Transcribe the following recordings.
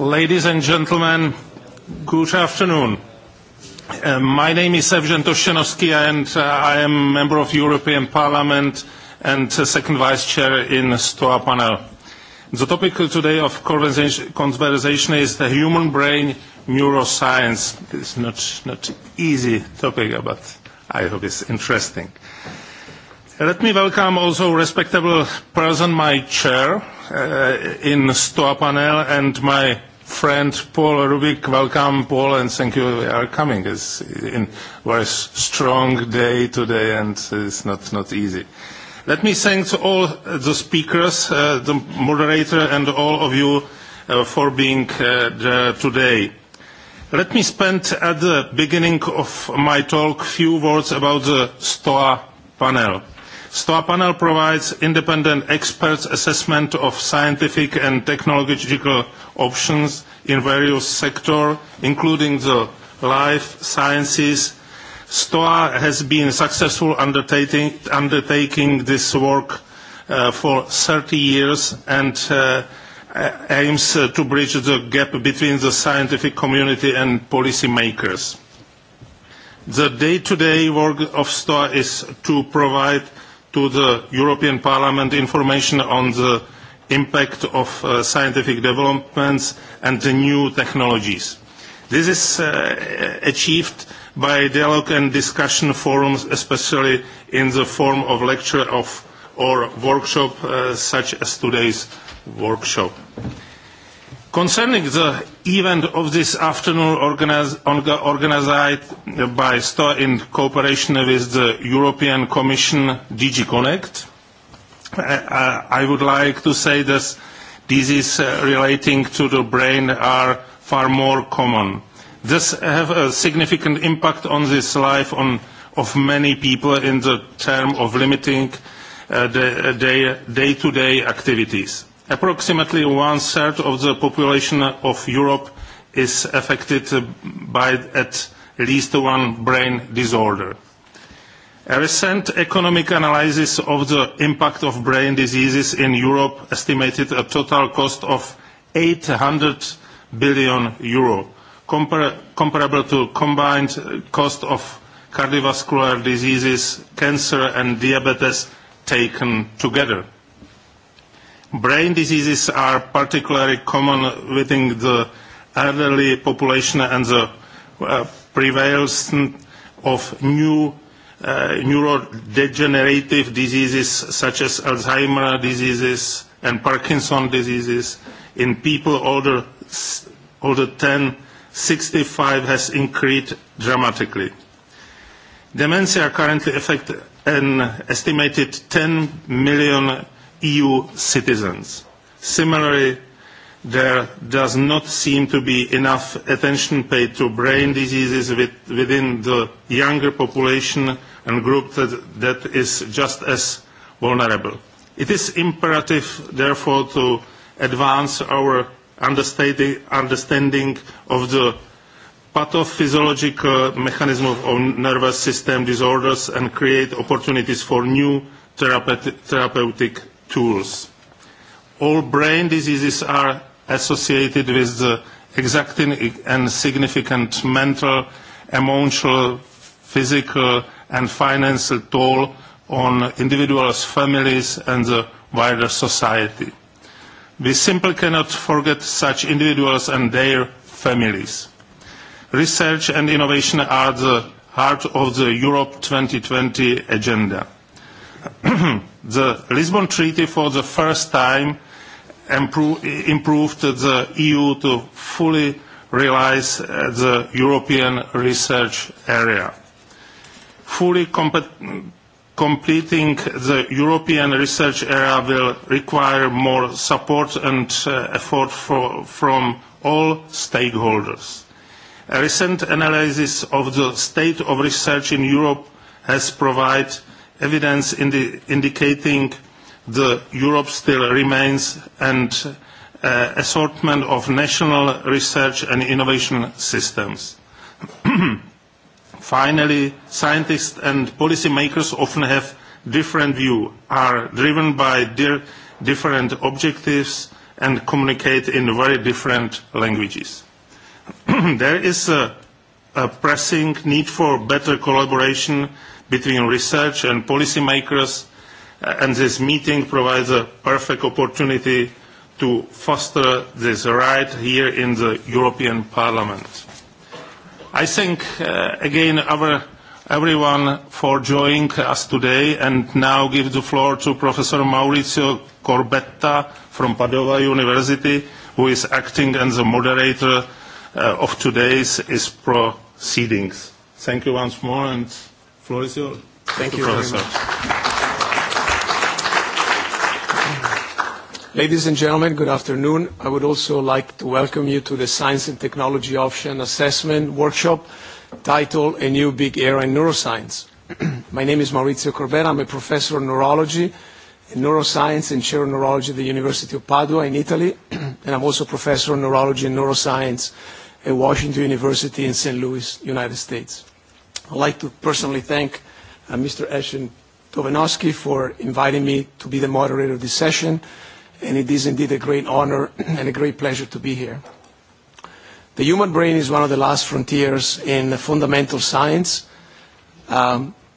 Ladies and gentlemen, good afternoon. My name is Evgen Toshenovsky and I am a member of European Parliament and second vice chair in STOA panel. The topic today of conversation is the human brain neuroscience. It's not not easy topic, but I hope it's interesting. Let me welcome also respectable person, my chair in STOA panel and my friend Paul Rubik. Welcome, Paul, and thank you for coming. It's a very strong day today, and it's not, not easy. Let me thank all the speakers, the moderator, and all of you for being there today. Let me spend at the beginning of my talk a few words about the STOA panel stoa panel provides independent experts' assessment of scientific and technological options in various sectors including the life sciences. stoa has been successful undertaking this work for 30 years and aims to bridge the gap between the scientific community and policy The day-to-day work of STOA is to provide to the European Parliament information on the impact of scientific developments and the new technologies. This is achieved by dialogue and discussion forums, especially in the form of lecture or workshop such as today's workshop. Concerning the event of this afternoon organised by STOA in cooperation with the European Commission DG Connect, I would like to say that diseases relating to the brain are far more common. This have a significant impact on this life of many people in the term of limiting their day-to-day activities Approximately one-third of the population of Europe is affected by at least one brain disorder. A recent economic analysis of the impact of brain diseases in Europe estimated a total cost of 800 billion euro, comparable to combined cost of cardiovascular diseases, cancer and diabetes taken together. Brain diseases are particularly common within the elderly population and the prevalence of new neurodegenerative diseases such as Alzheimer's diseases and Parkinson's diseases in people older than 65 has increased dramatically. Dementia currently affects an estimated 10 million EU citizens. Similarly, there does not seem to be enough attention paid to brain diseases within the younger population and group that is just as vulnerable. It is imperative, therefore, to advance our understanding of the pathophysiological mechanism of nervous system disorders and create opportunities for new therapeutic tools. All brain diseases are associated with the exacting and significant mental, emotional, physical and financial toll on individuals, families and the wider society. We simply cannot forget such individuals and their families. Research and innovation are the heart of the Europe 2020 agenda. The Lisbon Treaty for the first time improved the EU to fully realise the European research area. Fully completing the European research area will require more support and effort from all stakeholders. A recent analysis of the state of research in Europe has provided evidence indicating that Europe still remains an assortment of national research and innovation systems. Finally, scientists and policymakers often have different views, are driven by different objectives and communicate in very different languages. There is a pressing need for better collaboration between research and policymakers, and this meeting provides a perfect opportunity to foster this right here in the European Parliament. I thank again everyone for joining us today and now give the floor to Professor Maurizio Corbetta from Padova University, who is acting as the moderator of today's proceedings. Thank you once more and floor Thank you, Ladies and gentlemen, good afternoon. I would also like to welcome you to the Science and Technology Option Assessment Workshop titled A New Big Era in Neuroscience. My name is Maurizio Corbera. I'm a professor of neurology and neuroscience and chair of neurology at the University of Padua in Italy, and I'm also professor of neurology and neuroscience at Washington University in St. Louis, United States. I'd like to personally thank Mr. Eshin Tovanovsky for inviting me to be the moderator of this session, and it is indeed a great honor and a great pleasure to be here. The human brain is one of the last frontiers in fundamental science,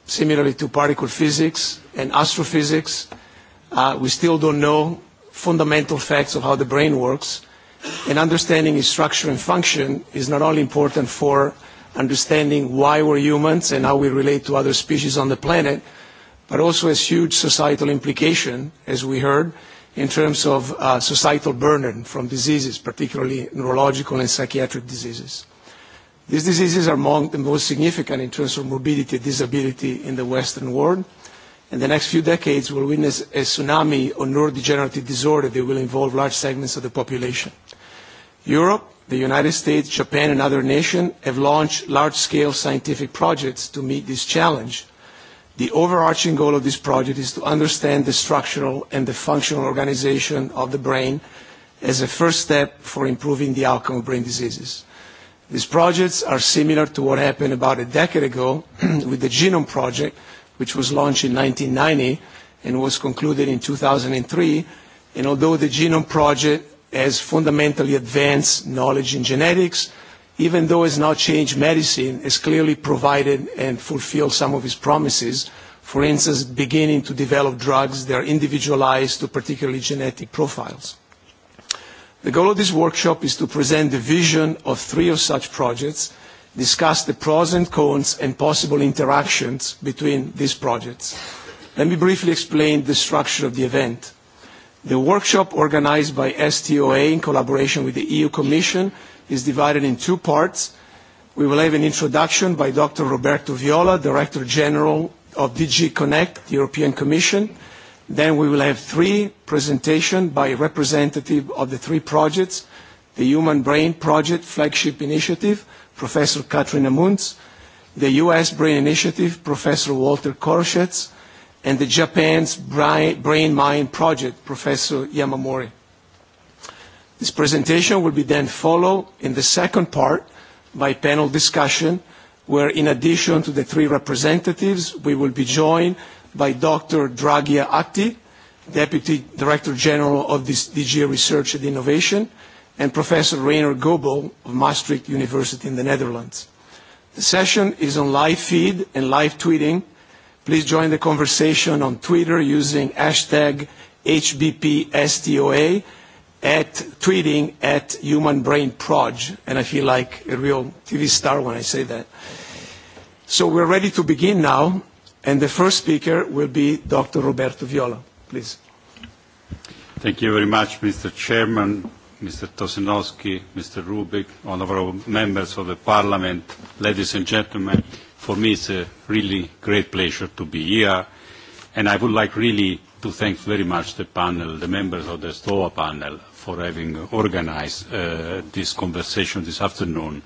similarly to particle physics and astrophysics. We still don't know fundamental facts of how the brain works, and understanding its structure and function is not only important for understanding why we're humans and how we relate to other species on the planet, but also has huge societal implication, as we heard, in terms of societal burden from diseases, particularly neurological and psychiatric diseases. These diseases are among the most significant in terms of morbidity and disability in the Western world, and the next few decades will witness a tsunami of neurodegenerative disorder that will involve large segments of the population. Europe The United States, Japan and other nations have launched large-scale scientific projects to meet this challenge. The overarching goal of this project is to understand the structural and the functional organization of the brain as a first step for improving the outcome of brain diseases. These projects are similar to what happened about a decade ago with the Genome Project, which was launched in 1990 and was concluded in 2003. And although the Genome Project has fundamentally advanced knowledge in genetics, even though has not changed medicine, has clearly provided and fulfilled some of its promises, for instance, beginning to develop drugs that are individualized to particularly genetic profiles. The goal of this workshop is to present the vision of three of such projects, discuss the pros and cons and possible interactions between these projects. Let me briefly explain the structure of the event. The workshop organized by STOA in collaboration with the EU Commission is divided in two parts. We will have an introduction by Dr. Roberto Viola, Director General of DG Connect, the European Commission. Then we will have three presentations by representative of the three projects, the Human Brain Project Flagship Initiative, Professor Katrina Munz, the U.S. Brain Initiative, Professor Walter Koroshetz, and the Japan's Brain Mind Project, Professor Yamamori. This presentation will be then followed in the second part by panel discussion, where in addition to the three representatives, we will be joined by Dr. Dragia Akti, Deputy Director General of DG Research and Innovation, and Professor Rainer Goebel of Maastricht University in the Netherlands. The session is on live feed and live tweeting Please join the conversation on Twitter using hashtag HBPSTOA at tweeting at HumanBrainProj, And I feel like a real TV star when I say that. So we're ready to begin now. And the first speaker will be Dr. Roberto Viola. Please. Thank you very much, Mr. Chairman, Mr. Tosinowski, Mr. Rubik, honorable members of the Parliament, ladies and gentlemen. For me, it's a really great pleasure to be here, and I would like really to thank very much the panel, the members of the STOA panel, for having organized this conversation this afternoon.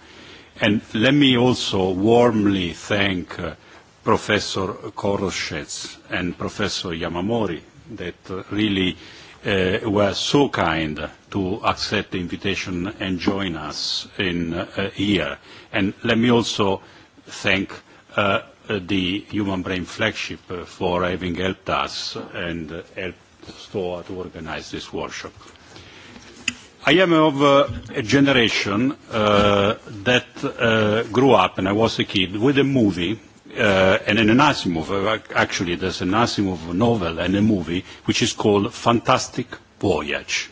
And let me also warmly thank Professor Koroshets and Professor Yamamori that really were so kind to accept the invitation and join us in here. And let me also thank the Human Brain Flagship for having helped us and helped STOA to organize this workshop. I am of a generation that grew up, and I was a kid, with a movie, and an anasimov actually there's an anasimov novel and a movie, which is called Fantastic Voyage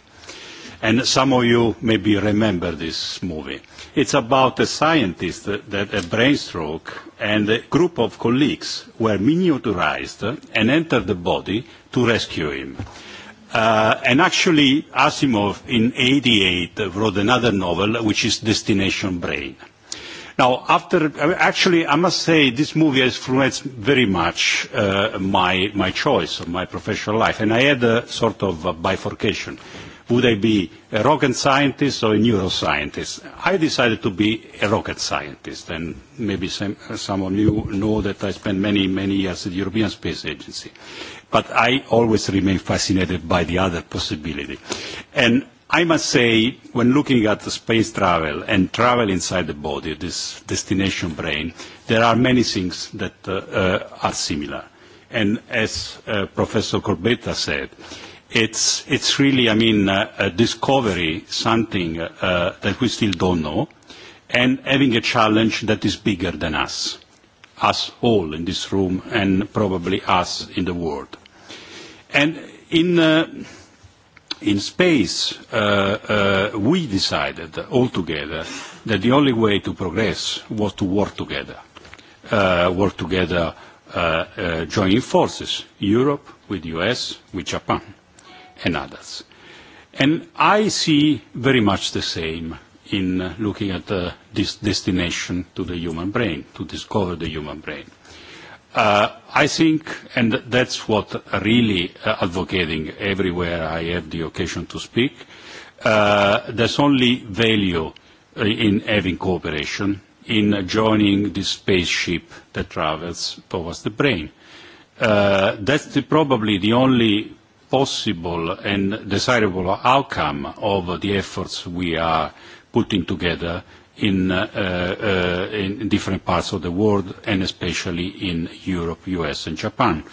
and some of you maybe remember this movie. It's about a scientist that a brain stroke and a group of colleagues were miniaturized and entered the body to rescue him. And actually Asimov in 88 wrote another novel which is Destination Brain. Now, after, actually, I must say this movie has influenced very much my my choice of my professional life, and I had a sort of bifurcation. Would I be a rocket scientist or a neuroscientist? I decided to be a rocket scientist, and maybe some of you know that I spent many, many years at the European Space Agency. But I always remain fascinated by the other possibility. And I must say, when looking at space travel and travel inside the body, this destination brain, there are many things that are similar. And as Professor Corbetta said, it's it's really I mean a discovery something that we still don't know and having a challenge that is bigger than us us all in this room and probably us in the world and in in space we decided all together that the only way to progress was to work together work together joining forces Europe with the US with Japan and others. And I see very much the same in looking at this destination to the human brain, to discover the human brain. I think, and that's what really advocating everywhere I have the occasion to speak, there's only value in having cooperation, in joining the spaceship that travels towards the brain. That's probably the only possible and desirable outcome of the efforts we are putting together in different parts of the world and especially in Europe, US and Japan.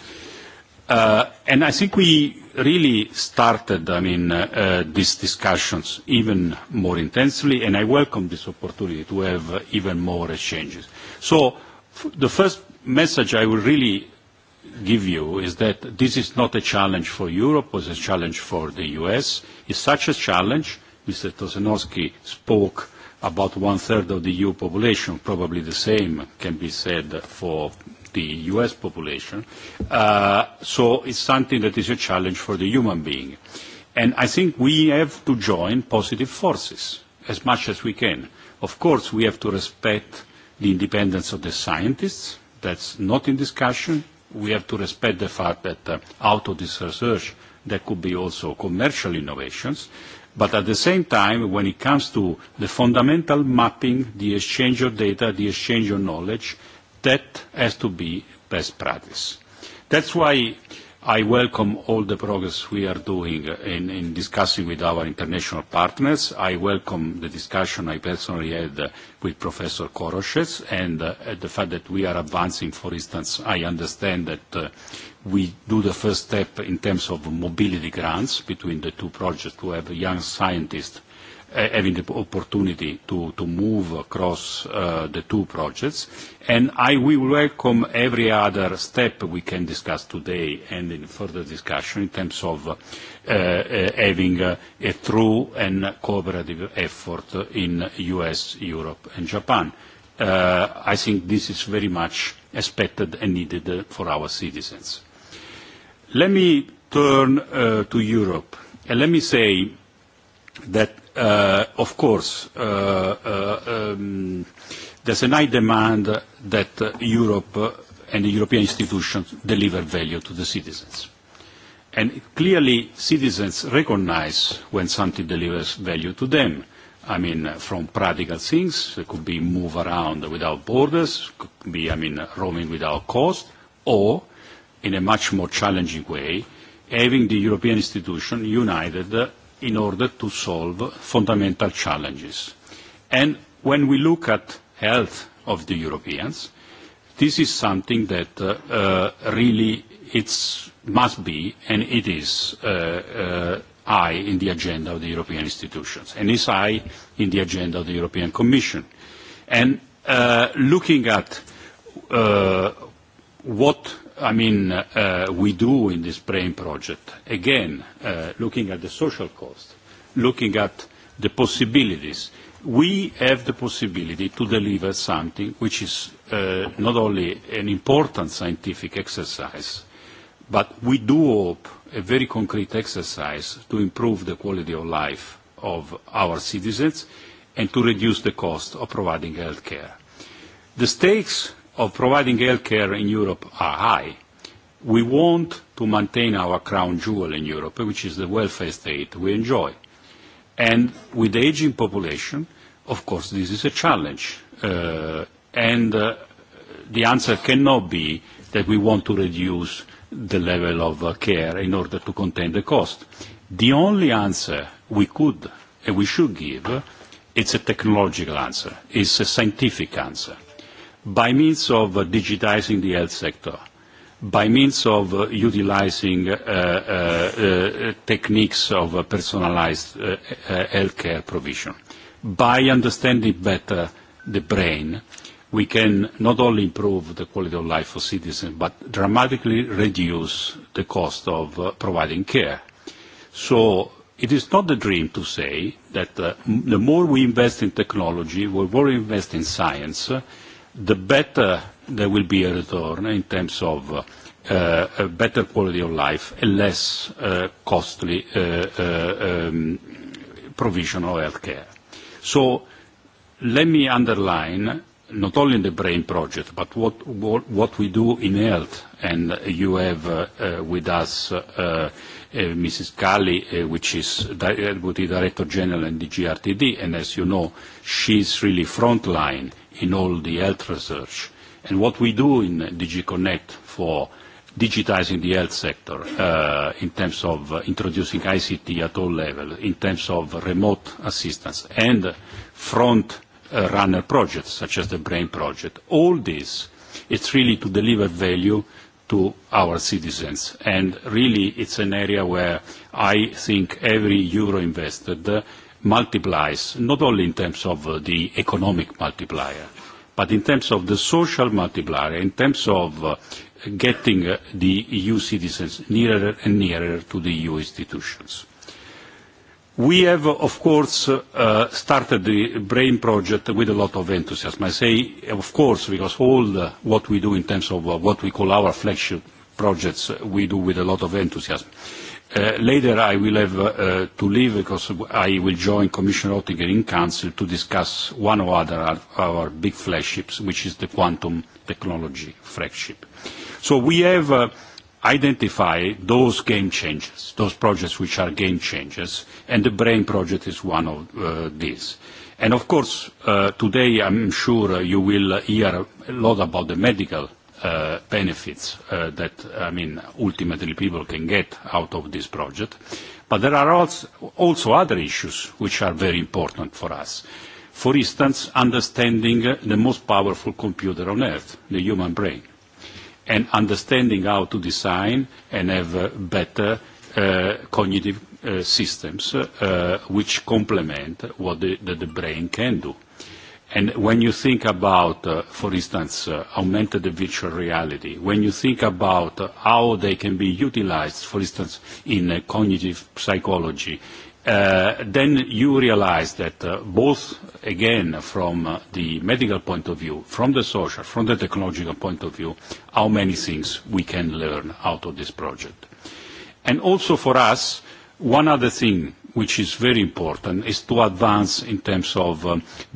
And I think we really started, I mean, these discussions even more intensely, and I welcome this opportunity to have even more exchanges. So the first message I would really give you is that this is not a challenge for Europe, was a challenge for the US. It's such a challenge. Mr. Tosinowski spoke about one-third of the EU population, probably the same can be said for the US population. So it's something that is a challenge for the human being. And I think we have to join positive forces as much as we can. Of course, we have to respect the independence of the scientists. That's not in discussion we have to respect the fact that out of this research there could be also commercial innovations. But at the same time, when it comes to the fundamental mapping, the exchange of data, the exchange of knowledge, that has to be best practice. That's why I welcome all the progress we are doing in discussing with our international partners. I welcome the discussion I personally had with Professor Koroshes and the fact that we are advancing. For instance, I understand that we do the first step in terms of mobility grants between the two projects to have young scientists having the opportunity to move across the two projects. And I will welcome every other step we can discuss today and in further discussion in terms of having a true and cooperative effort in U.S., Europe and Japan. I think this is very much expected and needed for our citizens. Let me turn to Europe. And let me say that Of course, there's a high demand that Europe and the European institutions deliver value to the citizens. And clearly, citizens recognize when something delivers value to them. I mean, from practical things, it could be move around without borders, could be, I mean, roaming without cost, or, in a much more challenging way, having the European institution united in order to solve fundamental challenges. And when we look at health of the Europeans, this is something that really it must be and it is high in the agenda of the European institutions and is high in the agenda of the European Commission. And looking at what I mean, we do in this BRAIN project. Again, looking at the social cost, looking at the possibilities, we have the possibility to deliver something which is not only an important scientific exercise, but we do hope a very concrete exercise to improve the quality of life of our citizens and to reduce the cost of providing health care. The stakes of providing healthcare in Europe are high. We want to maintain our crown jewel in Europe, which is the welfare state we enjoy. And with the aging population, of course, this is a challenge. And the answer cannot be that we want to reduce the level of care in order to contain the cost. The only answer we could and we should give it's a technological answer, it's a scientific answer by means of digitizing the health sector, by means of utilizing techniques of personalized healthcare provision. By understanding better the brain, we can not only improve the quality of life for citizens, but dramatically reduce the cost of providing care. So it is not a dream to say that the more we invest in technology, the more we invest in science, the better there will be a return in terms of a better quality of life and less costly provision of healthcare. So let me underline not only in the BRAIN project but what we do in health and you have with us Mrs. Kali, which is Deputy Director General in GRTD, and as you know she is really frontline in all the health research. And what we do in DigiConnect for digitizing the health sector in terms of introducing ICT at all levels, in terms of remote assistance and front runner projects such as the BRAIN project. All this, is really to deliver value to our citizens. And really it's an area where I think every euro invested multiplies, not only in terms of the economic multiplier, but in terms of the social multiplier, in terms of getting the EU citizens nearer and nearer to the EU institutions. We have, of course, started the BRAIN project with a lot of enthusiasm. I say, of course, because all what we do in terms of what we call our flagship projects, we do with a lot of enthusiasm. Later I will have to leave because I will join Commissioner Oettinger in Council to discuss one or other of our big flagships, which is the quantum technology flagship. So we have identified those game changers, those projects which are game changers, and the BRAIN project is one of these. And of course, today I'm sure you will hear a lot about the medical benefits that, I mean, ultimately people can get out of this project. But there are also other issues which are very important for us. For instance, understanding the most powerful computer on earth, the human brain, and understanding how to design and have better cognitive systems which complement what the brain can do. And when you think about, for instance, augmented virtual reality, when you think about how they can be utilized, for instance, in cognitive psychology, then you realize that both, again, from the medical point of view, from the social, from the technological point of view, how many things we can learn out of this project. And also for us, one other thing which is very important, is to advance in terms of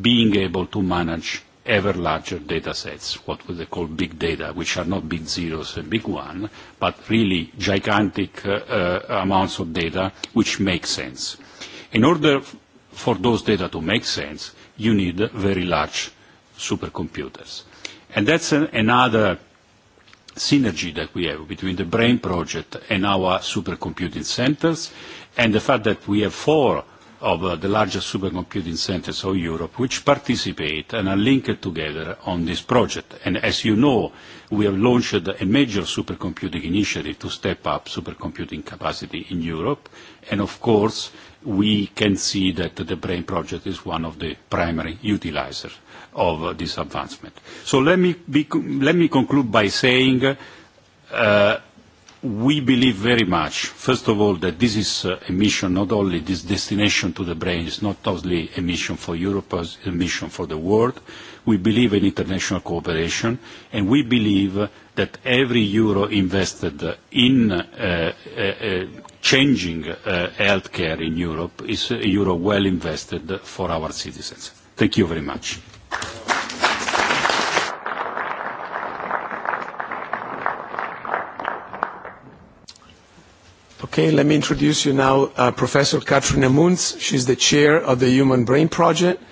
being able to manage ever larger data sets, what we call big data, which are not big zeros and big one, but really gigantic amounts of data which make sense. In order for those data to make sense, you need very large supercomputers. And that's another synergy that we have between the BRAIN project and our supercomputing centers and the fact that we have four of the largest supercomputing centers of Europe which participate and are linked together on this project. And as you know, we have launched a major supercomputing initiative to step up supercomputing capacity in Europe. And of course, we can see that the BRAIN project is one of the primary utilizers of this advancement. So let me conclude by saying We believe very much, first of all, that this is a mission, not only this destination to the brain, it's not only a mission for Europe, it's a mission for the world. We believe in international cooperation, and we believe that every euro invested in changing healthcare in Europe is a euro well invested for our citizens. Thank you very much. Okay, let me introduce you now Professor Katrina Munz. She's the chair of the Human Brain Project.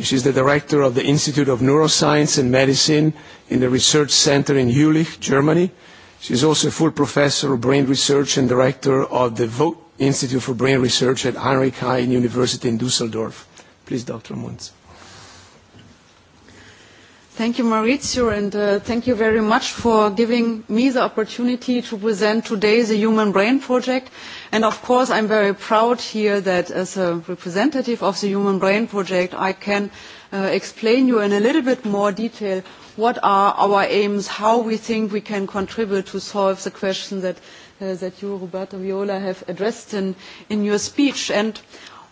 She's the director of the Institute of Neuroscience and Medicine in the Research Center in Jülich, Germany. She's also a full professor of brain research and director of the Vogt Institute for Brain Research at Heinrich Hein University in Düsseldorf. Please, Dr. Munz. Thank you, Maurizio, and thank you very much for giving me the opportunity to present today the Human Brain Project. And of course, I'm very proud here that as a representative of the Human Brain Project, I can explain you in a little bit more detail what are our aims, how we think we can contribute to solve the question that you, Roberto Viola, have addressed in your speech. And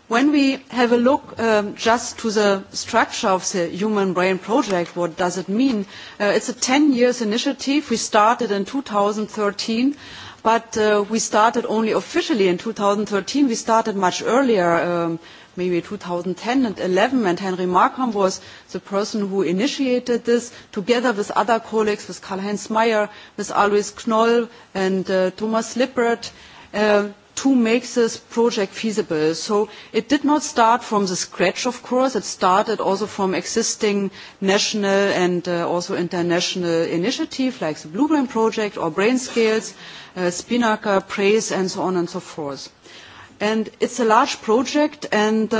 When we have a look just to the structure of the Human Brain Project, what does it mean? It's a 10-year initiative. We started in 2013, but we started only officially in 2013. We started much earlier, maybe 2010 and 11, and Henry Markham was the person who initiated this, together with other colleagues, with Karl-Heinz Meyer, with Alois Knoll and Thomas Lippert to make this project feasible. So it did not start from the scratch, of course. It started also from existing national and also international initiatives like the Blueprint Project or BrainScales, Spinnaker, Praise, and so on and so forth. And it's a large project, and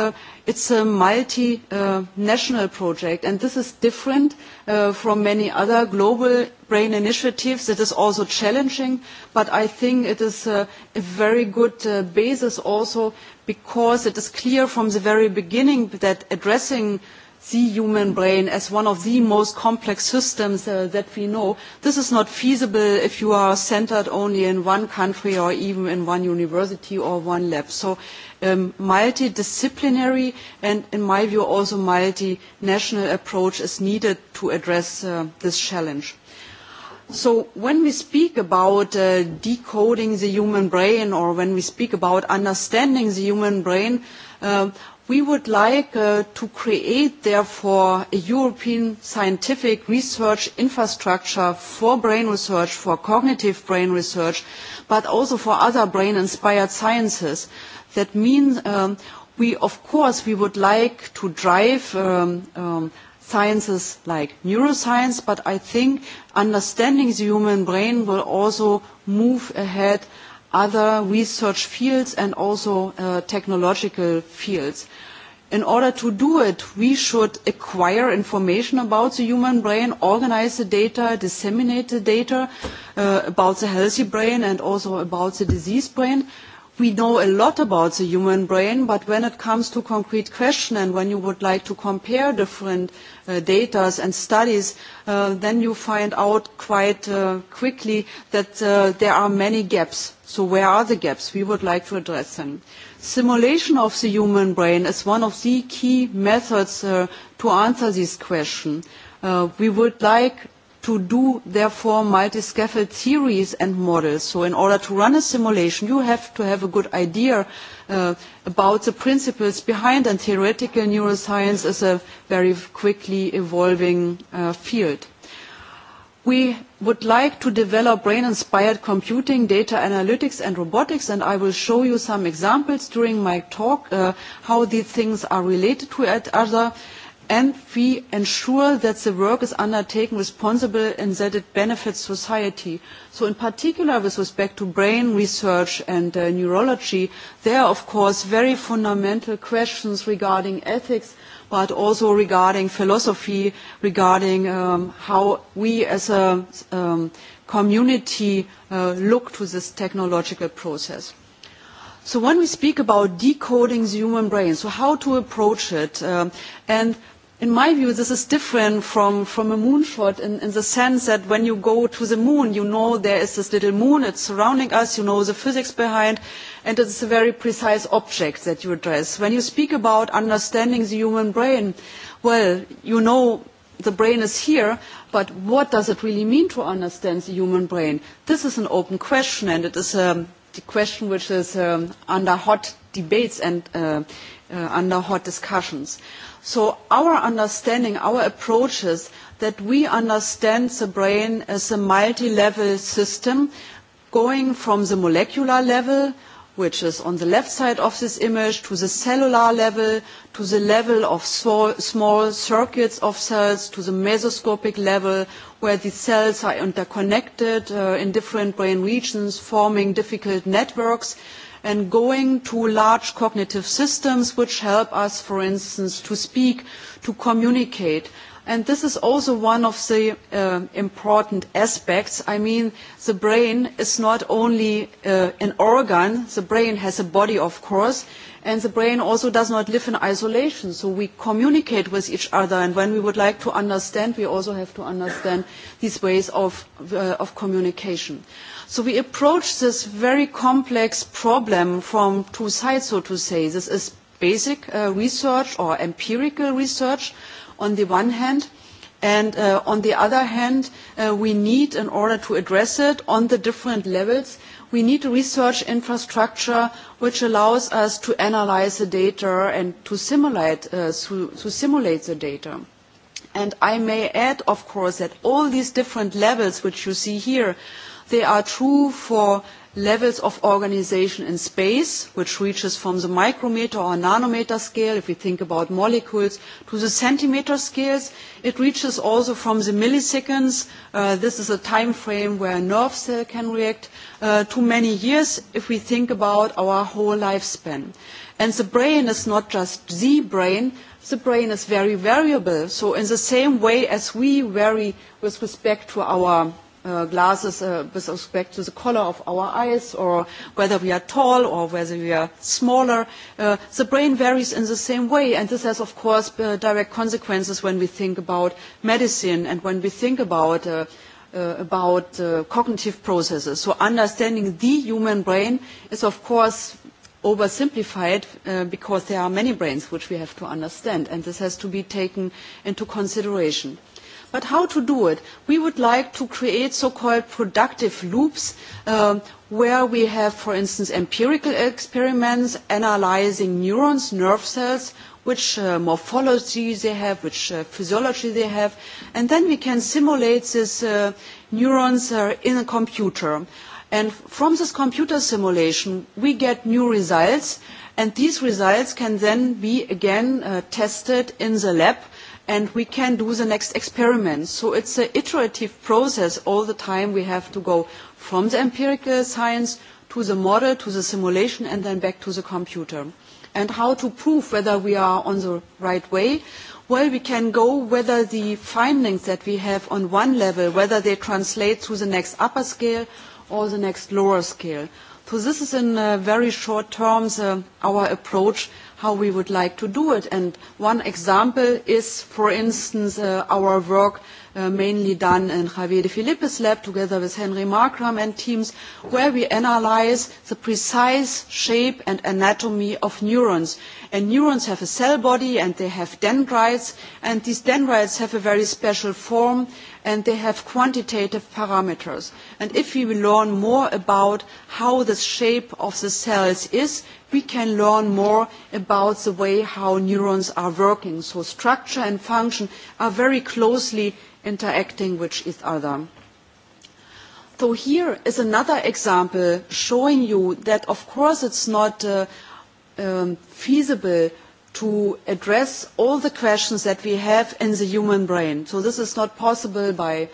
It's a multinational project, and this is different from many other global brain initiatives. It is also challenging, but I think it is a very good basis also because it is clear from the very beginning that addressing the human brain as one of the most complex systems that we know. This is not feasible if you are centered only in one country or even in one university or one lab. So multidisciplinary and, in my view, also multinational approach is needed to address this challenge. So when we speak about decoding the human brain or when we speak about understanding the human brain, We would like to create, therefore, a European scientific research infrastructure for brain research, for cognitive brain research, but also for other brain-inspired sciences. That means we, of course, we would like to drive sciences like neuroscience, but I think understanding the human brain will also move ahead other research fields and also technological fields. In order to do it, we should acquire information about the human brain, organize the data, disseminate the data about the healthy brain and also about the diseased brain. We know a lot about the human brain, but when it comes to concrete questions and when you would like to compare different data and studies, then you find out quite quickly that there are many gaps. So where are the gaps? We would like to address them. Simulation of the human brain is one of the key methods to answer this question. We would like to do therefore multi-scaffold theories and models. So in order to run a simulation, you have to have a good idea about the principles behind, and theoretical neuroscience is a very quickly evolving field. We would like to develop brain-inspired computing, data analytics, and robotics, and I will show you some examples during my talk how these things are related to each other and we ensure that the work is undertaken responsibly and that it benefits society. So in particular with respect to brain research and neurology, there are of course very fundamental questions regarding ethics, but also regarding philosophy, regarding how we as a community look to this technological process. So when we speak about decoding the human brain, so how to approach it, and in my view this is different from a moonshot in the sense that when you go to the moon you know there is this little moon it's surrounding us you know the physics behind and it's a very precise object that you address when you speak about understanding the human brain well you know the brain is here but what does it really mean to understand the human brain this is an open question and it is a question which is under hot debates and under hot discussions So our understanding, our approach is that we understand the brain as a multi-level system going from the molecular level, which is on the left side of this image, to the cellular level, to the level of small circuits of cells, to the mesoscopic level, where the cells are interconnected in different brain regions, forming difficult networks and going to large cognitive systems which help us, for instance, to speak, to communicate. And this is also one of the important aspects. I mean, the brain is not only an organ. The brain has a body, of course, and the brain also does not live in isolation. So we communicate with each other, and when we would like to understand, we also have to understand these ways of communication. So we approach this very complex problem from two sides, so to say. This is basic research or empirical research on the one hand, and on the other hand, we need, in order to address it on the different levels, we need a research infrastructure which allows us to analyze the data and to simulate the data. And I may add, of course, that all these different levels which you see here, They are true for levels of organization in space, which reaches from the micrometer or nanometer scale, if we think about molecules, to the centimeter scales. It reaches also from the milliseconds. This is a time frame where a nerve cell can react to many years, if we think about our whole lifespan. And the brain is not just the brain. The brain is very variable. So in the same way as we vary with respect to our glasses with respect to the color of our eyes or whether we are tall or whether we are smaller. The brain varies in the same way and this has of course direct consequences when we think about medicine and when we think about cognitive processes. So understanding the human brain is of course oversimplified because there are many brains which we have to understand and this has to be taken into consideration. But how to do it? We would like to create so-called productive loops where we have, for instance, empirical experiments analyzing neurons, nerve cells, which morphology they have, which physiology they have, and then we can simulate these neurons in a computer. And from this computer simulation, we get new results, and these results can then be again tested in the lab and we can do the next experiment. So it's an iterative process all the time. We have to go from the empirical science to the model, to the simulation, and then back to the computer. And how to prove whether we are on the right way? Well, we can go whether the findings that we have on one level, whether they translate to the next upper scale or the next lower scale. So this is in very short terms our approach how we would like to do it. one example is, for instance, our work mainly done in Javier de Filippis lab together with Henry Markram and teams, where we analyse the precise shape and anatomy of neurons. neurons have a cell body and they have dendrites, and these dendrites have a very special form and they have quantitative parameters and if we learn more about how the shape of the cells is we can learn more about the way how neurons are working so structure and function are very closely interacting with each other. So here is another example showing you that of course it's not feasible to address all the questions that we have in the human brain. So this is not possible by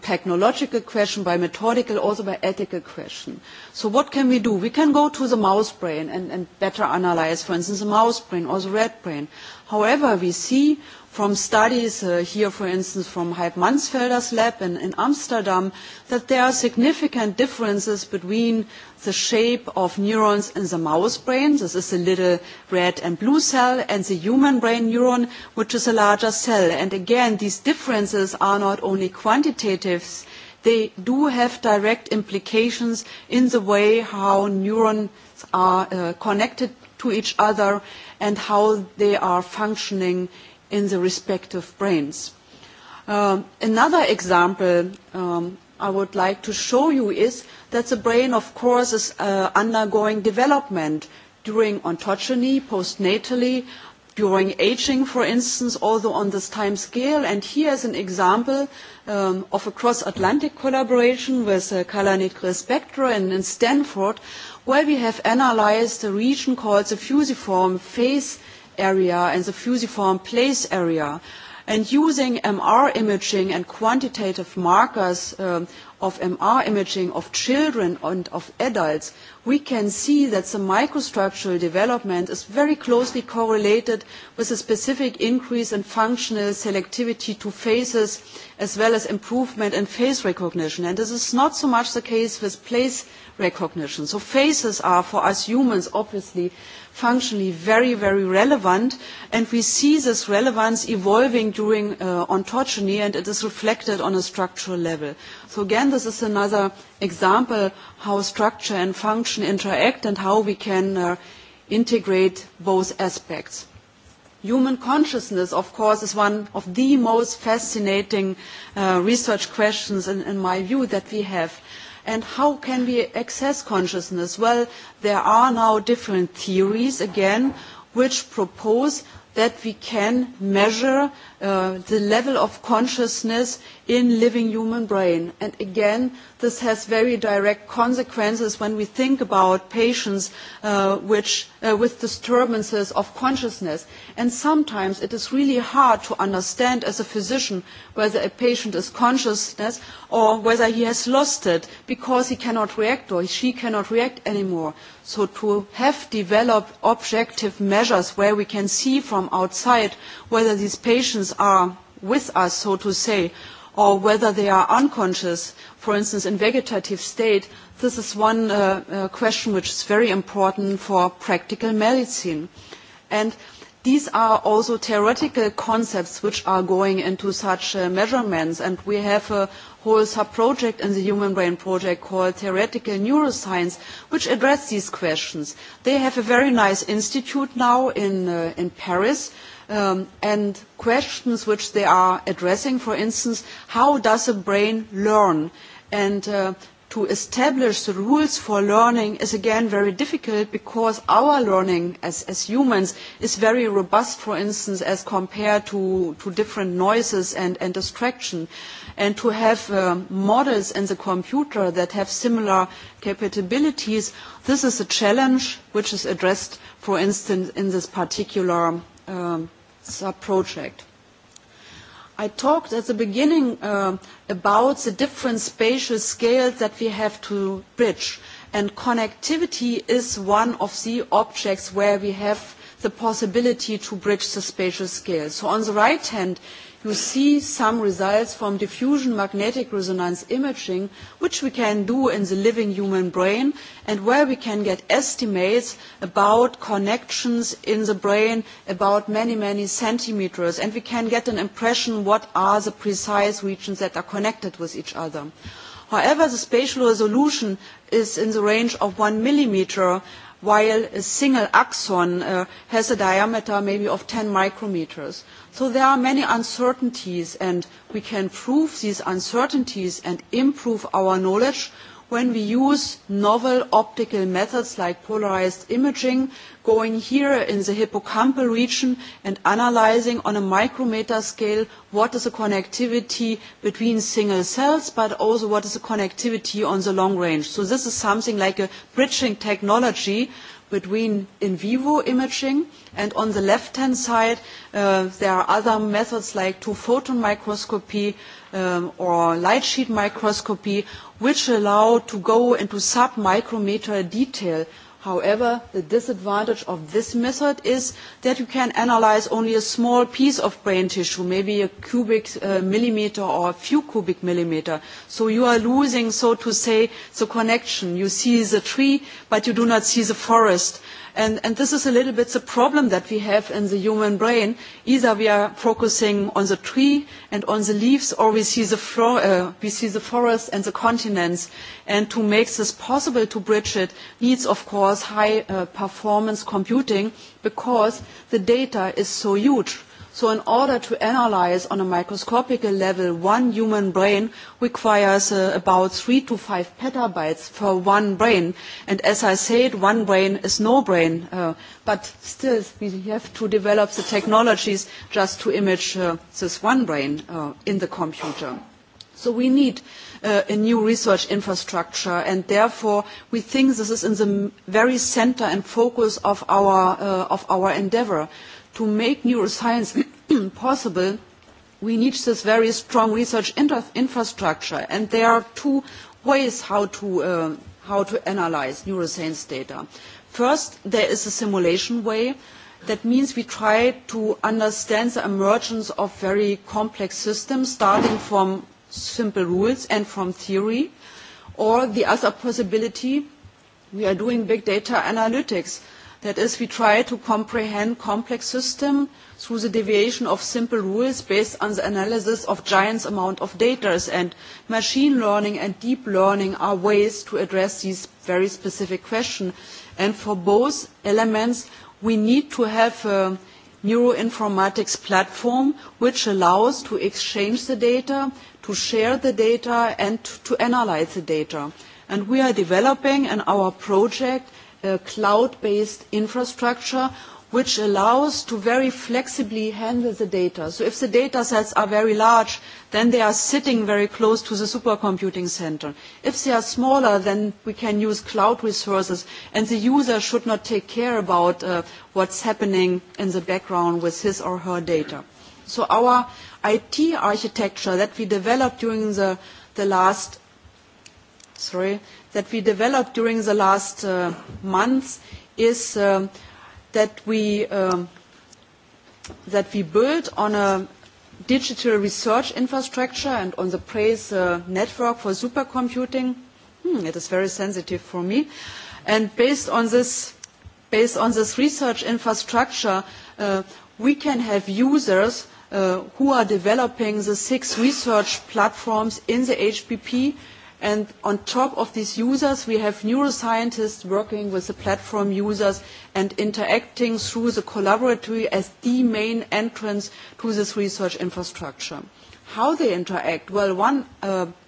technological question, by methodical, also by ethical question. So what can we do? We can go to the mouse brain and better analyze, for instance, the mouse brain or the rat brain. However, we see from studies here, for instance, from Hype lab in Amsterdam, that there are significant differences between the shape of neurons in the mouse brain, this is a little red and blue cell, and the human brain neuron, which is a larger cell. And again, these differences are not only quantitative, they do have direct implications in the way how neurons are connected to each other and how they are functioning in the respective brains. Another example I would like to show you is that the brain, of course, is undergoing development during ontogeny, postnatally, during aging, for instance, although on this time scale. And here is an example of a cross-Atlantic collaboration with Kalanit Spectra in Stanford, where we have analyzed a region called the fusiform phase area and the fusiform place area. And using MR imaging and quantitative markers of MR imaging of children and of adults, we can see that the microstructural development is very closely correlated with a specific increase in functional selectivity to faces, as well as improvement in face recognition. And this is not so much the case with place recognition. So faces are, for us humans, obviously functionally very, very relevant, and we see this relevance evolving during ontogeny, and it is reflected on a structural level. So again, this is another example how structure and function interact and how we can integrate both aspects. Human consciousness, of course, is one of the most fascinating research questions, in my view, that we have. And how can we access consciousness? Well, there are now different theories, again, which propose that we can measure the level of consciousness in living human brain. And again, this has very direct consequences when we think about patients with disturbances of consciousness. And sometimes it is really hard to understand as a physician whether a patient is consciousness or whether he has lost it because he cannot react or she cannot react anymore. So to have developed objective measures where we can see from outside whether these patients are with us, so to say, or whether they are unconscious, for instance, in vegetative state, this is one question which is very important for practical medicine. And these are also theoretical concepts which are going into such measurements, and we have a whole sub-project in the Human Brain Project called Theoretical Neuroscience, which addresses these questions. They have a very nice institute now in Paris, and questions which they are addressing, for instance, how does a brain learn? And to establish the rules for learning is again very difficult because our learning as humans is very robust, for instance, as compared to different noises and distraction. And to have models in the computer that have similar capabilities, this is a challenge which is addressed, for instance, in this particular sub-project. I talked at the beginning about the different spatial scales that we have to bridge, and connectivity is one of the objects where we have the possibility to bridge the spatial scale. So on the right hand, you see some results from diffusion magnetic resonance imaging, which we can do in the living human brain, and where we can get estimates about connections in the brain about many, many centimeters, and we can get an impression what are the precise regions that are connected with each other. However, the spatial resolution is in the range of one millimeter, while a single axon has a diameter maybe of 10 micrometers. So there are many uncertainties and we can prove these uncertainties and improve our knowledge when we use novel optical methods like polarised imaging, going here in the hippocampal region and analysing on a micrometer scale what is the connectivity between single cells, but also what is the connectivity on the long range. So this is something like a bridging technology between in vivo imaging and on the left hand side there are other methods like two photon microscopy or light sheet microscopy which allow to go into sub micrometer detail However, the disadvantage of this method is that you can analyze only a small piece of brain tissue, maybe a cubic millimeter or a few cubic millimeter. So you are losing, so to say, the connection. You see the tree, but you do not see the forest And this is a little bit the problem that we have in the human brain. Either we are focusing on the tree and on the leaves, or we see the forest and the continents. And to make this possible to bridge it needs, of course, high performance computing because the data is so huge So in order to analyze on a microscopic level one human brain requires about three to five petabytes for one brain. And as I said, one brain is no brain. But still, we have to develop the technologies just to image this one brain in the computer. So we need a new research infrastructure, and therefore we think this is in the very centre and focus of our endeavour to make neuroscience possible, we need this very strong research infrastructure. And there are two ways how to analyze neuroscience data. First, there is a simulation way. That means we try to understand the emergence of very complex systems, starting from simple rules and from theory. Or the other possibility, we are doing big data analytics. That is, we try to comprehend complex systems through the deviation of simple rules based on the analysis of giant amount of data. And machine learning and deep learning are ways to address these very specific questions. And for both elements, we need to have a neuroinformatics platform which allows to exchange the data, to share the data, and to analyze the data. And we are developing in our project cloud-based infrastructure which allows to very flexibly handle the data. So if the data sets are very large, then they are sitting very close to the supercomputing center. If they are smaller, then we can use cloud resources, and the user should not take care about what's happening in the background with his or her data. So our IT architecture that we developed during the last, sorry, that we developed during the last months is that we that build on a digital research infrastructure and on the PRAISE network for supercomputing. It is very sensitive for me. And based on this based on this research infrastructure, we can have users who are developing the six research platforms in the HPP And on top of these users, we have neuroscientists working with the platform users and interacting through the collaboratory as the main entrance to this research infrastructure. How they interact? Well, one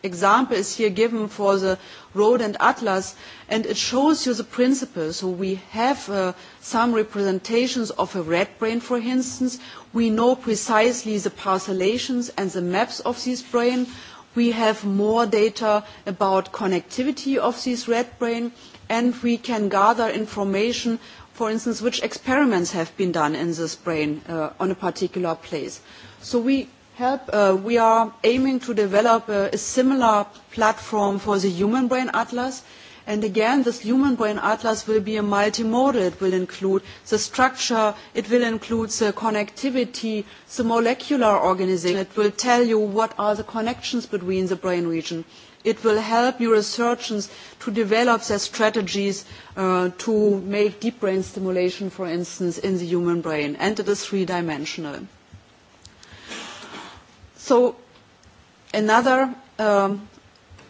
example is here given for the Road and Atlas, and it shows you the principles. So we have some representations of a red brain, for instance. We know precisely the parcellations and the maps of these brain we have more data about connectivity of this red brain and we can gather information for instance which experiments have been done in this brain on a particular place so we help we are aiming to develop a similar platform for the human brain atlas And again, this human brain atlas will be a multimodal. It will include the structure, it will include the connectivity, the molecular organization. It will tell you what are the connections between the brain region. It will help your researchers to develop their strategies to make deep brain stimulation, for instance, in the human brain. And it is three-dimensional. So another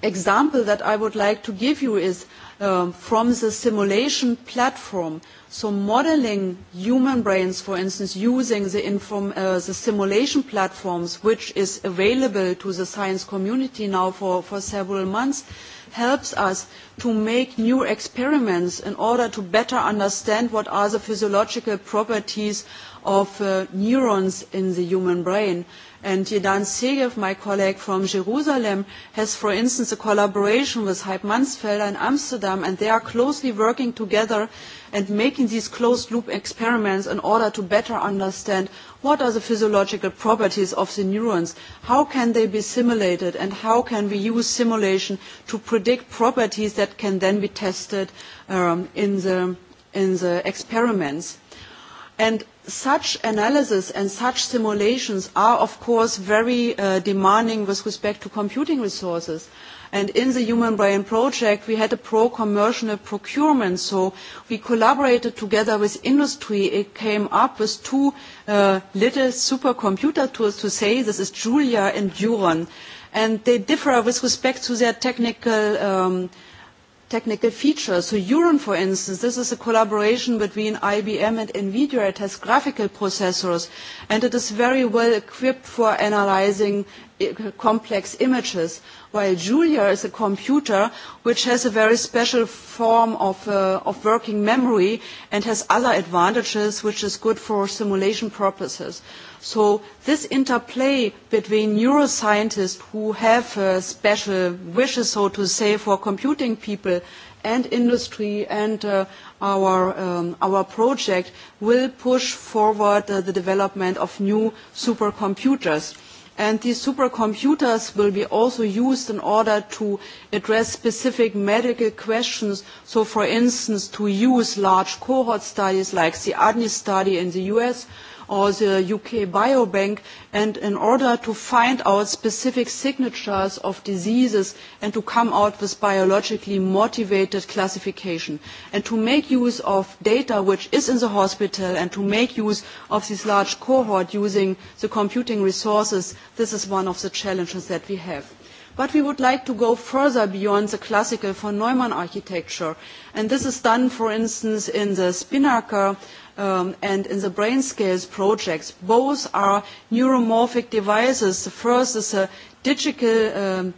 example that I would like to give you is from the simulation platform. So modeling human brains, for instance, using the simulation platforms, which is available to the science community now for several months, helps us to make new experiments in order to better understand what are the physiological properties of neurons in the human brain. And Dan Segev, my colleague from Jerusalem, has, for instance, a collaboration with Hype Mansfelder in Amsterdam, and they are closely working together and making these closed-loop experiments in order to better understand what are the physiological properties of the neurons, how can they be simulated, and how can we use simulation to predict properties that can then be tested in the experiments. And Such analysis and such simulations are, of course, very demanding with respect to computing resources. And in the Human Brain Project, we had a pro-commercial procurement, so we collaborated together with industry. It came up with two little supercomputer tools to say this is Julia and Duron, and they differ with respect to their technical technical features. So Euron, for instance, this is a collaboration between IBM and NVIDIA. It has graphical processors, and it is very well equipped for analyzing complex images, while Julia is a computer which has a very special form of working memory and has other advantages, which is good for simulation purposes. So this interplay between neuroscientists who have special wishes, so to say, for computing people and industry and our project will push forward the development of new supercomputers. And these supercomputers will be also used in order to address specific medical questions. So, for instance, to use large cohort studies like the ADNI study in the U.S., or the UK Biobank, and in order to find out specific signatures of diseases and to come out with biologically motivated classification, and to make use of data which is in the hospital and to make use of this large cohort using the computing resources, this is one of the challenges that we have. But we would like to go further beyond the classical von Neumann architecture, and this is done, for instance, in the Spinnaker and in the brain scales projects. Both are neuromorphic devices. The first is a digital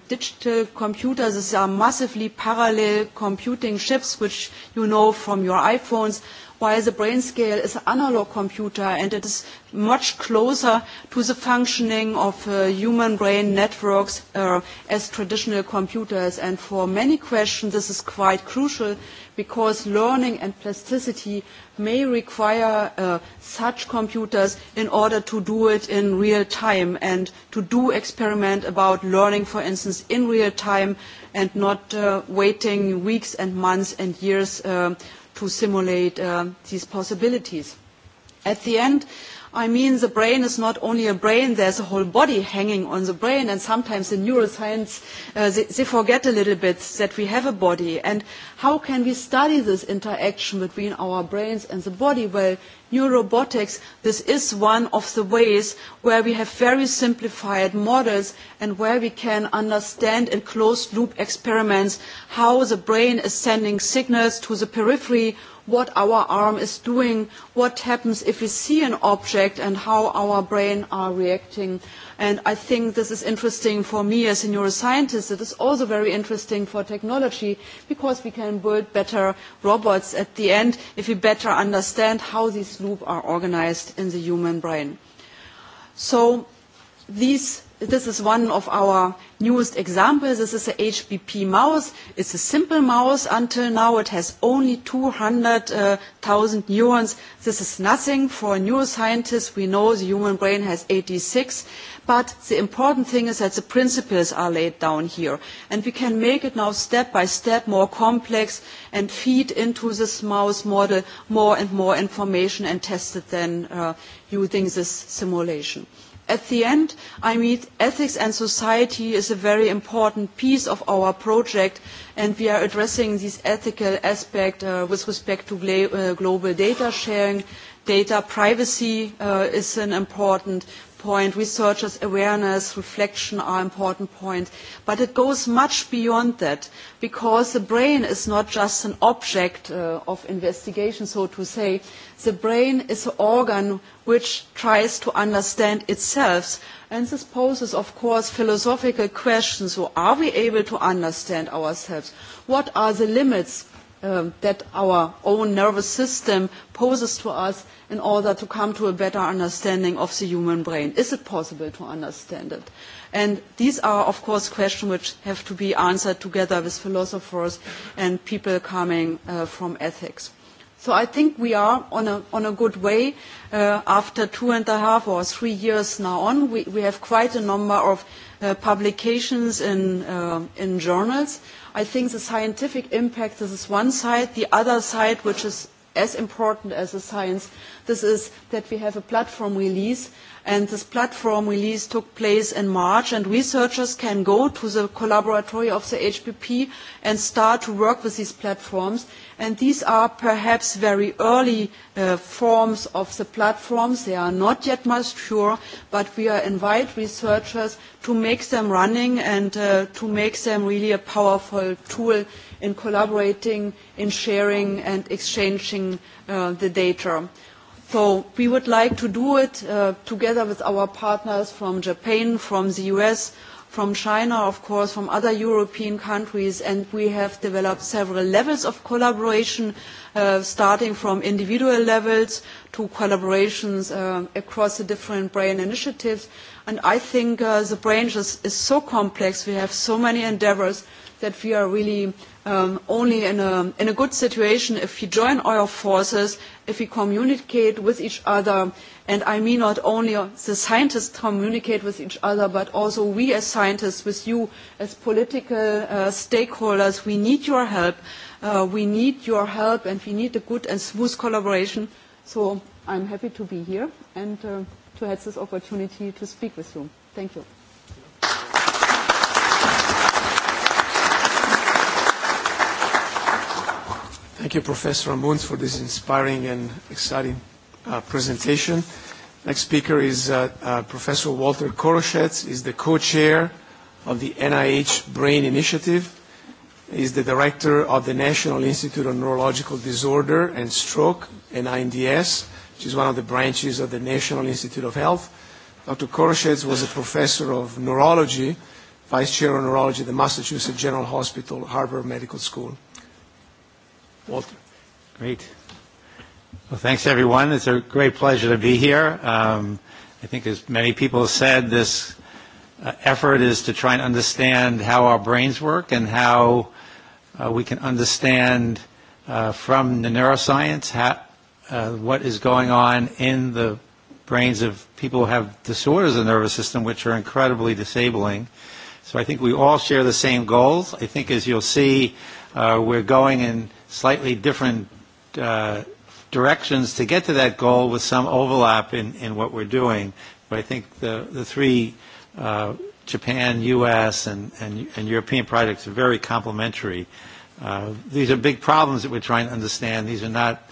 computer. These are massively parallel computing chips, which you know from your iPhones while the brain scale is an analog computer and it is much closer to the functioning of human brain networks as traditional computers. And for many questions this is quite crucial because learning and plasticity may require such computers in order to do it in real time and to do experiment about learning, for instance, in real time and not waiting weeks and months and years to simulate these possibilities. At the end, I mean the brain is not only a brain, there's a whole body hanging on the brain and sometimes in neuroscience they forget a little bit that we have a body. And how can we study this interaction between our brains and the body? Well, New robotics, this is one of the ways where we have very simplified models and where we can understand in closed loop experiments how the brain is sending signals to the periphery what our arm is doing, what happens if we see an object and how our brain are reacting. And I think this is interesting for me as a neuroscientist. It is also very interesting for technology because we can build better robots at the end if we better understand how these loops are organized in the human brain. So these This is one of our newest examples. This is a HBP mouse. It's a simple mouse until now. It has only 200,000 neurons. This is nothing for a neuroscientist. We know the human brain has 86. But the important thing is that the principles are laid down here. And we can make it now step by step more complex and feed into this mouse model more and more information and test it then using this simulation. At the end, I mean, ethics and society is a very important piece of our project, and we are addressing this ethical aspect with respect to global data sharing. Data privacy is an important point, researchers' awareness, reflection are important points. But it goes much beyond that, because the brain is not just an object of investigation, so to say. The brain is an organ which tries to understand itself. And this poses, of course, philosophical questions. So are we able to understand ourselves? What are the limits? that our own nervous system poses to us in order to come to a better understanding of the human brain. Is it possible to understand it? And these are, of course, questions which have to be answered together with philosophers and people coming from ethics. So I think we are on a good way. After two and a half or three years now on, we have quite a number of publications in journals I think the scientific impact, this is one side. The other side, which is as important as the science, this is that we have a platform release. And this platform release took place in March, and researchers can go to the collaboratory of the HPP and start to work with these platforms and these are perhaps very early forms of the platforms. They are not yet mature, but we invite researchers to make them running and to make them really a powerful tool in collaborating, in sharing and exchanging the data. So we would like to do it together with our partners from Japan, from the US from China, of course, from other European countries, and we have developed several levels of collaboration, starting from individual levels to collaborations across the different brain initiatives. And I think the brain is so complex, we have so many endeavours that we are really only in a good situation if we join our forces, if we communicate with each other and i mean not only the scientists communicate with each other but also we as scientists with you as political stakeholders we need your help we need your help and we need a good and smooth collaboration so i'm happy to be here and to have this opportunity to speak with you thank you Thank you, Professor Amunds, for this inspiring and exciting presentation. Next speaker is Professor Walter Koroshetz, is the co-chair of the NIH Brain Initiative, is the director of the National Institute of Neurological Disorder and Stroke, NINDS, which is one of the branches of the National Institute of Health. Dr. Koroshetz was a professor of neurology, vice chair of neurology at the Massachusetts General Hospital, Harvard Medical School. Walter. Great. Well, thanks everyone. It's a great pleasure to be here. Um, I think as many people have said, this effort is to try and understand how our brains work and how we can understand from the neuroscience what is going on in the brains of people who have disorders of the nervous system, which are incredibly disabling. So I think we all share the same goals. I think as you'll see, we're going in slightly different directions to get to that goal with some overlap in, in what we're doing. But I think the, the three, Japan, U.S., and, and, European projects are very complementary. these are big problems that we're trying to understand. These are not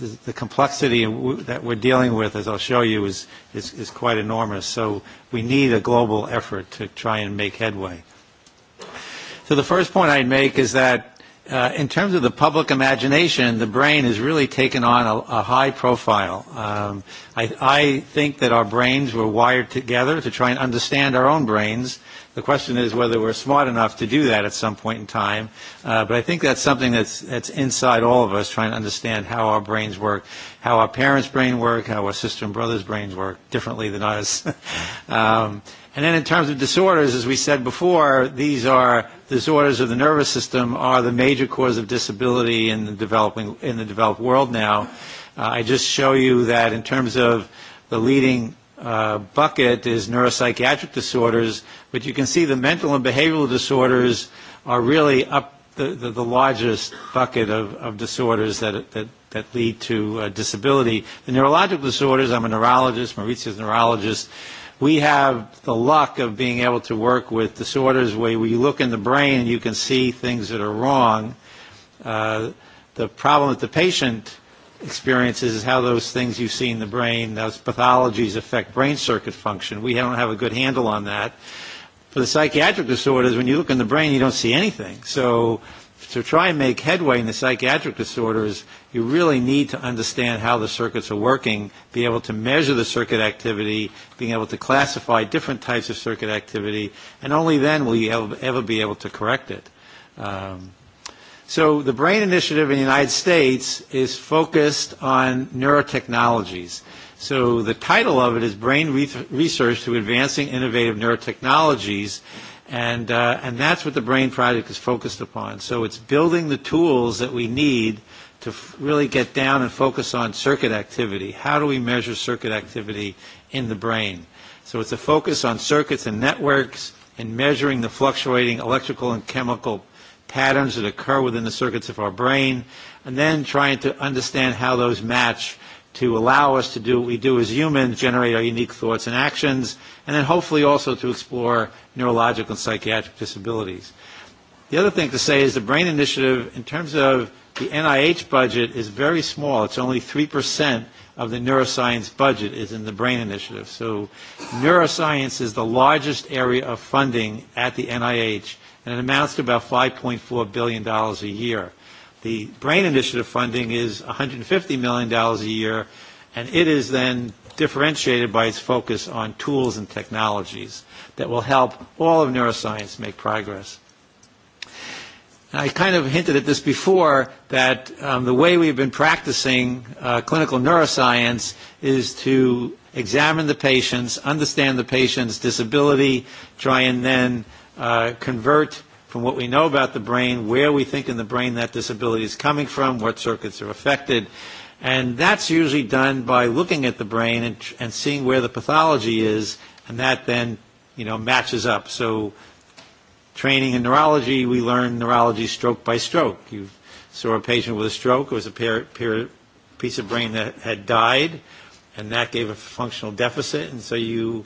the, the complexity that we're dealing with, as I'll show you, is, is, is quite enormous. So we need a global effort to try and make headway. So the first point I'd make is that in terms of the public imagination, the brain has really taken on a, high profile. Um, I, I think that our brains were wired together to try and understand our own brains. The question is whether we're smart enough to do that at some point in time. Uh, but I think that's something that's, that's inside all of us, trying to understand how our brains work, how our parents' brain work, how our sister and brother's brains work differently than us. um, And then in terms of disorders, as we said before, these are disorders of the nervous system are the major cause of disability in the developing in the developed world now. I just show you that in terms of the leading bucket is neuropsychiatric disorders, but you can see the mental and behavioral disorders are really up the the largest bucket of of disorders that that that lead to disability. The neurological disorders, I'm a neurologist, Maurizio's neurologist we have the luck of being able to work with disorders where we look in the brain and you can see things that are wrong. The problem that the patient experiences is how those things you see in the brain, those pathologies affect brain circuit function. We don't have a good handle on that. For the psychiatric disorders, when you look in the brain, you don't see anything. So to try and make headway in the psychiatric disorders, you really need to understand how the circuits are working, be able to measure the circuit activity, being able to classify different types of circuit activity, and only then will you ever be able to correct it. So the BRAIN Initiative in the United States is focused on neurotechnologies. So the title of it is Brain Research to Advancing Innovative Neurotechnologies. And that's what the BRAIN project is focused upon. So it's building the tools that we need to really get down and focus on circuit activity. How do we measure circuit activity in the brain? So it's a focus on circuits and networks and measuring the fluctuating electrical and chemical patterns that occur within the circuits of our brain, and then trying to understand how those match to allow us to do what we do as humans, generate our unique thoughts and actions, and then hopefully also to explore neurological and psychiatric disabilities. The other thing to say is the BRAIN Initiative, in terms of the NIH budget, is very small. It's only 3% of the neuroscience budget is in the BRAIN Initiative. So neuroscience is the largest area of funding at the NIH, and it amounts to about $5.4 billion a year. The BRAIN Initiative funding is $150 million a year, and it is then differentiated by its focus on tools and technologies that will help all of neuroscience make progress. I kind of hinted at this before, that the way we've been practicing clinical neuroscience is to examine the patients, understand the patient's disability, try and then convert from what we know about the brain, where we think in the brain that disability is coming from, what circuits are affected. And that's usually done by looking at the brain and, seeing where the pathology is, and that then, you know, matches up. So training in neurology, we learn neurology stroke by stroke. You saw a patient with a stroke. It was a piece of brain that had died, and that gave a functional deficit. And so you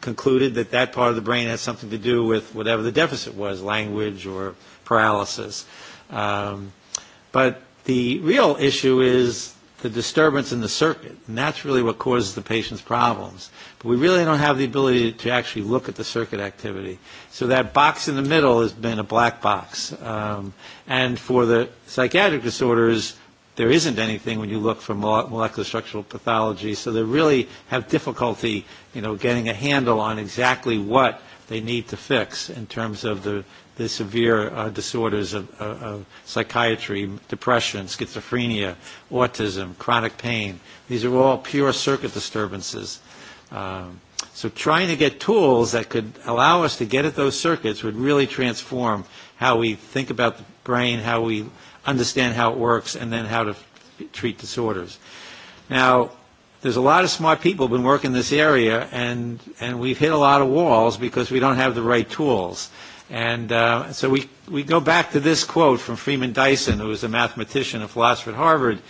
concluded that that part of the brain has something to do with whatever the deficit was, language or paralysis. But the real issue is the disturbance in the circuit, and that's really what causes the patient's problems. But we really don't have the ability to actually look at the circuit activity. So that box in the middle has been a black box. And for the psychiatric disorders, there isn't anything when you look for molecular structural pathology. So they really have difficulty, you know, getting a handle on exactly what they need to fix in terms of the, the severe disorders of, of psychiatry, depression, schizophrenia, autism, chronic pain. These are all pure circuit disturbances. Um, so trying to get tools that could allow us to get at those circuits would really transform how we think about the brain, how we understand how it works and then how to treat disorders. Now, there's a lot of smart people who've been working in this area, and, and we've hit a lot of walls because we don't have the right tools. And uh, so we, we go back to this quote from Freeman Dyson, who was a mathematician and philosopher at Harvard,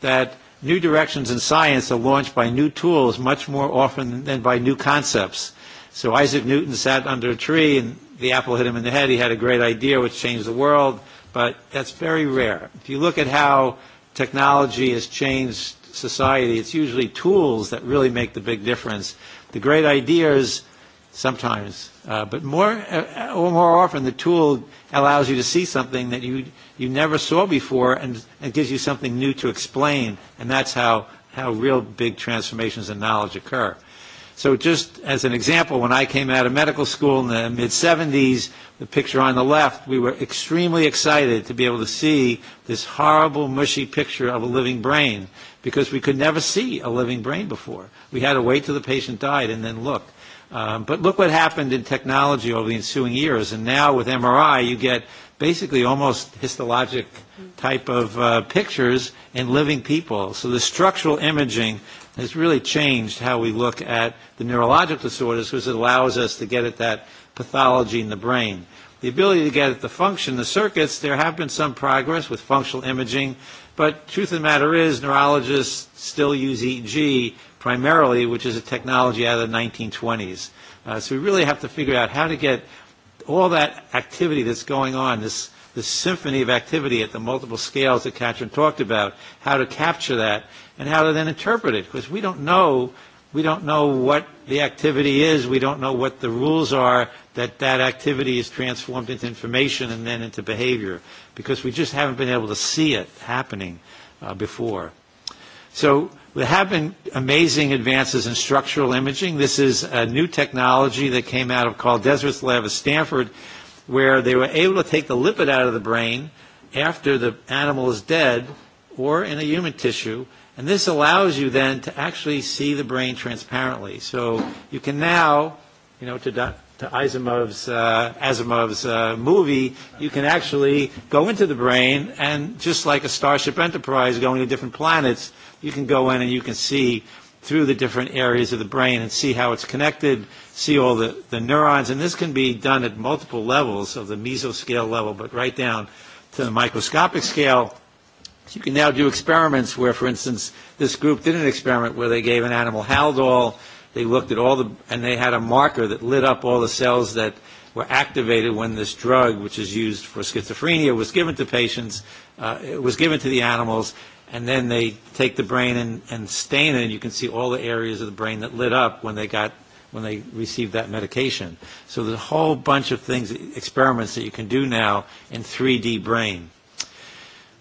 that new directions in science are launched by new tools much more often than by new concepts. So Isaac Newton sat under a tree, and the apple hit him in the head. He had a great idea which changed the world but that's very rare. If you look at how technology has changed society, it's usually tools that really make the big difference. The great ideas sometimes, but more or more often the tool allows you to see something that you you never saw before and it gives you something new to explain, and that's how how real big transformations in knowledge occur. So just as an example, when I came out of medical school in the mid-70s, the picture on the left, we were extremely excited to be able to see this horrible, mushy picture of a living brain because we could never see a living brain before. We had to wait till the patient died and then look. But look what happened in technology over the ensuing years. And now with MRI, you get basically almost histologic type of pictures in living people. So the structural imaging has really changed how we look at the neurological disorders because it allows us to get at that pathology in the brain. The ability to get at the function, the circuits, there have been some progress with functional imaging, but truth of the matter is neurologists still use EEG primarily, which is a technology out of the 1920s. So we really have to figure out how to get all that activity that's going on, this the symphony of activity at the multiple scales that Katrin talked about, how to capture that, and how to then interpret it, because we don't know we don't know what the activity is. We don't know what the rules are that that activity is transformed into information and then into behavior because we just haven't been able to see it happening before. So there have been amazing advances in structural imaging. This is a new technology that came out of called Desert's lab at Stanford where they were able to take the lipid out of the brain after the animal is dead or in a human tissue, and this allows you then to actually see the brain transparently. So you can now, you know, to, to Asimov's, uh, Asimov's uh, movie, you can actually go into the brain and just like a Starship Enterprise going to different planets, you can go in and you can see through the different areas of the brain and see how it's connected, see all the, the neurons. And this can be done at multiple levels of the mesoscale level, but right down to the microscopic scale. You can now do experiments where, for instance, this group did an experiment where they gave an animal Haldol. They looked at all the, and they had a marker that lit up all the cells that were activated when this drug, which is used for schizophrenia, was given to patients, uh, it was given to the animals and then they take the brain and, and stain it, and you can see all the areas of the brain that lit up when they got when they received that medication. So there's a whole bunch of things, experiments that you can do now in 3D brain.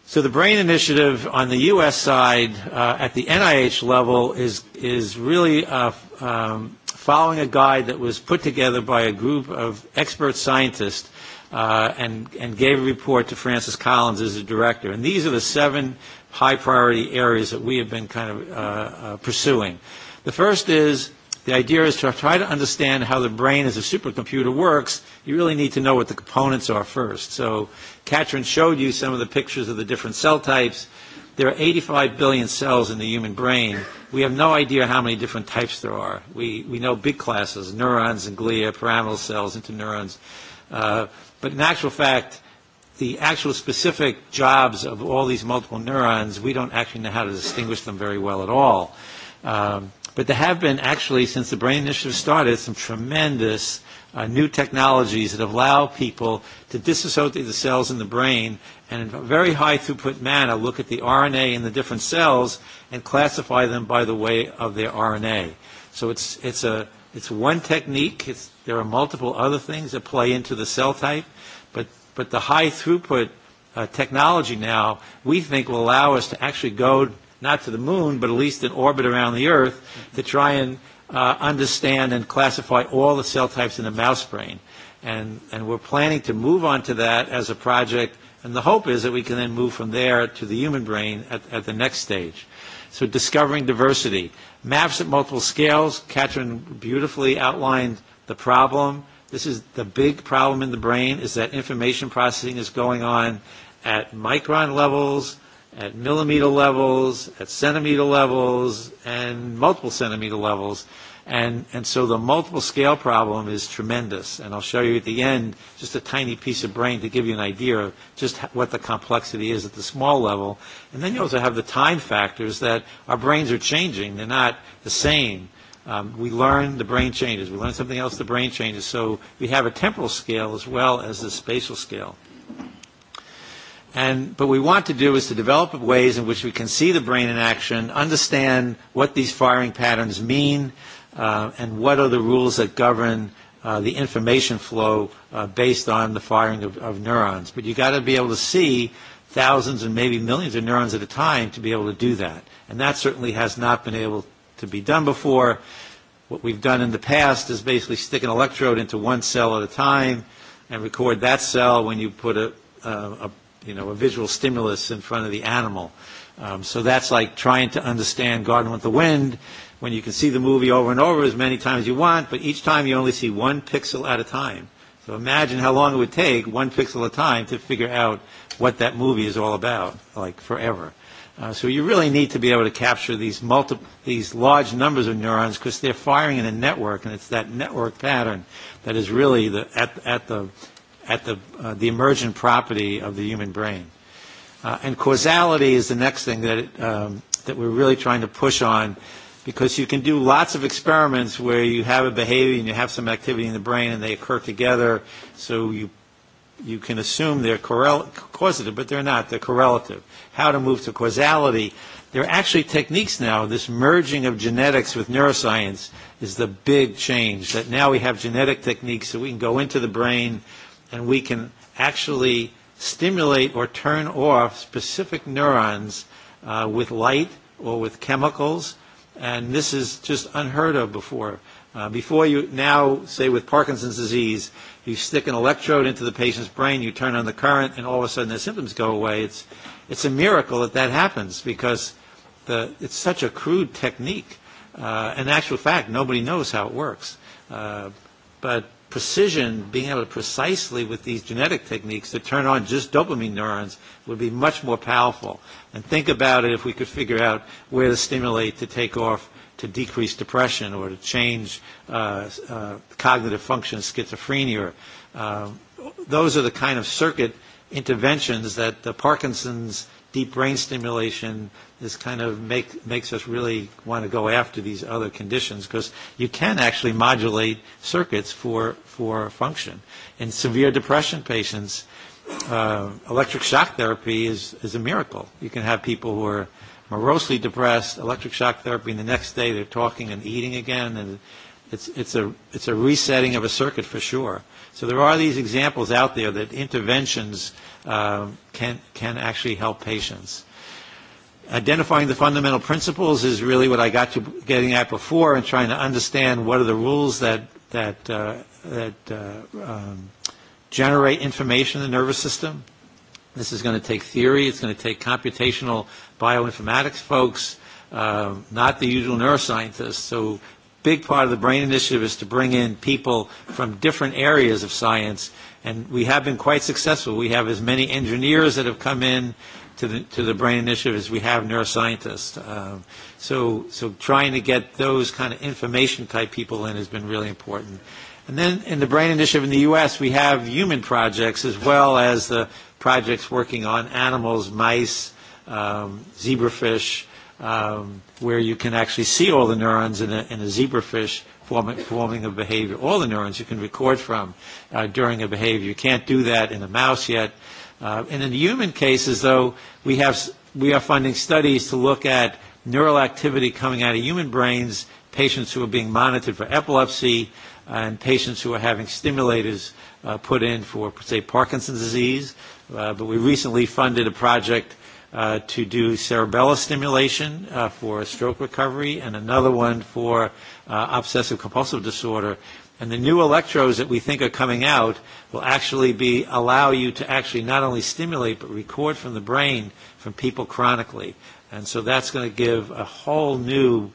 So the Brain Initiative on the U.S. side at the NIH level is is really following a guide that was put together by a group of expert scientists and gave a report to Francis Collins as a director. And these are the seven high priority areas that we have been kind of pursuing. The first is the idea is to try to understand how the brain as a supercomputer works. You really need to know what the components are first. So Katrin showed you some of the pictures of the different cell types. There are 85 billion cells in the human brain. We have no idea how many different types there are. We, we know big classes, neurons and glia, pyramidal cells, into neurons... But in actual fact, the actual specific jobs of all these multiple neurons, we don't actually know how to distinguish them very well at all. But there have been actually, since the Brain Initiative started, some tremendous new technologies that allow people to disassociate the cells in the brain and in a very high throughput manner look at the RNA in the different cells and classify them by the way of their RNA. So it's, it's, a, it's one technique. It's There are multiple other things that play into the cell type, but the high throughput technology now we think will allow us to actually go not to the moon, but at least in orbit around the Earth to try and understand and classify all the cell types in the mouse brain. And we're planning to move on to that as a project, and the hope is that we can then move from there to the human brain at at the next stage. So discovering diversity. Maps at multiple scales. Katrin beautifully outlined The problem, this is the big problem in the brain, is that information processing is going on at micron levels, at millimeter levels, at centimeter levels, and multiple centimeter levels. And, and so the multiple scale problem is tremendous. And I'll show you at the end just a tiny piece of brain to give you an idea of just what the complexity is at the small level. And then you also have the time factors that our brains are changing. They're not the same we learn the brain changes. We learn something else, the brain changes. So we have a temporal scale as well as a spatial scale. And what we want to do is to develop ways in which we can see the brain in action, understand what these firing patterns mean, and what are the rules that govern the information flow based on the firing of neurons. But you've got to be able to see thousands and maybe millions of neurons at a time to be able to do that. And that certainly has not been able to be done before. What we've done in the past is basically stick an electrode into one cell at a time and record that cell when you put a, a you know, a visual stimulus in front of the animal. Um, so that's like trying to understand Garden with the Wind when you can see the movie over and over as many times as you want, but each time you only see one pixel at a time. So imagine how long it would take, one pixel at a time, to figure out what that movie is all about, like forever. So you really need to be able to capture these these large numbers of neurons because they're firing in a network, and it's that network pattern that is really the at at the at the the emergent property of the human brain. And causality is the next thing that that we're really trying to push on, because you can do lots of experiments where you have a behavior and you have some activity in the brain and they occur together, so you you can assume they're causative, but they're not. They're correlative how to move to causality. There are actually techniques now. This merging of genetics with neuroscience is the big change, that now we have genetic techniques that we can go into the brain and we can actually stimulate or turn off specific neurons with light or with chemicals. And this is just unheard of before. Before you now, say with Parkinson's disease, you stick an electrode into the patient's brain, you turn on the current, and all of a sudden their symptoms go away. It's It's a miracle that that happens because the, it's such a crude technique. Uh, in actual fact, nobody knows how it works. Uh, but precision, being able to precisely with these genetic techniques to turn on just dopamine neurons would be much more powerful. And think about it if we could figure out where to stimulate to take off to decrease depression or to change uh, uh, cognitive function, schizophrenia. Uh, those are the kind of circuit interventions that the Parkinson's deep brain stimulation is kind of make, makes us really want to go after these other conditions because you can actually modulate circuits for, for function. In severe depression patients, uh, electric shock therapy is, is a miracle. You can have people who are morosely depressed, electric shock therapy, and the next day they're talking and eating again, and It's a resetting of a circuit for sure. So there are these examples out there that interventions can actually help patients. Identifying the fundamental principles is really what I got to getting at before and trying to understand what are the rules that generate information in the nervous system. This is going to take theory. It's going to take computational bioinformatics folks, not the usual neuroscientists. So big part of the BRAIN initiative is to bring in people from different areas of science, and we have been quite successful. We have as many engineers that have come in to the, to the BRAIN initiative as we have neuroscientists. Um, so, so trying to get those kind of information type people in has been really important. And then in the BRAIN initiative in the U.S., we have human projects as well as the projects working on animals, mice, um, zebrafish, where you can actually see all the neurons in a, in a zebrafish forming a behavior. All the neurons you can record from during a behavior. You can't do that in a mouse yet. And in the human cases, though, we have we are funding studies to look at neural activity coming out of human brains, patients who are being monitored for epilepsy, and patients who are having stimulators put in for, say, Parkinson's disease. But we recently funded a project to do cerebellar stimulation for stroke recovery and another one for obsessive compulsive disorder. And the new electrodes that we think are coming out will actually be allow you to actually not only stimulate but record from the brain from people chronically. And so that's going to give a whole new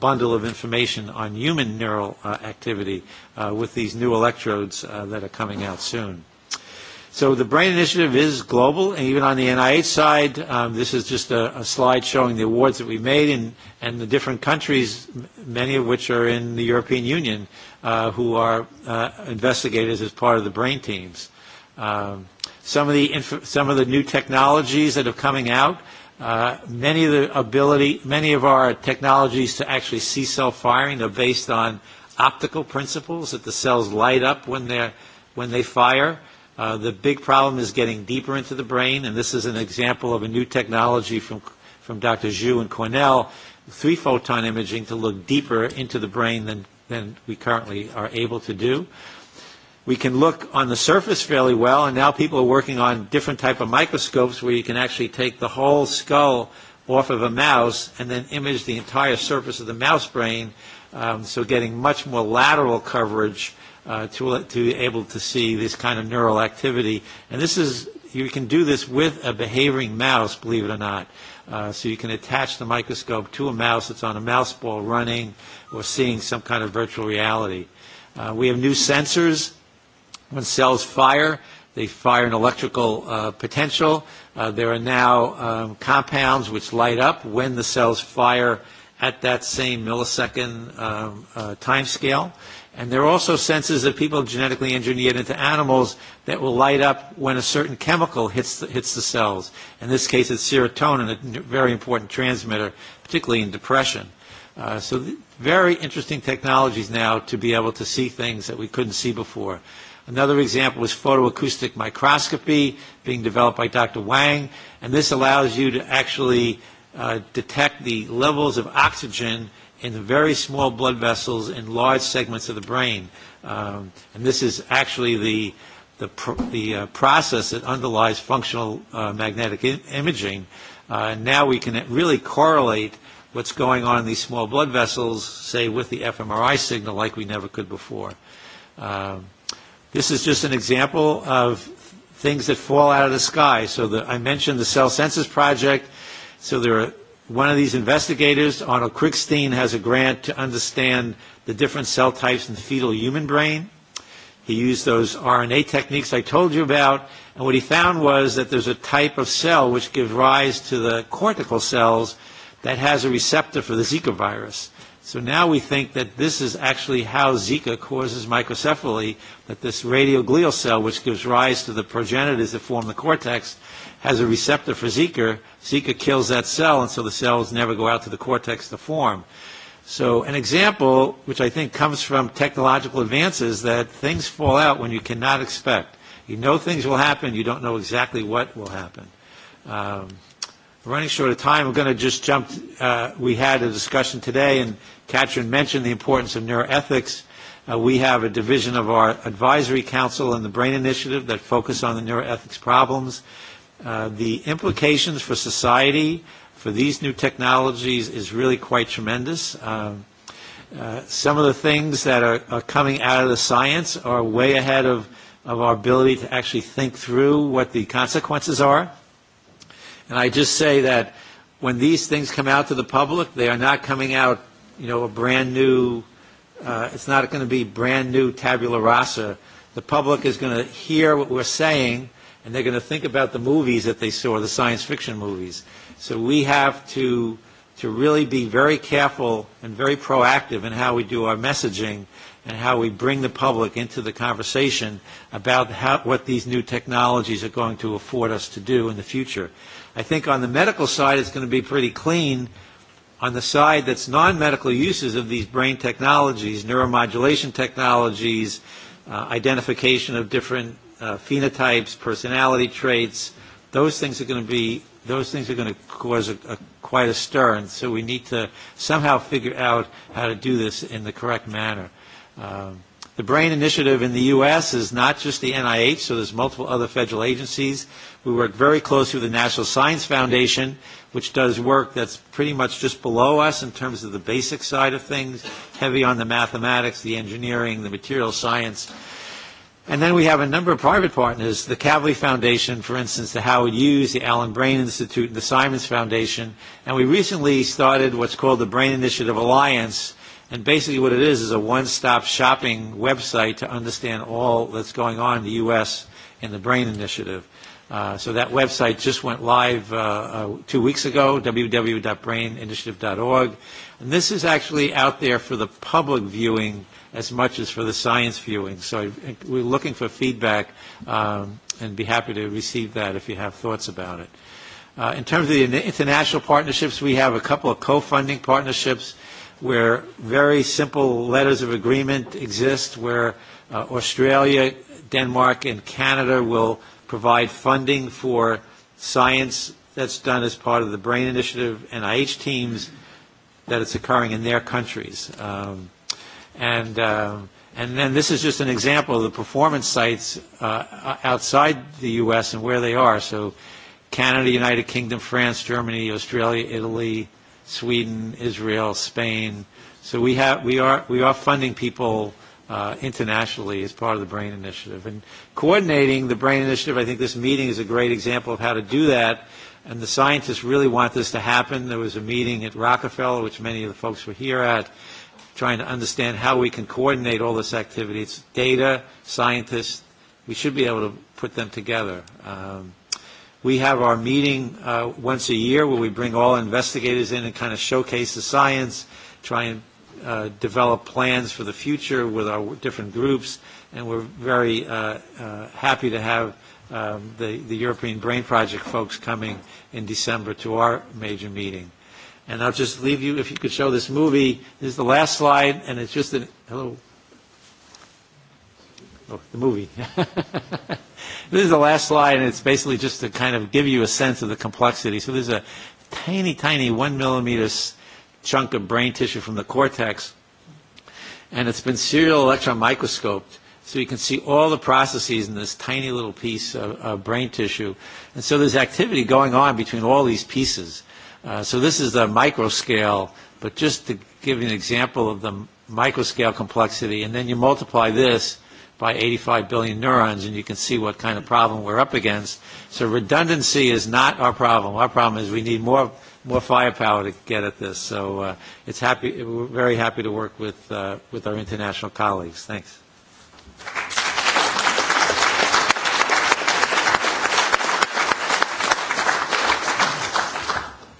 bundle of information on human neural activity with these new electrodes that are coming out soon. So the BRAIN Initiative is global, and even on the NIH side, this is just a slide showing the awards that we've made and the different countries, many of which are in the European Union, who are investigators as part of the BRAIN teams. Some of the new technologies that are coming out, many of the ability, many of our technologies to actually see cell firing are based on optical principles that the cells light up when they're when they fire The big problem is getting deeper into the brain, and this is an example of a new technology from from Dr. Zhu and Cornell, three-photon imaging to look deeper into the brain than than we currently are able to do. We can look on the surface fairly well, and now people are working on different type of microscopes where you can actually take the whole skull off of a mouse and then image the entire surface of the mouse brain, so getting much more lateral coverage to be able to see this kind of neural activity. And this is, you can do this with a behaving mouse, believe it or not. So you can attach the microscope to a mouse that's on a mouse ball running or seeing some kind of virtual reality. We have new sensors. When cells fire, they fire an electrical potential. There are now compounds which light up when the cells fire at that same millisecond time scale. And there are also sensors that people genetically engineered into animals that will light up when a certain chemical hits the, hits the cells. In this case, it's serotonin, a very important transmitter, particularly in depression. so very interesting technologies now to be able to see things that we couldn't see before. Another example is photoacoustic microscopy being developed by Dr. Wang, and this allows you to actually uh, detect the levels of oxygen in the very small blood vessels in large segments of the brain. And this is actually the the process that underlies functional magnetic imaging. Now we can really correlate what's going on in these small blood vessels, say, with the fMRI signal like we never could before. This is just an example of things that fall out of the sky. So I mentioned the Cell Census Project. So there are One of these investigators, Arnold Krigstein, has a grant to understand the different cell types in the fetal human brain. He used those RNA techniques I told you about, and what he found was that there's a type of cell which gives rise to the cortical cells that has a receptor for the Zika virus. So now we think that this is actually how Zika causes microcephaly, that this radioglial cell, which gives rise to the progenitors that form the cortex, has a receptor for Zika, Zika kills that cell, and so the cells never go out to the cortex to form. So an example, which I think comes from technological advances, that things fall out when you cannot expect. You know things will happen, you don't know exactly what will happen. Um, running short of time, we're going to just jump. Uh, we had a discussion today, and Katrin mentioned the importance of neuroethics. we have a division of our advisory council and the Brain Initiative that focus on the neuroethics problems the implications for society for these new technologies is really quite tremendous. Some of the things that are coming out of the science are way ahead of our ability to actually think through what the consequences are. And I just say that when these things come out to the public, they are not coming out, you know, a brand new, it's not going to be brand new tabula rasa. The public is going to hear what we're saying and they're going to think about the movies that they saw, the science fiction movies. So we have to to really be very careful and very proactive in how we do our messaging and how we bring the public into the conversation about what these new technologies are going to afford us to do in the future. I think on the medical side it's going to be pretty clean. On the side that's non-medical uses of these brain technologies, neuromodulation technologies, identification of different phenotypes, personality traits, those things are going to be those things are going to cause a, quite a stir, and so we need to somehow figure out how to do this in the correct manner. the BRAIN initiative in the U.S. is not just the NIH, so there's multiple other federal agencies. We work very closely with the National Science Foundation, which does work that's pretty much just below us in terms of the basic side of things, heavy on the mathematics, the engineering, the material science, And then we have a number of private partners, the Kavli Foundation, for instance, the Howard Hughes, the Allen Brain Institute, and the Simons Foundation. And we recently started what's called the Brain Initiative Alliance. And basically what it is is a one-stop shopping website to understand all that's going on in the U.S. in the Brain Initiative. So that website just went live two weeks ago, www.braininitiative.org. And this is actually out there for the public viewing as much as for the science viewing. So we're looking for feedback um, and be happy to receive that if you have thoughts about it. Uh, in terms of the international partnerships, we have a couple of co-funding partnerships where very simple letters of agreement exist where Australia, Denmark, and Canada will provide funding for science that's done as part of the BRAIN Initiative, NIH teams, that it's occurring in their countries. Um, And and then this is just an example of the performance sites outside the U.S. and where they are. So Canada, United Kingdom, France, Germany, Australia, Italy, Sweden, Israel, Spain. So we have we are we are funding people internationally as part of the BRAIN Initiative. And coordinating the BRAIN Initiative, I think this meeting is a great example of how to do that. And the scientists really want this to happen. There was a meeting at Rockefeller, which many of the folks were here at, trying to understand how we can coordinate all this activity. It's data, scientists. We should be able to put them together. Um, we have our meeting uh, once a year where we bring all investigators in and kind of showcase the science, try and uh, develop plans for the future with our different groups, and we're very uh, uh, happy to have um, the, the European Brain Project folks coming in December to our major meeting. And I'll just leave you, if you could show this movie. This is the last slide, and it's just a hello. Oh, the movie. this is the last slide, and it's basically just to kind of give you a sense of the complexity. So there's a tiny, tiny one millimeter chunk of brain tissue from the cortex, and it's been serial electron microscoped. So you can see all the processes in this tiny little piece of, of brain tissue. And so there's activity going on between all these pieces. So this is the micro scale, but just to give you an example of the micro scale complexity, and then you multiply this by 85 billion neurons, and you can see what kind of problem we're up against. So redundancy is not our problem. Our problem is we need more more firepower to get at this. So it's happy. We're very happy to work with with our international colleagues. Thanks.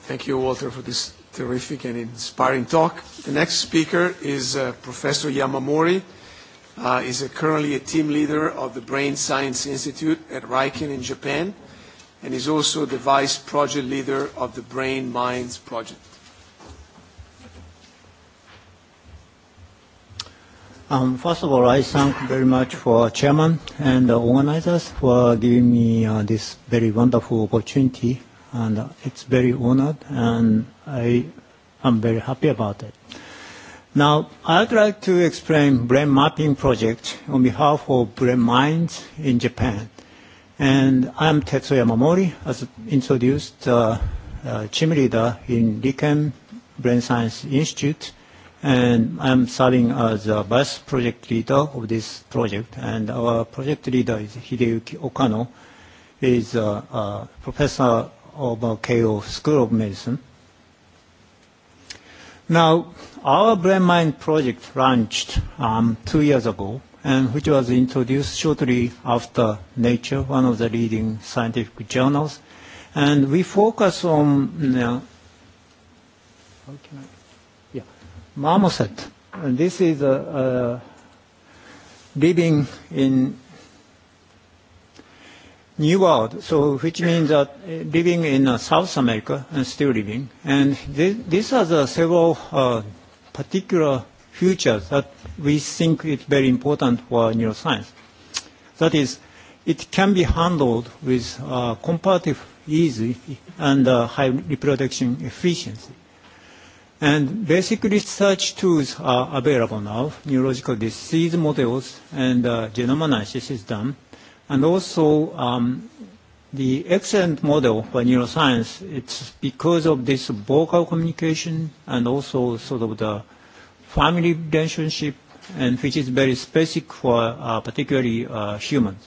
Thank you, Walter, for this terrific and inspiring talk. The next speaker is Professor Yamamori. He's currently a team leader of the Brain Science Institute at Riken in Japan, and is also the vice project leader of the Brain Minds Project. First of all, I thank very much for chairman and organizers for giving me this very wonderful opportunity and it's very honored, and I am very happy about it. Now, I'd like to explain brain mapping project on behalf of Brain Minds in Japan. And I'm Tetsuya Mamori, as introduced, uh, uh, team leader in RIKEN Brain Science Institute, and I'm serving as a vice project leader of this project. And our project leader is Hideyuki Okano, is a, professor of K.O. School of Medicine. Now, our Brain Mind project launched um, two years ago, and which was introduced shortly after Nature, one of the leading scientific journals. And we focus on uh, yeah, marmoset. And this is a, living in New World, so which means that living in South America and still living. And these are the several particular features that we think is very important for neuroscience. That is, it can be handled with comparative ease and high reproduction efficiency. And basic research tools are available now, neurological disease models and genome analysis is done And also um, the excellent model for neuroscience, it's because of this vocal communication and also sort of the family relationship, and which is very specific for uh, particularly uh, humans.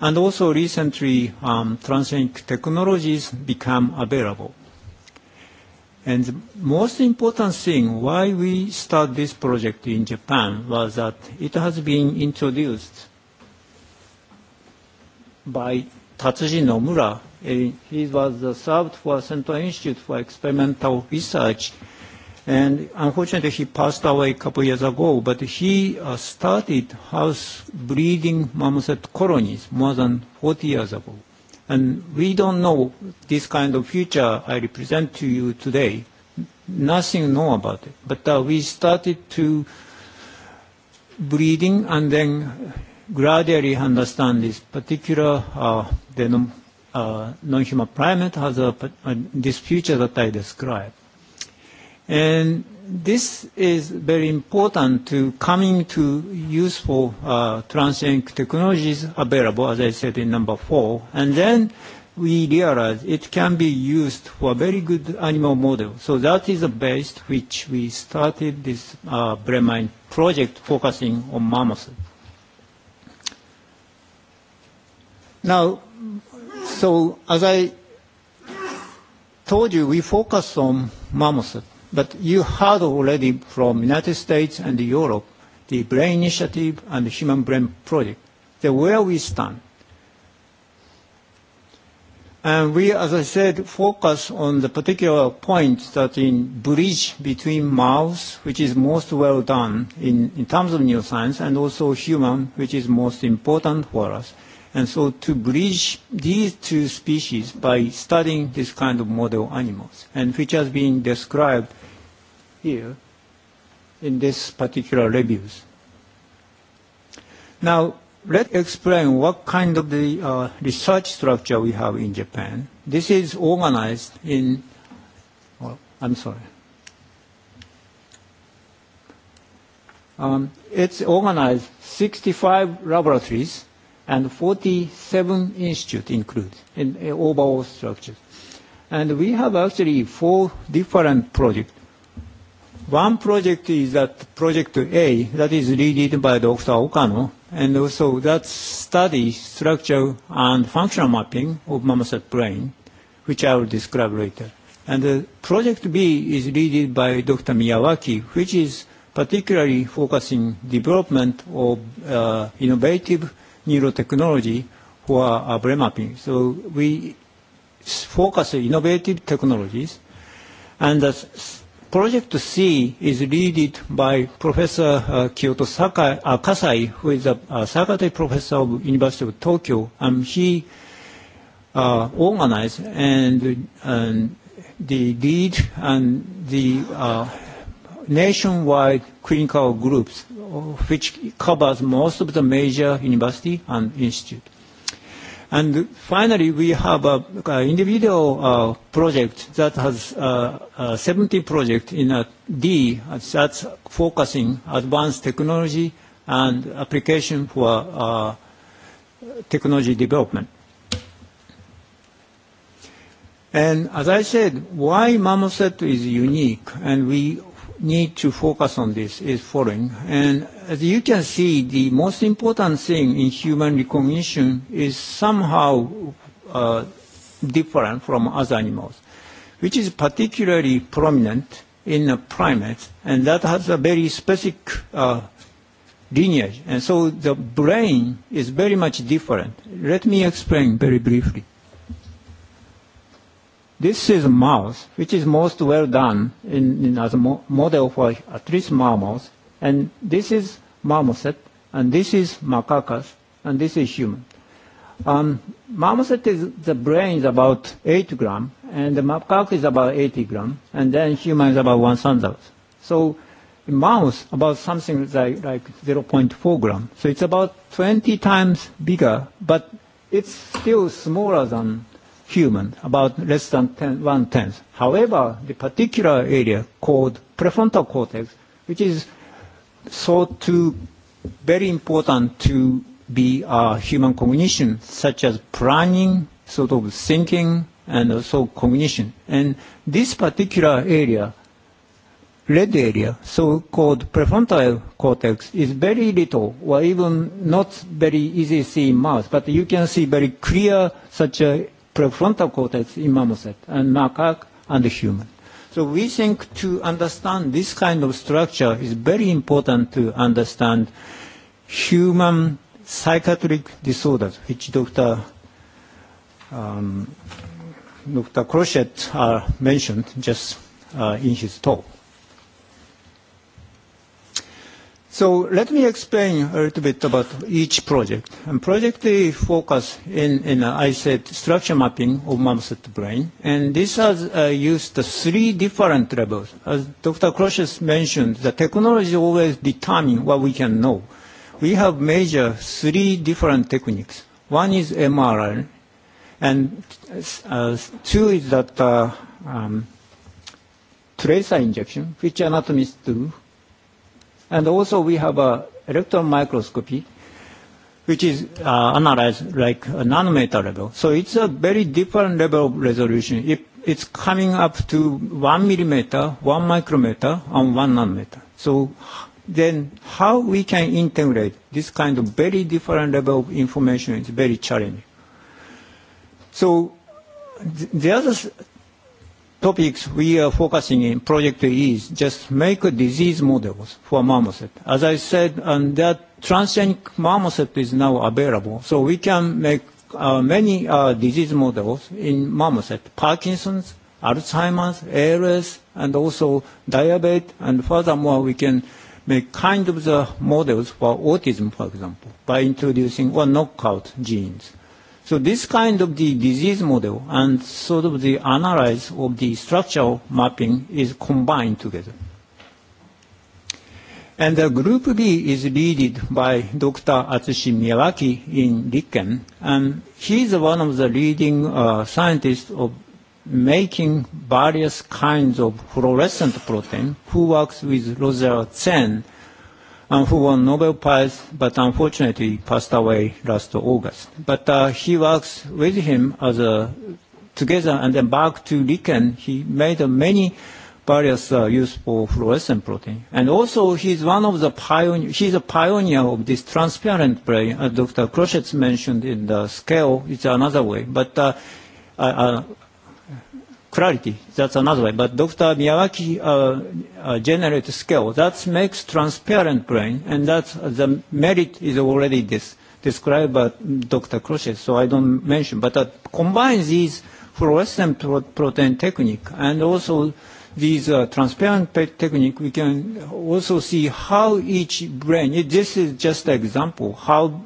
And also recently, um, transgenic technologies become available. And the most important thing why we start this project in Japan was that it has been introduced by Tatsuji Nomura. He was the served for Central Institute for Experimental Research. And unfortunately, he passed away a couple years ago. But he started house breeding marmoset colonies more than 40 years ago. And we don't know this kind of future I represent to you today. Nothing know about it. But we started to breeding and then gradually understand this particular the non-human primate has this future that I described. And this is very important to coming to useful transgenic technologies available, as I said in number four. And then we realize it can be used for a very good animal model. So that is the base which we started this mind project focusing on mammoths. Now, so as I told you, we focus on mammals, but you heard already from United States and Europe the Brain Initiative and the Human Brain Project, the where we stand. And we, as I said, focus on the particular point that in bridge between mouse, which is most well done in, in terms of neuroscience, and also human, which is most important for us. And so to bridge these two species by studying this kind of model animals, and which has been described here in this particular reviews. Now, let's explain what kind of the research structure we have in Japan. This is organized in, I'm sorry. Um, it's organized 65 laboratories and 47 institutes include in overall structure. And we have actually four different projects. One project is that Project A, that is led by Dr. Okano, and also that study structure and functional mapping of marmoset brain, which I will describe later. And Project B is led by Dr. Miyawaki, which is particularly focusing development of innovative neurotechnology for brain mapping. So we focus on innovative technologies. And the project C is led by Professor Kyoto Kasai, who is a Sakate professor of University of Tokyo. And he organized and the lead and the nationwide clinical groups which covers most of the major university and institute. And finally, we have a individual project that has 70 project in a D that's focusing advanced technology and application for technology development. And as I said, why Mamoset is unique, and we need to focus on this is following. And as you can see, the most important thing in human recognition is somehow uh, different from other animals, which is particularly prominent in primates, and that has a very specific uh, lineage. And so the brain is very much different. Let me explain very briefly. This is mouse, which is most well done in, in as a model for at least mammals. And this is marmoset, and this is macacus, and this is human. Um, marmoset is the brain is about 8 gram, and the macaque is about 80 gram, and then human is about 1,000. So in mouse, about something like, like 0.4 gram. So it's about 20 times bigger, but it's still smaller than human, about less than ten one tenth. However, the particular area called prefrontal cortex, which is thought to very important to be uh, human cognition, such as planning, sort of thinking, and also cognition. And this particular area, red area, so-called prefrontal cortex, is very little, or even not very easy to see in mouse, but you can see very clear such a prefrontal cortex in marmoset and macaque and human. So we think to understand this kind of structure is very important to understand human psychiatric disorders, which Dr. Um, Dr. Crochet uh, mentioned just in his talk. So let me explain a little bit about each project. project A focus in, I said, structure mapping of marmoset brain. And this has used three different levels. As Dr. Crocius mentioned, the technology always determines what we can know. We have major three different techniques. One is MRI, and two is that tracer injection, which anatomists do And also we have a electron microscopy, which is analyzed like a nanometer level. So it's a very different level of resolution. it's coming up to one millimeter, one micrometer, and one nanometer. So then how we can integrate this kind of very different level of information is very challenging. So the other topics we are focusing in Project is just make disease models for marmoset. As I said, and that transgenic marmoset is now available, so we can make many disease models in marmoset, Parkinson's, Alzheimer's, ALS, and also diabetes, and furthermore we can make kind of the models for autism, for example, by introducing or knockout genes. So this kind of the disease model and sort of the analysis of the structural mapping is combined together. And the group B is led by Dr. Atsushi Miyawaki in Riken, and he is one of the leading scientists of making various kinds of fluorescent protein who works with Roger Chen and who won Nobel Prize but unfortunately passed away last August. But he works with him as a together and then back to Riken he made many various useful fluorescent protein. And also he's one of the pioneers he's a pioneer of this transparent brain as Dr. Crochet mentioned in the scale, it's another way. But clarity. That's another way. But Dr. Miyawaki generates scale. That makes transparent brain, and that's the merit is already this described by Dr. Crochet, so I don't mention. But combine these fluorescent protein technique and also these transparent technique, we can also see how each brain, this is just an example, how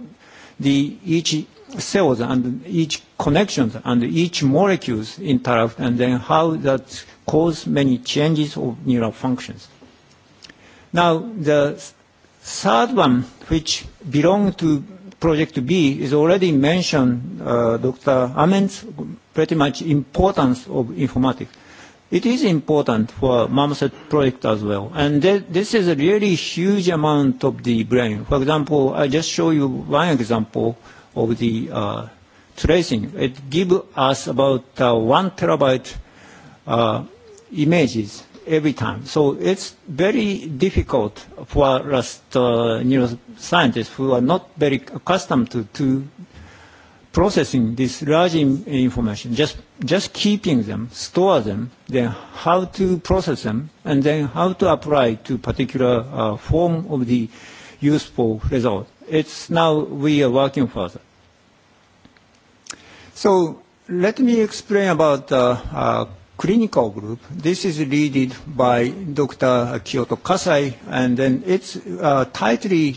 the each cells and each connections and each molecules interact and then how that cause many changes of neural functions. Now the third one which belong to Project B is already mentioned Dr. Amen's pretty much importance of informatics. It is important for marmoset project as well. And this is a really huge amount of the brain. For example, I just show you one example of the tracing. It gives us about one terabyte images every time. So it's very difficult for us neuroscientists who are not very accustomed to, to processing this large information, just, just keeping them, store them, then how to process them, and then how to apply to particular form of the useful result. It's now we are working further. So let me explain about the clinical group. This is led by Dr. Kyoto Kasai, and then it's tightly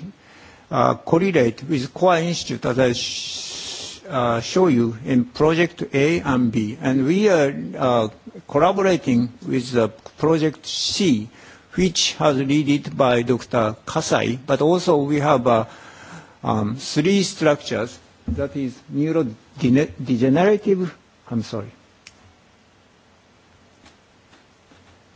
correlated with Core Institute, as I show you in Project A and B. And we are collaborating with Project C, which has led by Dr. Kasai, but also we have three structures, that is neuro degenerative, I'm sorry,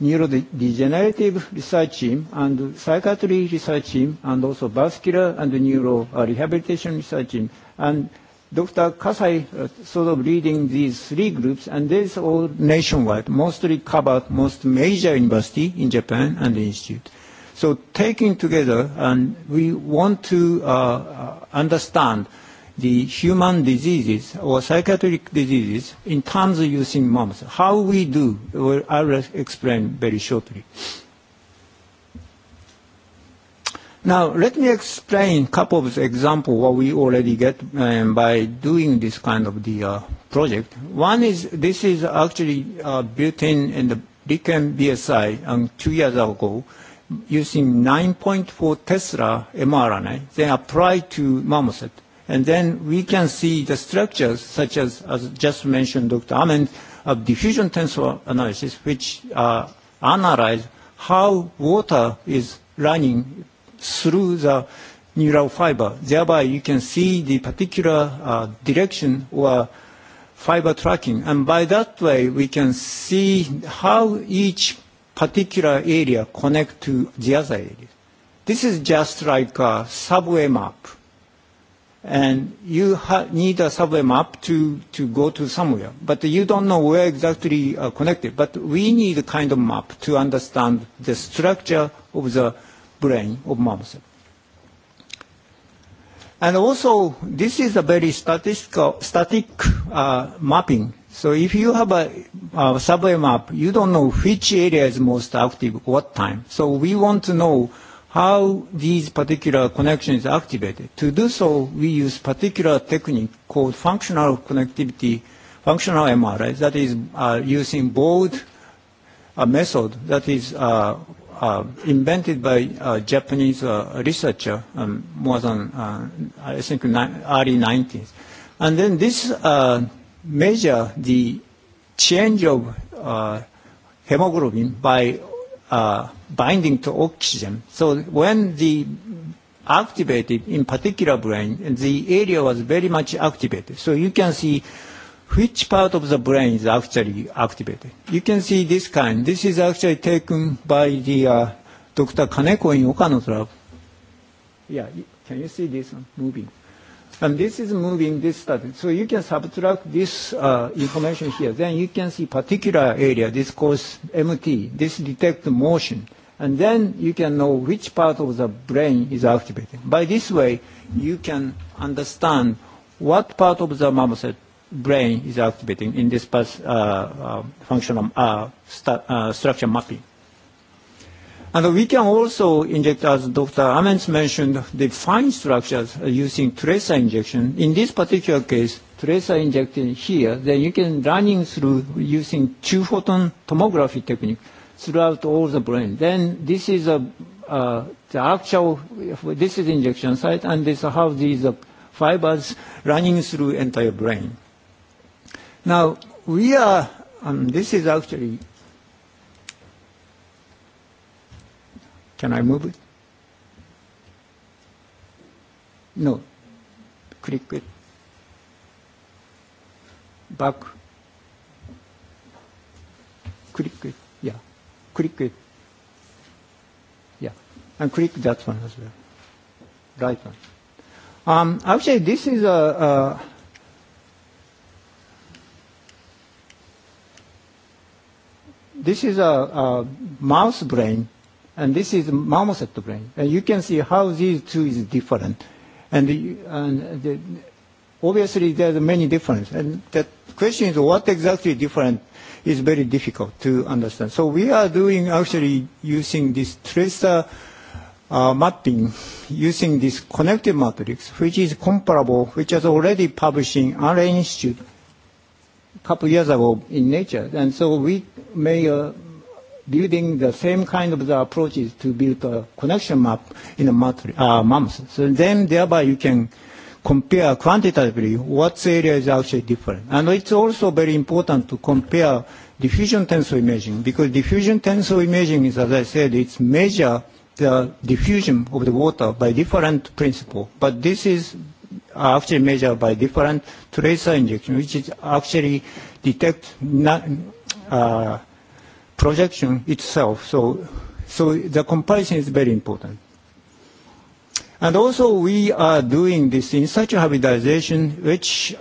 neurodegenerative research team and psychiatry research team and also vascular and neuro rehabilitation research team. And Dr. Kasai sort of leading these three groups and this all nationwide, mostly covered most major university in Japan and the institute. So taking together and we want to understand the human diseases or psychiatric diseases in terms of using MOMS. How we do, I will explain very shortly. Now, let me explain a couple of examples what we already get by doing this kind of the project. One is, this is actually built in in the BKM BSI two years ago using 9.4 Tesla mRNA, then applied to marmoset And then we can see the structures, such as, as just mentioned Dr. Ament, of diffusion tensor analysis, which uh, analyze how water is running through the neural fiber. Thereby, you can see the particular direction or fiber tracking. And by that way, we can see how each particular area connect to the other area. This is just like a subway map and you need a subway map to to go to somewhere but you don't know where exactly connected but we need a kind of map to understand the structure of the brain of mammals. and also this is a very statistical static mapping so if you have a subway map you don't know which area is most active what time so we want to know how these particular connections are activated. To do so, we use particular technique called functional connectivity, functional MRI, that is using both a method that is invented by a Japanese researcher more than, I think, early 90s. And then this measure the change of hemoglobin by binding to oxygen. So when the activated, in particular brain, the area was very much activated. So you can see which part of the brain is actually activated. You can see this kind. This is actually taken by the Dr. Kaneko in Okano's lab. Yeah, can you see this one moving? And this is moving this study. So you can subtract this information here. Then you can see particular area, this cause MT, this detect motion. And then you can know which part of the brain is activated. By this way, you can understand what part of the marmoset brain is activating in this functional structure mapping. And we can also inject, as Dr. Amens mentioned, the fine structures using tracer injection. In this particular case, tracer injecting here, then you can running through using two-photon tomography technique throughout all the brain. Then this is a, the actual, this is injection site, and this how these fibers running through entire brain. Now, we are, this is actually Can I move it? No. Click it. Back. Click it. Yeah. Click it. Yeah. And click that one as well. Right one. Um, actually, this is a, a this is a, a mouse brain and this is marmoset brain. And you can see how these two is different. And, the, obviously there are many differences. And the question is what exactly different is very difficult to understand. So we are doing actually using this tracer uh, mapping using this connective matrix, which is comparable, which is already publishing in our institute a couple years ago in Nature. And so we may building the same kind of the approaches to build a connection map in a month. So then thereby you can compare quantitatively what area is actually different. And it's also very important to compare diffusion tensor imaging because diffusion tensor imaging is, as I said, it's measure the diffusion of the water by different principle. But this is actually measured by different tracer injection, which is actually detect not, uh, projection itself. So so the comparison is very important. And also we are doing this in such a hybridization which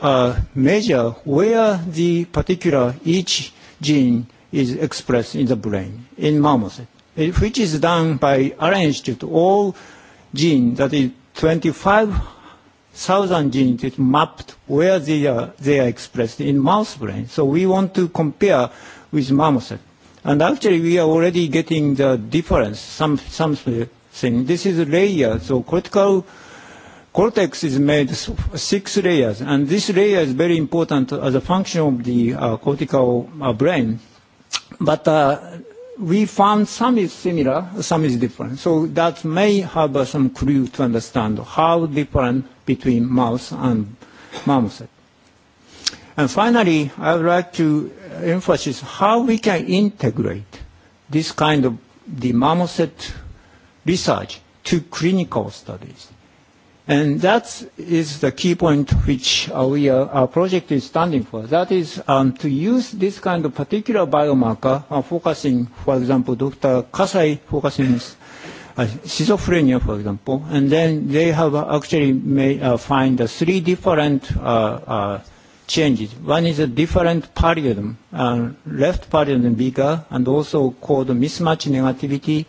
measure where the particular each gene is expressed in the brain, in marmoset, which is done by arranged to all genes that is 25,000 genes is mapped where they are, they are expressed in mouse brain. So we want to compare with marmoset. And actually we are already getting the difference, some, something. This is a layer, so cortical cortex is made six layers, and this layer is very important as a function of the cortical brain. But uh, we found some is similar, some is different. So that may have some clue to understand how different between mouse and marmoset. And finally, I would like to emphasize how we can integrate this kind of the marmoset research to clinical studies. And that is the key point which our project is standing for. That is to use this kind of particular biomarker, focusing, for example, Dr. Kasai focusing on schizophrenia, for example, and then they have actually made find three different changes. One is a different paradigm, left paradigm bigger, and also called mismatch negativity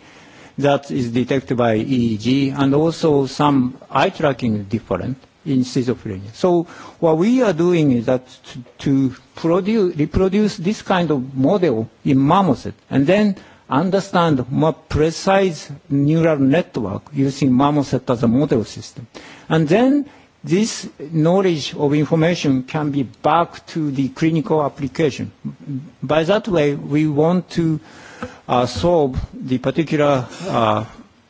that is detected by EEG, and also some eye tracking different in schizophrenia. So what we are doing is that to produce, reproduce this kind of model in marmoset, and then understand more precise neural network using marmoset as a model system. And then this knowledge of information can be back to the clinical application. By that way, we want to solve the particular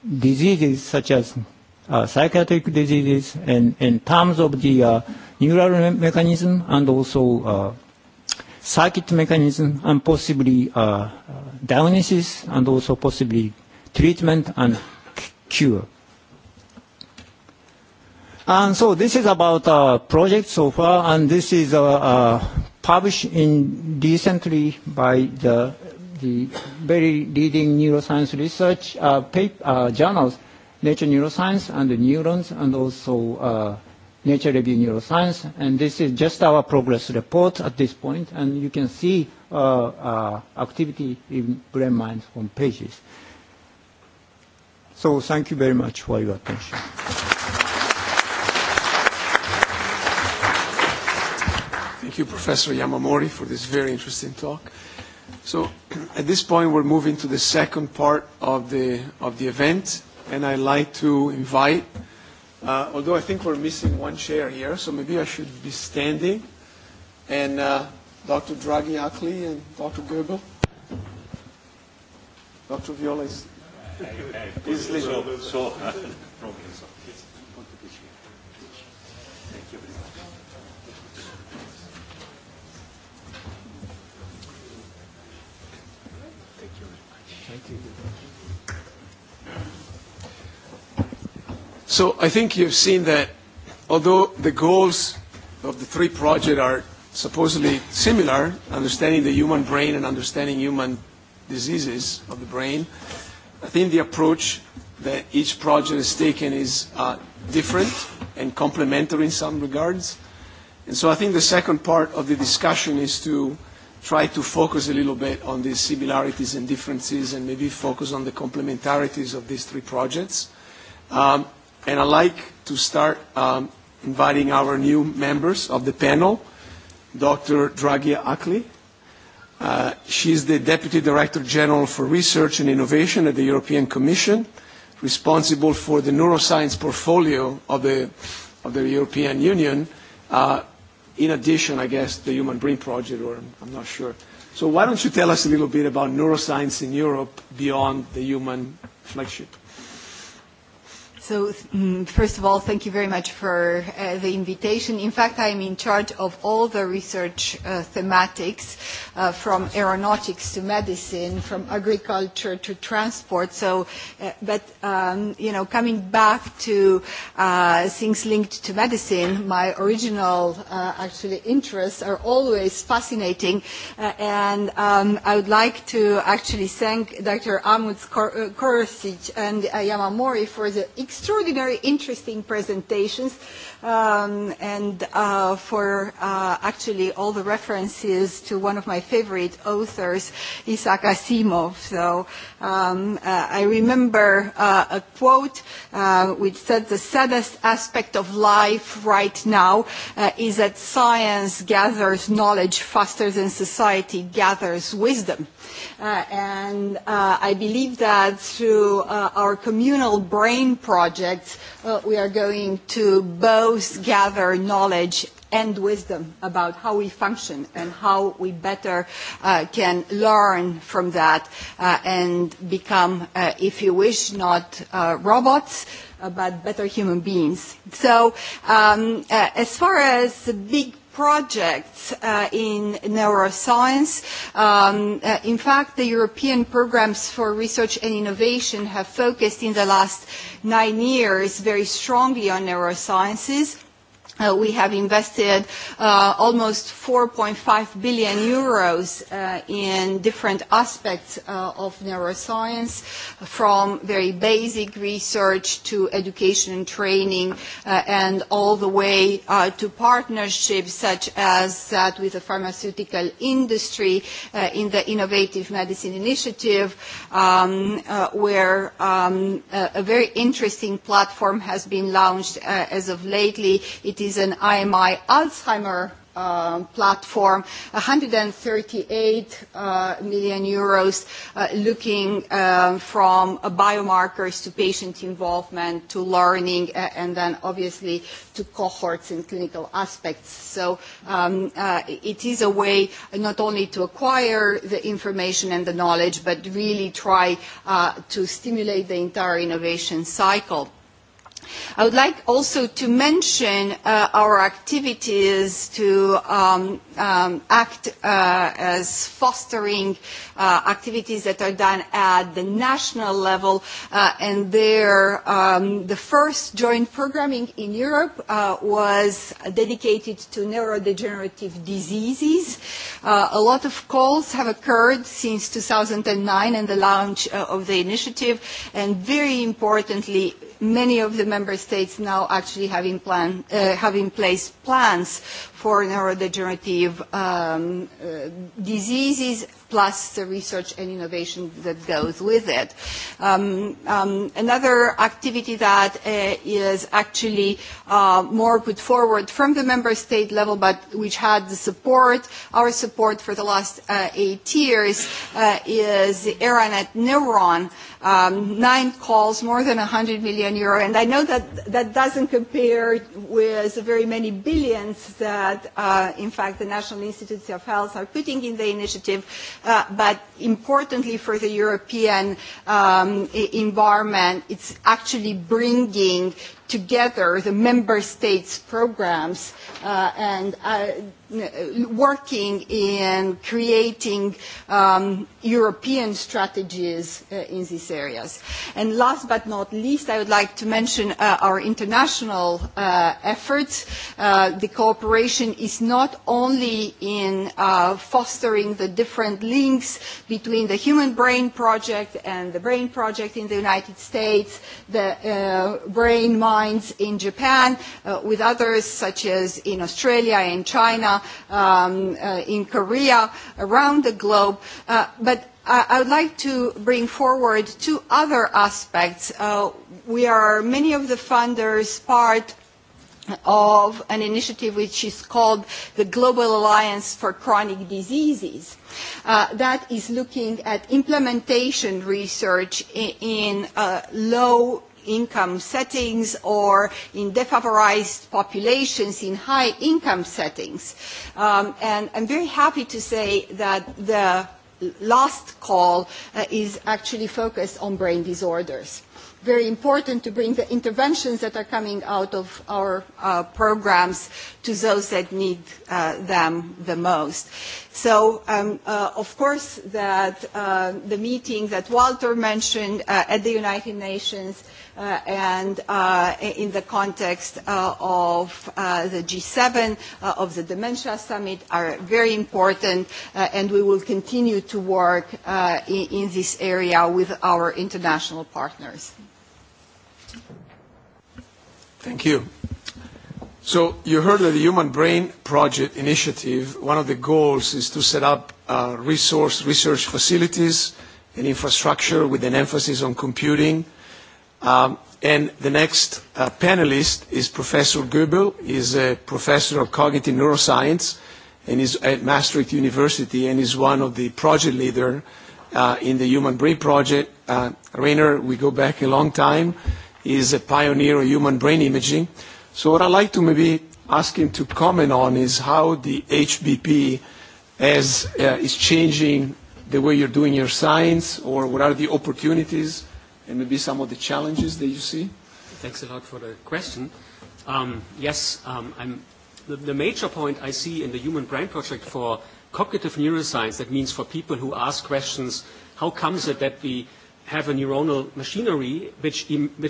diseases such as psychiatric diseases and in terms of the neural mechanism and also circuit mechanism and possibly diagnosis and also possibly treatment and cure. And so this is about a project so far, and this is published in recently by the the very leading neuroscience research journals, Nature Neuroscience and the Neurons, and also Nature Review Neuroscience. And this is just our progress report at this point, and you can see activity in brain mind on pages. So thank you very much for your attention. you, Professor Yamamori, for this very interesting talk. So at this point, we're moving to the second part of the of the event, and I'd like to invite, although I think we're missing one chair here, so maybe I should be standing, and Dr. Draghi Akli and Dr. Goebel. Dr. Viola is uh, So I think you've seen that although the goals of the three projects are supposedly similar, understanding the human brain and understanding human diseases of the brain, I think the approach that each project has taken is different and complementary in some regards. And so I think the second part of the discussion is to try to focus a little bit on the similarities and differences and maybe focus on the complementarities of these three projects. And I'd like to start inviting our new members of the panel, Dr. Dragia Akli. She is the Deputy Director General for Research and Innovation at the European Commission, responsible for the neuroscience portfolio of the European Union in addition, I guess, the Human Brain Project, or I'm not sure. So why don't you tell us a little bit about neuroscience in Europe beyond the human flagship? So first of all, thank you very much for the invitation. In fact, I am in charge of all the research thematics, from aeronautics to medicine, from agriculture to transport. So, but you know, coming back to things linked to medicine, my original actually interests are always fascinating, and I would like to actually thank Dr. Amut Korosic and Yamamori for the extraordinary interesting presentations and for actually all the references to one of my favorite authors, Isaac Asimov. So I remember a quote which said the saddest aspect of life right now is that science gathers knowledge faster than society gathers wisdom. And I believe that through our communal brain projects, we are going to both gather knowledge and wisdom about how we function and how we better can learn from that and become, if you wish, not robots, but better human beings. So as far as big projects in neuroscience. In fact, the European programs for research and innovation have focused in the last nine years very strongly on neurosciences We have invested almost 4.5 billion euros in different aspects of neuroscience, from very basic research to education and training, and all the way to partnerships such as that with the pharmaceutical industry in the Innovative Medicine Initiative, where a very interesting platform has been launched as of lately. It is an IMI Alzheimer platform, 138 million euros looking from biomarkers to patient involvement to learning and then obviously to cohorts and clinical aspects. So it is a way not only to acquire the information and the knowledge but really try to stimulate the entire innovation cycle. I would like also to mention our activities to act as fostering activities that are done at the national level, and there the first joint programming in Europe was dedicated to neurodegenerative diseases. A lot of calls have occurred since 2009 and the launch of the initiative, and very importantly, many of the member states now actually have in place plans for neurodegenerative diseases plus the research and innovation that goes with it. Another activity that is actually more put forward from the member state level, but which had the support, our support for the last eight years, is the Aranet Neuron nine calls, more than 100 million euro. And I know that that doesn't compare with the very many billions that, in fact, the National Institutes of Health are putting in the initiative. But importantly for the European environment, it's actually bringing together the member states' programs and working in creating European strategies in these areas. And last but not least, I would like to mention our international efforts. The cooperation is not only in fostering the different links between the Human Brain Project and the Brain Project in the United States, the Brain Minds in Japan, with others such as in Australia and China, in Korea, around the globe. But I would like to bring forward two other aspects. We are, many of the funders, part of an initiative which is called the Global Alliance for Chronic Diseases that is looking at implementation research in low income settings or in defavorized populations in high income settings. And I'm very happy to say that the last call is actually focused on brain disorders. Very important to bring the interventions that are coming out of our programs to those that need them the most. So, of course, that the meeting that Walter mentioned at the United Nations and in the context of the G7, of the Dementia Summit are very important, and we will continue to work in this area with our international partners. Thank you. So you heard that the Human Brain Project initiative, one of the goals is to set up resource research facilities and infrastructure with an emphasis on computing And the next panelist is Professor Goebel. He's a professor of cognitive neuroscience and is at Maastricht University and is one of the project leader in the Human Brain Project. Rainer, we go back a long time. is a pioneer of human brain imaging. So what I'd like to maybe ask him to comment on is how the HBP is changing the way you're doing your science or what are the opportunities and maybe some of the challenges that you see? Thanks a lot for the question. Yes, the major point I see in the Human Brain Project for cognitive neuroscience, that means for people who ask questions, how comes it that we have a neuronal machinery which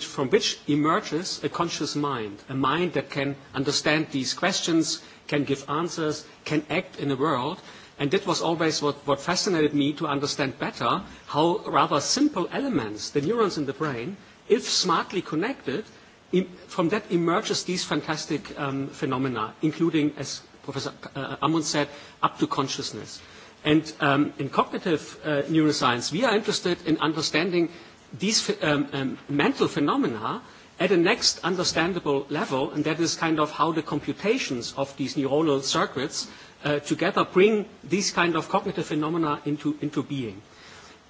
from which emerges a conscious mind, a mind that can understand these questions, can give answers, can act in the world. And that was always what fascinated me to understand better how rather simple elements, the neurons in the brain, if smartly connected, from that emerges these fantastic phenomena, including, as Professor Amund said, up to consciousness. And in cognitive neuroscience, we are interested in understanding these mental phenomena at a next understandable level, and that is kind of how the computations of these neuronal circuits together bring these kind of cognitive phenomena into into being.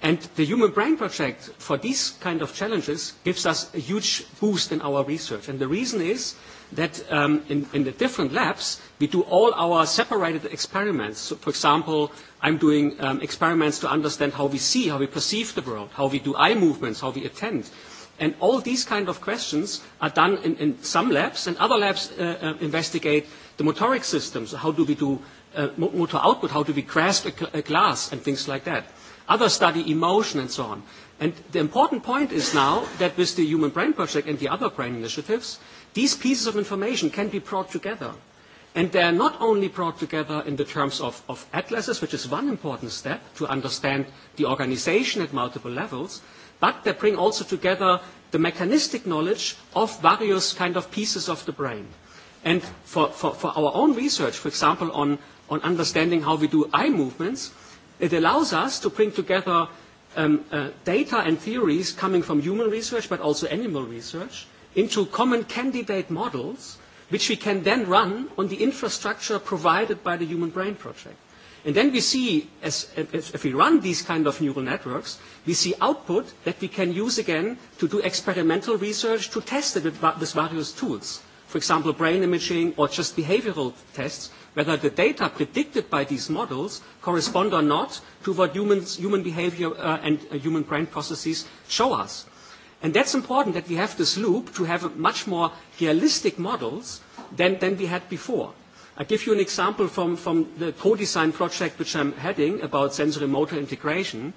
And the Human Brain Project for these kind of challenges gives us a huge boost in our research. And the reason is that in the different labs, we do all our separated experiments. For example, I'm doing experiments to understand how we see, how we perceive the world, how we do eye movements, how we attend. And all these kind of questions are done in some labs, and other labs investigate the motoric systems. How do we do motor output, how do we grasp a glass and things like that. Others study emotion and so on. And the important point is now that with the Human Brain Project and the other brain initiatives, these pieces of information can be brought together. And they are not only brought together in the terms of atlases, which is one important step to understand the organization at multiple levels, but they bring also together the mechanistic knowledge of various kind of pieces of the brain. And for our own research, for example, on on understanding how we do eye movements, it allows us to bring together data and theories coming from human research but also animal research into common candidate models which we can then run on the infrastructure provided by the Human Brain Project. And then we see, as if we run these kind of neural networks, we see output that we can use again to do experimental research to test it with various tools. For example, brain imaging or just behavioral tests whether the data predicted by these models correspond or not to what human behavior and human brain processes show us. And that's important that we have this loop to have much more realistic models than we had before. I give you an example from the co-design project which I'm heading about sensory-motor integration.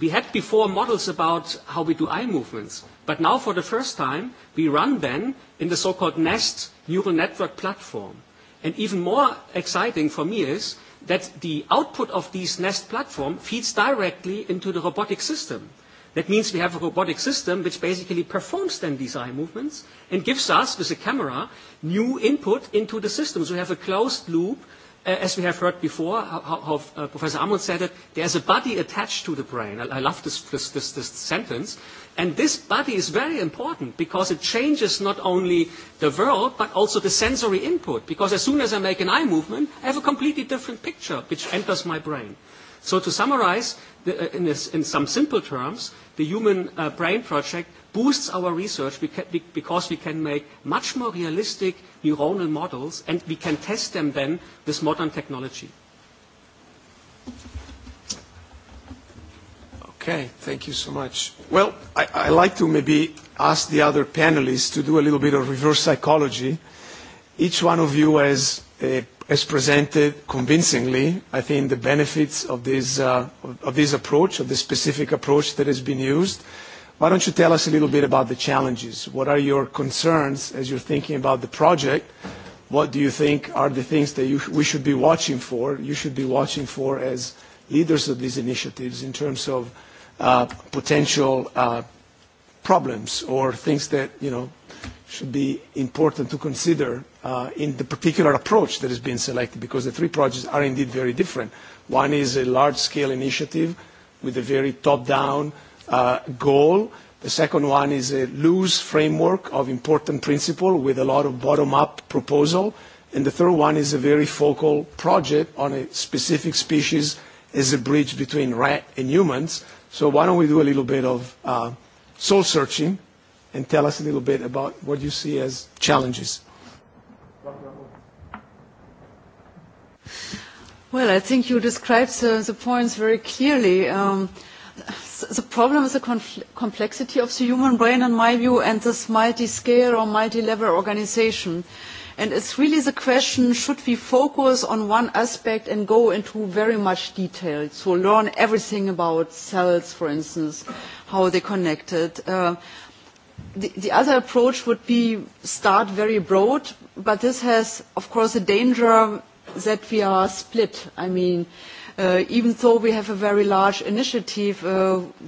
We had before models about how we do eye movements, but now for the first time we run them in the so-called NEST neural network platform. And even more exciting for me is that the output of these Nest platform feeds directly into the robotic system. That means we have a robotic system which basically performs then these eye movements and gives us, with a camera, new input into the system. So we have a closed loop, as we have heard before, how Professor Amund said it, there's a body attached to the brain. I love this sentence And this body is very important because it changes not only the world but also the sensory input. Because as soon as I make an eye movement, I have a completely different picture which enters my brain. So to summarize, in some simple terms, the Human Brain Project boosts our research because we can make much more realistic neuronal models and we can test them then with modern technology. Okay, thank you so much. Well, I like to maybe ask the other panelists to do a little bit of reverse psychology. Each one of you has presented convincingly, I think, the benefits of this of this approach, of the specific approach that has been used. Why don't you tell us a little bit about the challenges? What are your concerns as you're thinking about the project? What do you think are the things that we should be watching for, you should be watching for as leaders of these initiatives in terms of potential problems or things that you know should be important to consider in the particular approach that has been selected because the three projects are indeed very different. One is a large-scale initiative with a very top-down goal. The second one is a loose framework of important principle with a lot of bottom-up proposal. And the third one is a very focal project on a specific species is a bridge between rat and humans. So why don't we do a little bit of soul searching and tell us a little bit about what you see as challenges. Well, I think you described the points very clearly. The problem is the complexity of the human brain, in my view, and this multi-scale or multi-level organization. And it's really the question, should we focus on one aspect and go into very much detail, so learn everything about cells, for instance, how they connected. The other approach would be start very broad, but this has, of course, a danger that we are split. I mean, even though we have a very large initiative,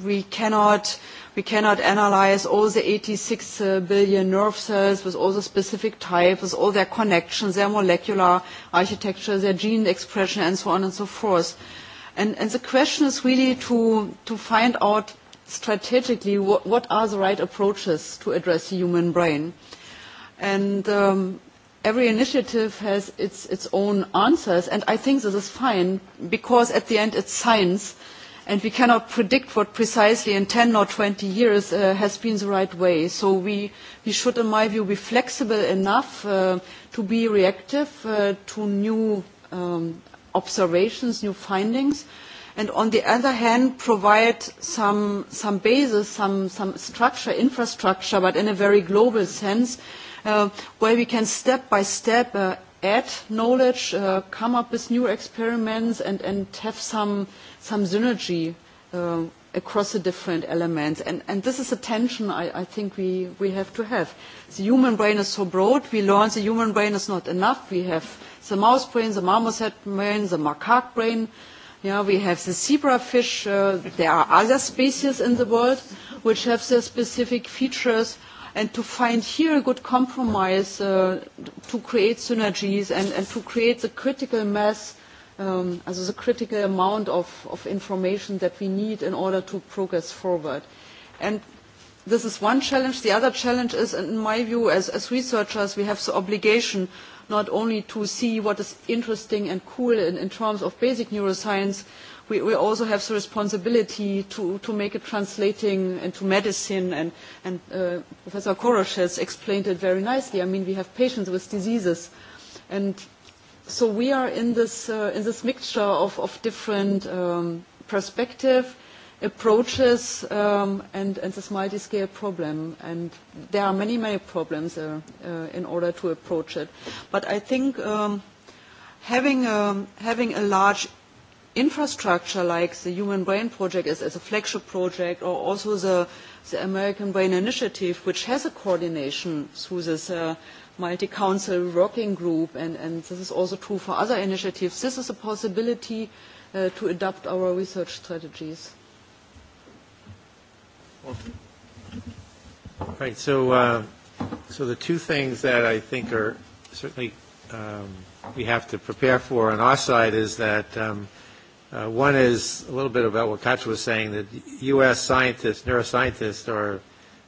we cannot We cannot analyze all the 86 billion nerve cells with all the specific types, with all their connections, their molecular architecture, their gene expression, and so on and so forth. And the question is really to find out strategically what are the right approaches to address the human brain. And every initiative has its own answers, and I think this is fine, because at the end it's science and we cannot predict what precisely in 10 or 20 years has been the right way. So we should, in my view, be flexible enough to be reactive to new observations, new findings, and on the other hand provide some basis, some structure, infrastructure, but in a very global sense, where we can step by step add knowledge, come up with new experiments, and have some some synergy across the different elements. And this is a tension I think we we have to have. The human brain is so broad. We learn the human brain is not enough. We have the mouse brain, the marmoset brain, the macaque brain. We have the zebra fish. There are other species in the world which have their specific features. And to find here a good compromise to create synergies and to create the critical mass also the critical amount of information that we need in order to progress forward. And this is one challenge. The other challenge is, in my view, as researchers, we have the obligation not only to see what is interesting and cool in terms of basic neuroscience, we also have the responsibility to make it translating into medicine, and Professor Korosh has explained it very nicely. I mean, we have patients with diseases, and So we are in this in this mixture of different perspective approaches and this multi-scale problem. And there are many, many problems in order to approach it. But I think having having a large infrastructure like the Human Brain Project is as a flagship project or also the American Brain Initiative, which has a coordination through this multi-council working group, and this is also true for other initiatives. This is a possibility to adapt our research strategies. Right. So so the two things that I think are certainly we have to prepare for on our side is that one is a little bit about what Katja was saying, that U.S. scientists, neuroscientists are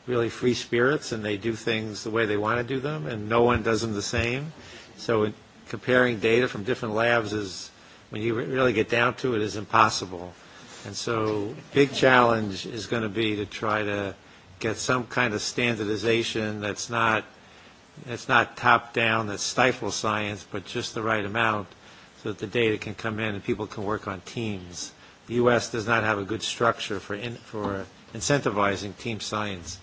really free spirits and they do things the way they want to do them and no one does them the same. So comparing data from different labs is, when you really get down to it, is impossible. And so big challenge is going to be to try to get some kind of standardization that's not that's not top down, that stifles science, but just the right amount so that the data can come in and people can work on teams. The U.S. does not have a good structure for, for incentivizing team science.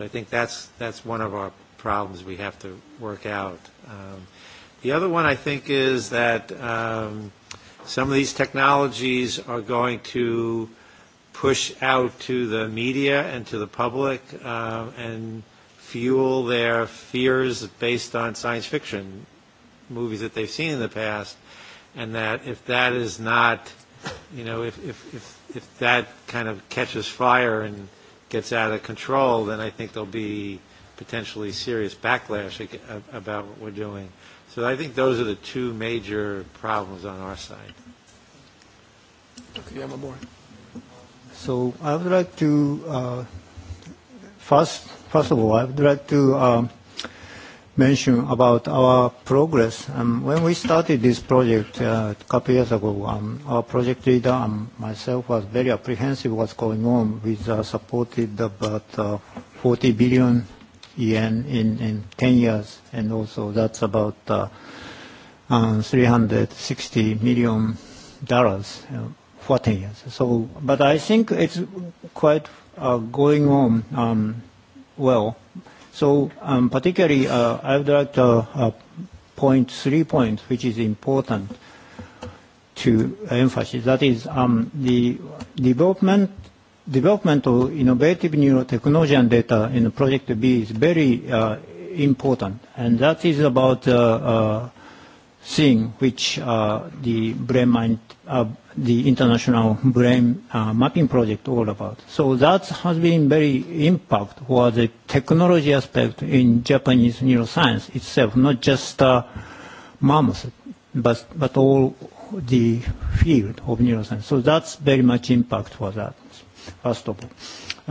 I think that's that's one of our problems we have to work out. Um, the other one I think is that um, some of these technologies are going to push out to the media and to the public and fuel their fears based on science fiction movies that they've seen in the past and that if that is not you know if if if if that kind of catches fire and gets out of control, then I think there'll be potentially serious backlash about what we're doing. So I think those are the two major problems on our side. Okay, Moore? So I would like to, first, first of all, I would like to um mention about our progress. When we started this project a couple years ago, our project leader myself was very apprehensive what's going on. We supported about 40 billion yen in 10 years, and also that's about 360 million dollars for 10 years. So, but I think it's quite going on well So particularly I would like to point three points which is important to emphasize. That is the development development of innovative neurotechnology and data in Project B is very important and that is about thing which the brain mind the international brain mapping project all about. So that has been very impact for the technology aspect in Japanese neuroscience itself, not just mammoth but, but all the field of neuroscience. So that's very much impact for that, first of all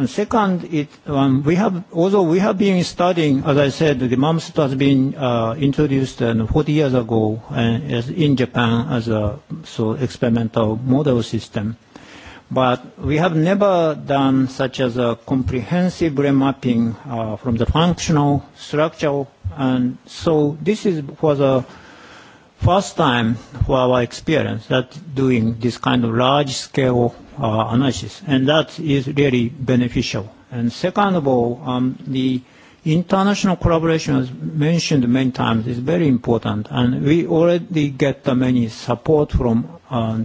second, we have, although we have been studying, as I said, the Mamsto has been introduced 40 years ago in Japan as a so experimental model system. But we have never done such as a comprehensive brain mapping from the functional, structural, and so this is was a first time for our experience that doing this kind of large scale analysis, and that is really beneficial. And second of all, the international collaboration, as mentioned many times, is very important, and we already get many support from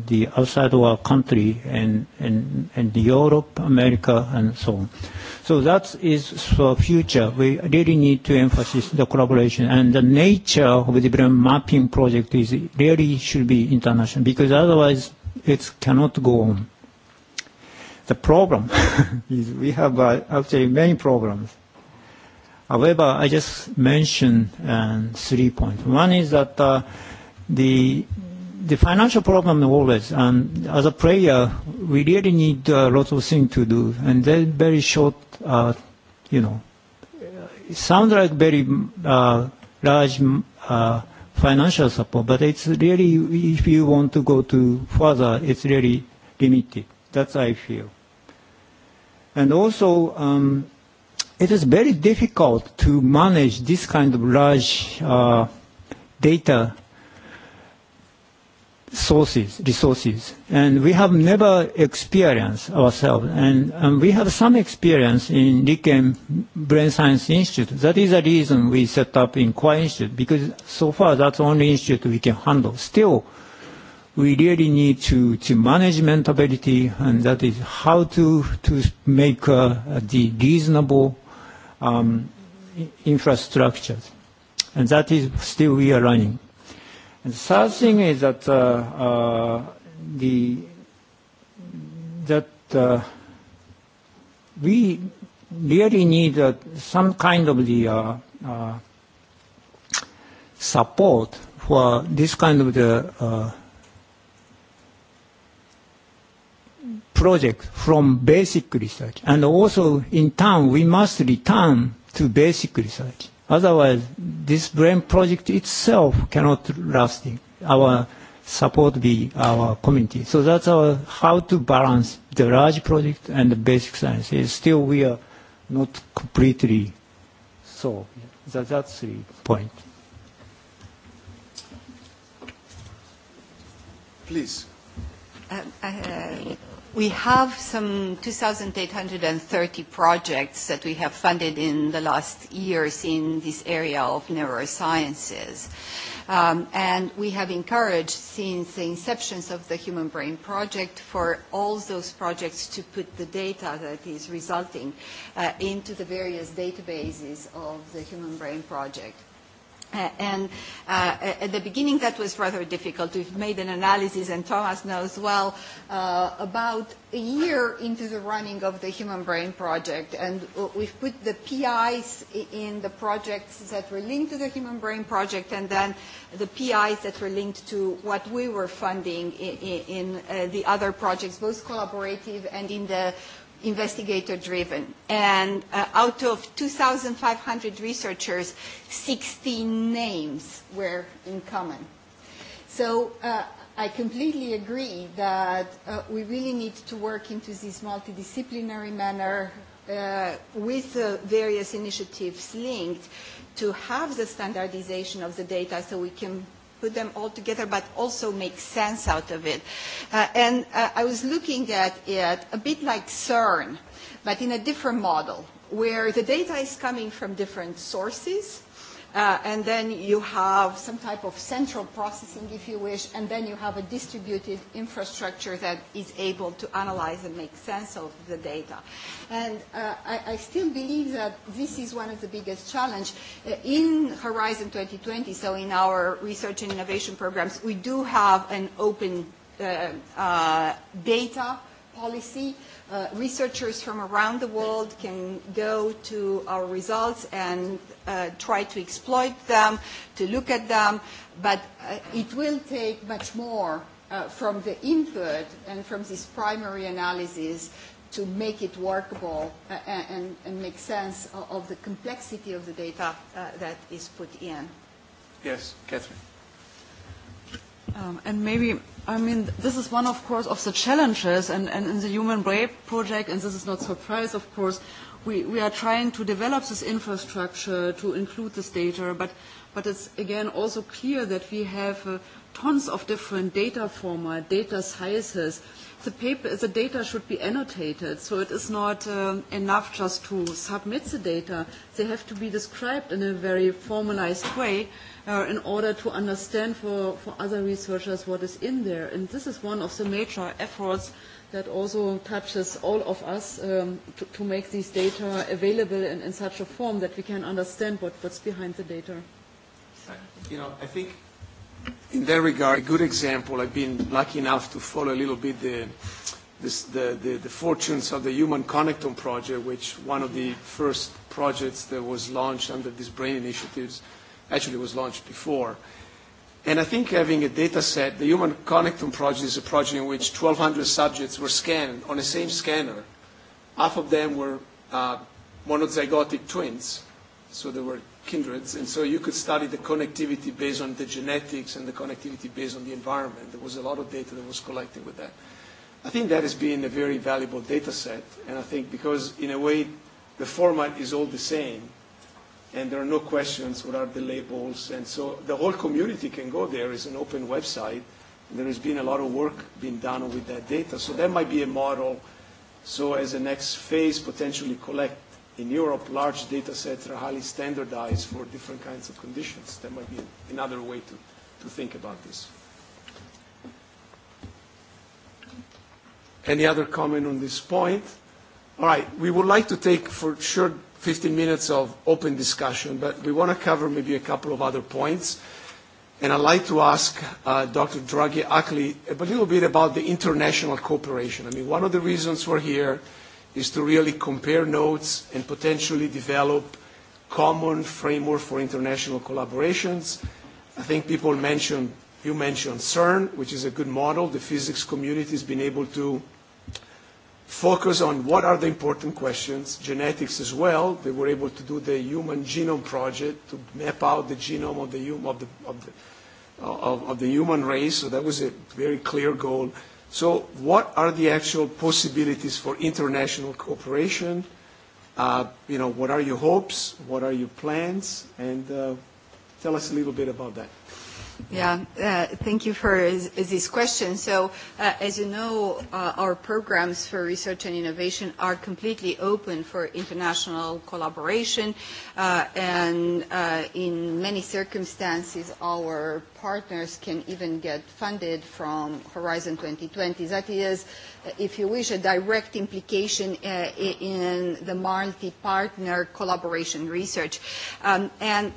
the outside our country and and and Europe, America, and so on. So that is for future. We really need to emphasize the collaboration and the nature of the brain mapping project is really should be international because otherwise it cannot go on the problem is we have actually many problems. However, I just mentioned three points. One is that the the financial problem always, and as a player, we really need a lot of things to do, and they're very short, you know, it sounds like very large financial support, but it's really, if you want to go to further, it's really limited. That's I feel. And also, it is very difficult to manage this kind of large data sources, resources. And we have never experienced ourselves. And we have some experience in Riken Brain Science Institute. That is the reason we set up in Quai Institute, because so far that's the only institute we can handle. Still, we really need to to management ability and that is how to to make the reasonable um infrastructure and that is still we are running and the third thing is that uh the that we really need some kind of the uh uh support for this kind of the uh project from basic research. And also in town, we must return to basic research. Otherwise, this brain project itself cannot last. Our support be our community. So that's our how to balance the large project and the basic science. Still, we are not completely so. that's the point. Please. We have some 2,830 projects that we have funded in the last years in this area of neurosciences. And we have encouraged since the inception of the Human Brain Project for all those projects to put the data that is resulting into the various databases of the Human Brain Project. And at the beginning that was rather difficult. We've made an analysis, and Thomas knows well, about a year into the running of the Human Brain Project, and we've put the PIs in the projects that were linked to the Human Brain Project, and then the PIs that were linked to what we were funding in the other projects, both collaborative and in the investigator-driven. And out of 2,500 researchers, 16 names were in common. So I completely agree that we really need to work into this multidisciplinary manner with various initiatives linked to have the standardization of the data so we can put them all together, but also make sense out of it. And I was looking at it a bit like CERN, but in a different model, where the data is coming from different sources and then you have some type of central processing, if you wish, and then you have a distributed infrastructure that is able to analyze and make sense of the data. And I still believe that this is one of the biggest challenges. In Horizon 2020, so in our research and innovation programs, we do have an open data policy researchers from around the world can go to our results and try to exploit them, to look at them, but it will take much more from the input and from this primary analysis to make it workable and make sense of the complexity of the data that is put in. Yes, Catherine. And maybe, I mean, this is one, of course, of the challenges, and in the Human Brain Project, and this is not surprise, of course, we are trying to develop this infrastructure to include this data, but but it's again also clear that we have tons of different data format, data sizes. The paper, the data should be annotated, so it is not enough just to submit the data. They have to be described in a very formalized way in order to understand for for other researchers what is in there. And this is one of the major efforts that also touches all of us to make these data available in such a form that we can understand what what's behind the data. You know, I think in that regard, a good example, I've been lucky enough to follow a little bit the the fortunes of the Human Connectome Project, which one of the first projects that was launched under these BRAIN initiatives actually was launched before. And I think having a data set, the Human Connectome Project is a project in which 1,200 subjects were scanned on the same scanner. Half of them were monozygotic twins, so they were kindreds, and so you could study the connectivity based on the genetics and the connectivity based on the environment. There was a lot of data that was collected with that. I think that has been a very valuable data set, and I think because in a way the format is all the same, and there are no questions what are the labels and so the whole community can go there It's an open website there has been a lot of work being done with that data so that might be a model so as a next phase potentially collect in Europe large data sets are highly standardized for different kinds of conditions that might be another way to to think about this any other comment on this point all right we would like to take for sure 15 minutes of open discussion, but we want to cover maybe a couple of other points. And I'd like to ask Dr. Draghi Akli a little bit about the international cooperation. I mean, one of the reasons we're here is to really compare notes and potentially develop common framework for international collaborations. I think people mentioned, you mentioned CERN, which is a good model. The physics community has been able to focus on what are the important questions, genetics as well. They were able to do the Human Genome Project to map out the genome of the, of the, of the, of, the human race, so that was a very clear goal. So what are the actual possibilities for international cooperation? Uh, you know, what are your hopes? What are your plans? And uh, tell us a little bit about that. Yeah, thank you for this question. So, as you know, our programs for research and innovation are completely open for international collaboration, and in many circumstances, our partners can even get funded from Horizon 2020. That is, if you wish, a direct implication in the multi-partner collaboration research. And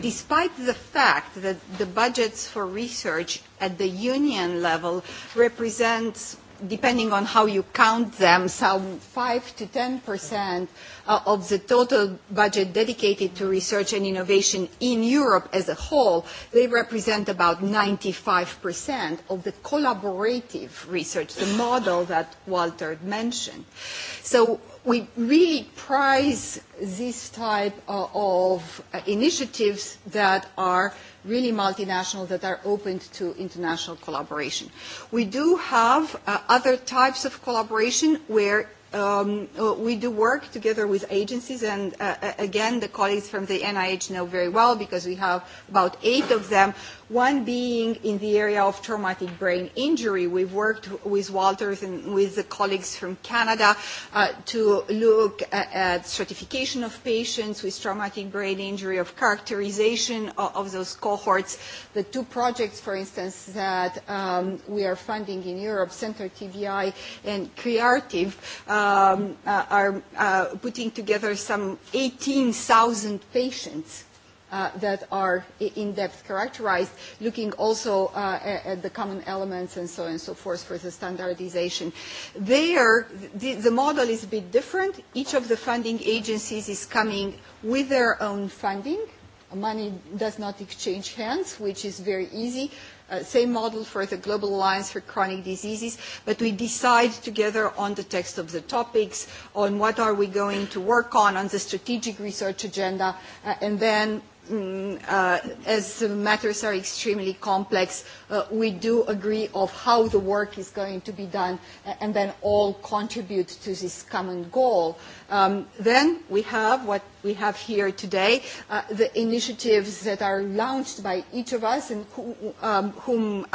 despite the fact that the budgets for research at the union level represent, depending on how you count them, some 5 to 10% of the total budget dedicated to research and innovation in Europe as a whole, they represent about 95% of the collaborative research, the model that Walter mentioned. So we really prize this type of initiatives that are really multinational, that are open to international collaboration. We do have other types of collaboration where We do work together with agencies, and again, the colleagues from the NIH know very well because we have about eight of them, one being in the area of traumatic brain injury. We've worked with Walters and with the colleagues from Canada to look at stratification of patients with traumatic brain injury, of characterization of those cohorts. The two projects, for instance, that we are funding in Europe, Center TBI and Creative, are putting together some 18,000 patients that are in-depth characterized, looking also at the common elements and so on and so forth for the standardization. There, the model is a bit different. Each of the funding agencies is coming with their own funding. Money does not exchange hands, which is very easy same model for the Global Alliance for Chronic Diseases, but we decide together on the text of the topics, on what are we going to work on, on the strategic research agenda, and then as matters are extremely complex, we do agree of how the work is going to be done and then all contribute to this common goal. Then we have what we have here today, the initiatives that are launched by each of us and whom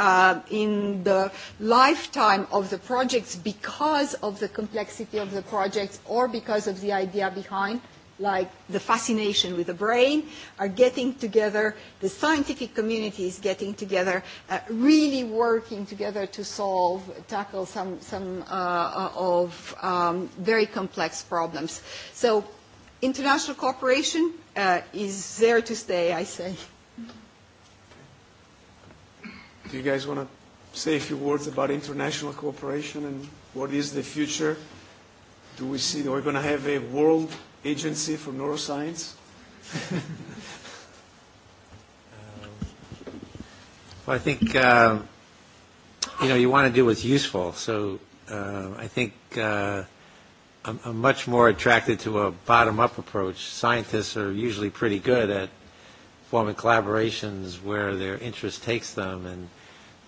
in the lifetime of the projects, because of the complexity of the projects or because of the idea behind, like the fascination with the brain are getting together, the scientific community is getting together, really working together to solve, tackle some, some of very complex problems. So international cooperation is there to stay, I say. Do you guys want to say a few words about international cooperation and what is the future? Do we see that we're going to have a world agency for neuroscience? Well, I think, uh, you know, you want to do what's useful. So uh, I think uh, I'm, I'm much more attracted to a bottom-up approach. Scientists are usually pretty good at forming collaborations where their interest takes them and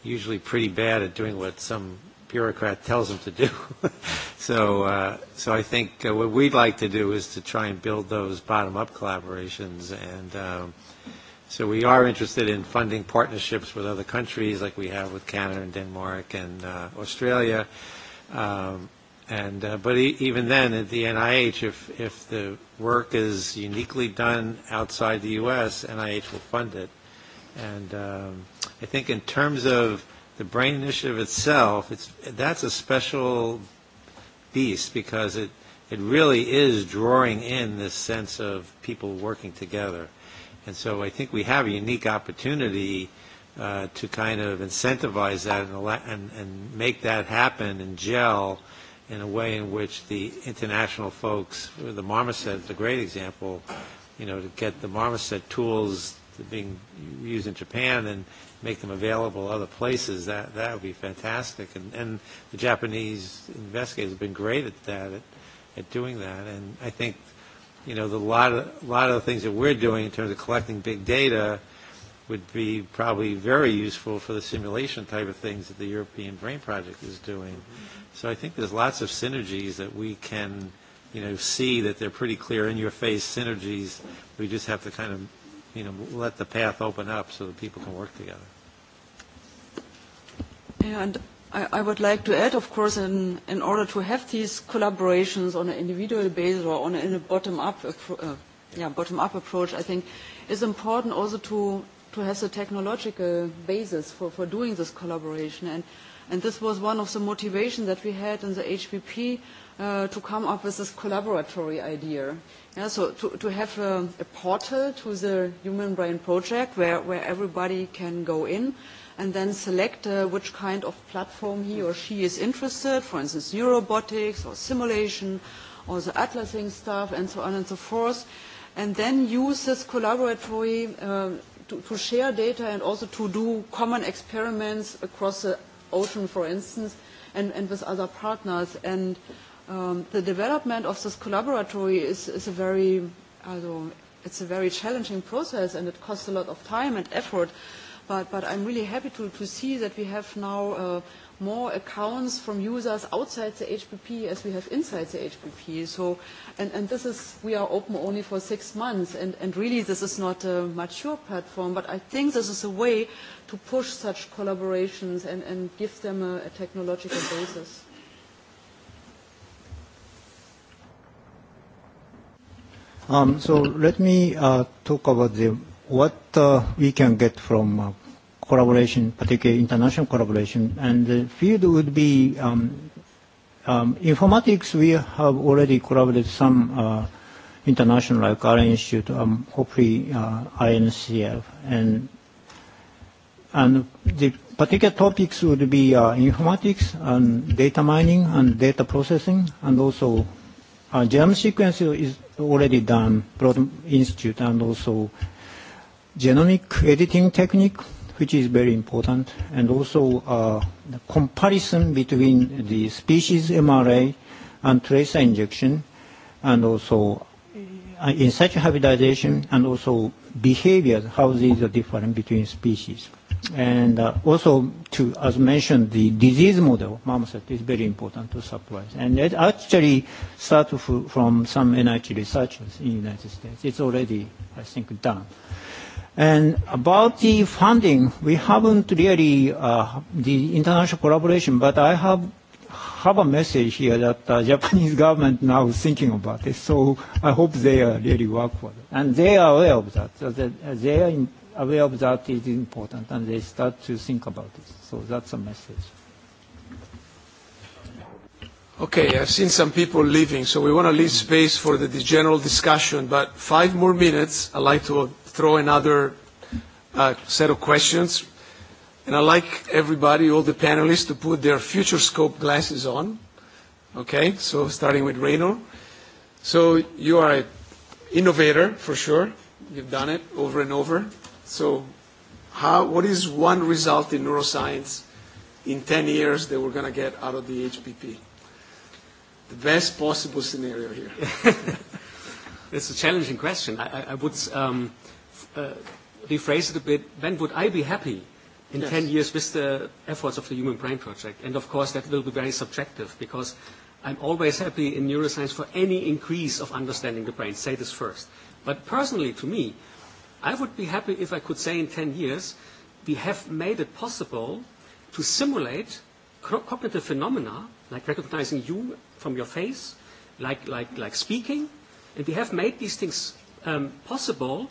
usually pretty bad at doing what some bureaucrat tells them to do. So so I think what we'd like to do is to try and build those bottom-up collaborations. And so we are interested in funding partnerships with other countries like we have with Canada and Denmark and Australia. And but even then, at the NIH, if if the work is uniquely done outside the U.S., NIH will fund it. And I think in terms of the Brain Initiative itself, it's, that's a special beast because it, it really is drawing in this sense of people working together. And so I think we have a unique opportunity uh, to kind of incentivize that and, and, and make that happen and gel in a way in which the international folks, the Marmoset is a great example, you know, to get the Marmoset tools being used in Japan and make them available other places, that that would be fantastic. And and the Japanese investigators have been great at that, at, doing that. And I think, you know, the lot of lot of the things that we're doing in terms of collecting big data would be probably very useful for the simulation type of things that the European Brain Project is doing. So I think there's lots of synergies that we can, you know, see that they're pretty clear in your face synergies. We just have to kind of, you know, let the path open up so that people can work together. And I would like to add, of course, in order to have these collaborations on an individual basis or on a bottom-up approach, I think it's important also to to have the technological basis for for doing this collaboration. And and this was one of the motivations that we had in the HPP to come up with this collaboratory idea. So to to have a portal to the Human Brain Project where where everybody can go in and then select which kind of platform he or she is interested, for instance, neurobotics or simulation or the atlasing stuff and so on and so forth, and then use this collaboratory to share data and also to do common experiments across the ocean, for instance, and with other partners. And the development of this collaboratory is a very, it's a very challenging process and it costs a lot of time and effort. But I'm really happy to see that we have now more accounts from users outside the HPP as we have inside the HPP. So, and this is, we are open only for six months, and really this is not a mature platform, but I think this is a way to push such collaborations and give them a technological basis. So let me talk about the what we can get from collaboration, particularly international collaboration. And the field would be informatics. We have already collaborated some international, like our institute, hopefully INCF. And and the particular topics would be informatics and data mining and data processing, and also genome sequencing is already done, Broad Institute, and also genomic editing technique, which is very important, and also the comparison between the species MRA and tracer injection, and also in such hybridization, and also behaviors, how these are different between species. And also, to, as mentioned, the disease model, marmoset, is very important to supplies. And it actually started from some NIH researchers in the United States. It's already, I think, done. And about the funding, we haven't really the international collaboration, but I have have a message here that the Japanese government now is thinking about this, So I hope they really work for it. And they are aware of that. They are aware of that it is important, and they start to think about it. So that's a message. Okay, I've seen some people leaving, so we want to leave space for the general discussion, but five more minutes. I'd like to throw another set of questions. And I'd like everybody, all the panelists, to put their future scope glasses on. Okay? So starting with Raynor. So you are an innovator, for sure. You've done it over and over. So how, what is one result in neuroscience in 10 years that we're going to get out of the HPP? The best possible scenario here. It's a challenging question. I, I would... Um, rephrase it a bit, when would I be happy in 10 years with the efforts of the Human Brain Project? And of course, that will be very subjective because I'm always happy in neuroscience for any increase of understanding the brain. Say this first. But personally, to me, I would be happy if I could say in 10 years, we have made it possible to simulate cognitive phenomena like recognizing you from your face, like, like, like speaking, and we have made these things um, possible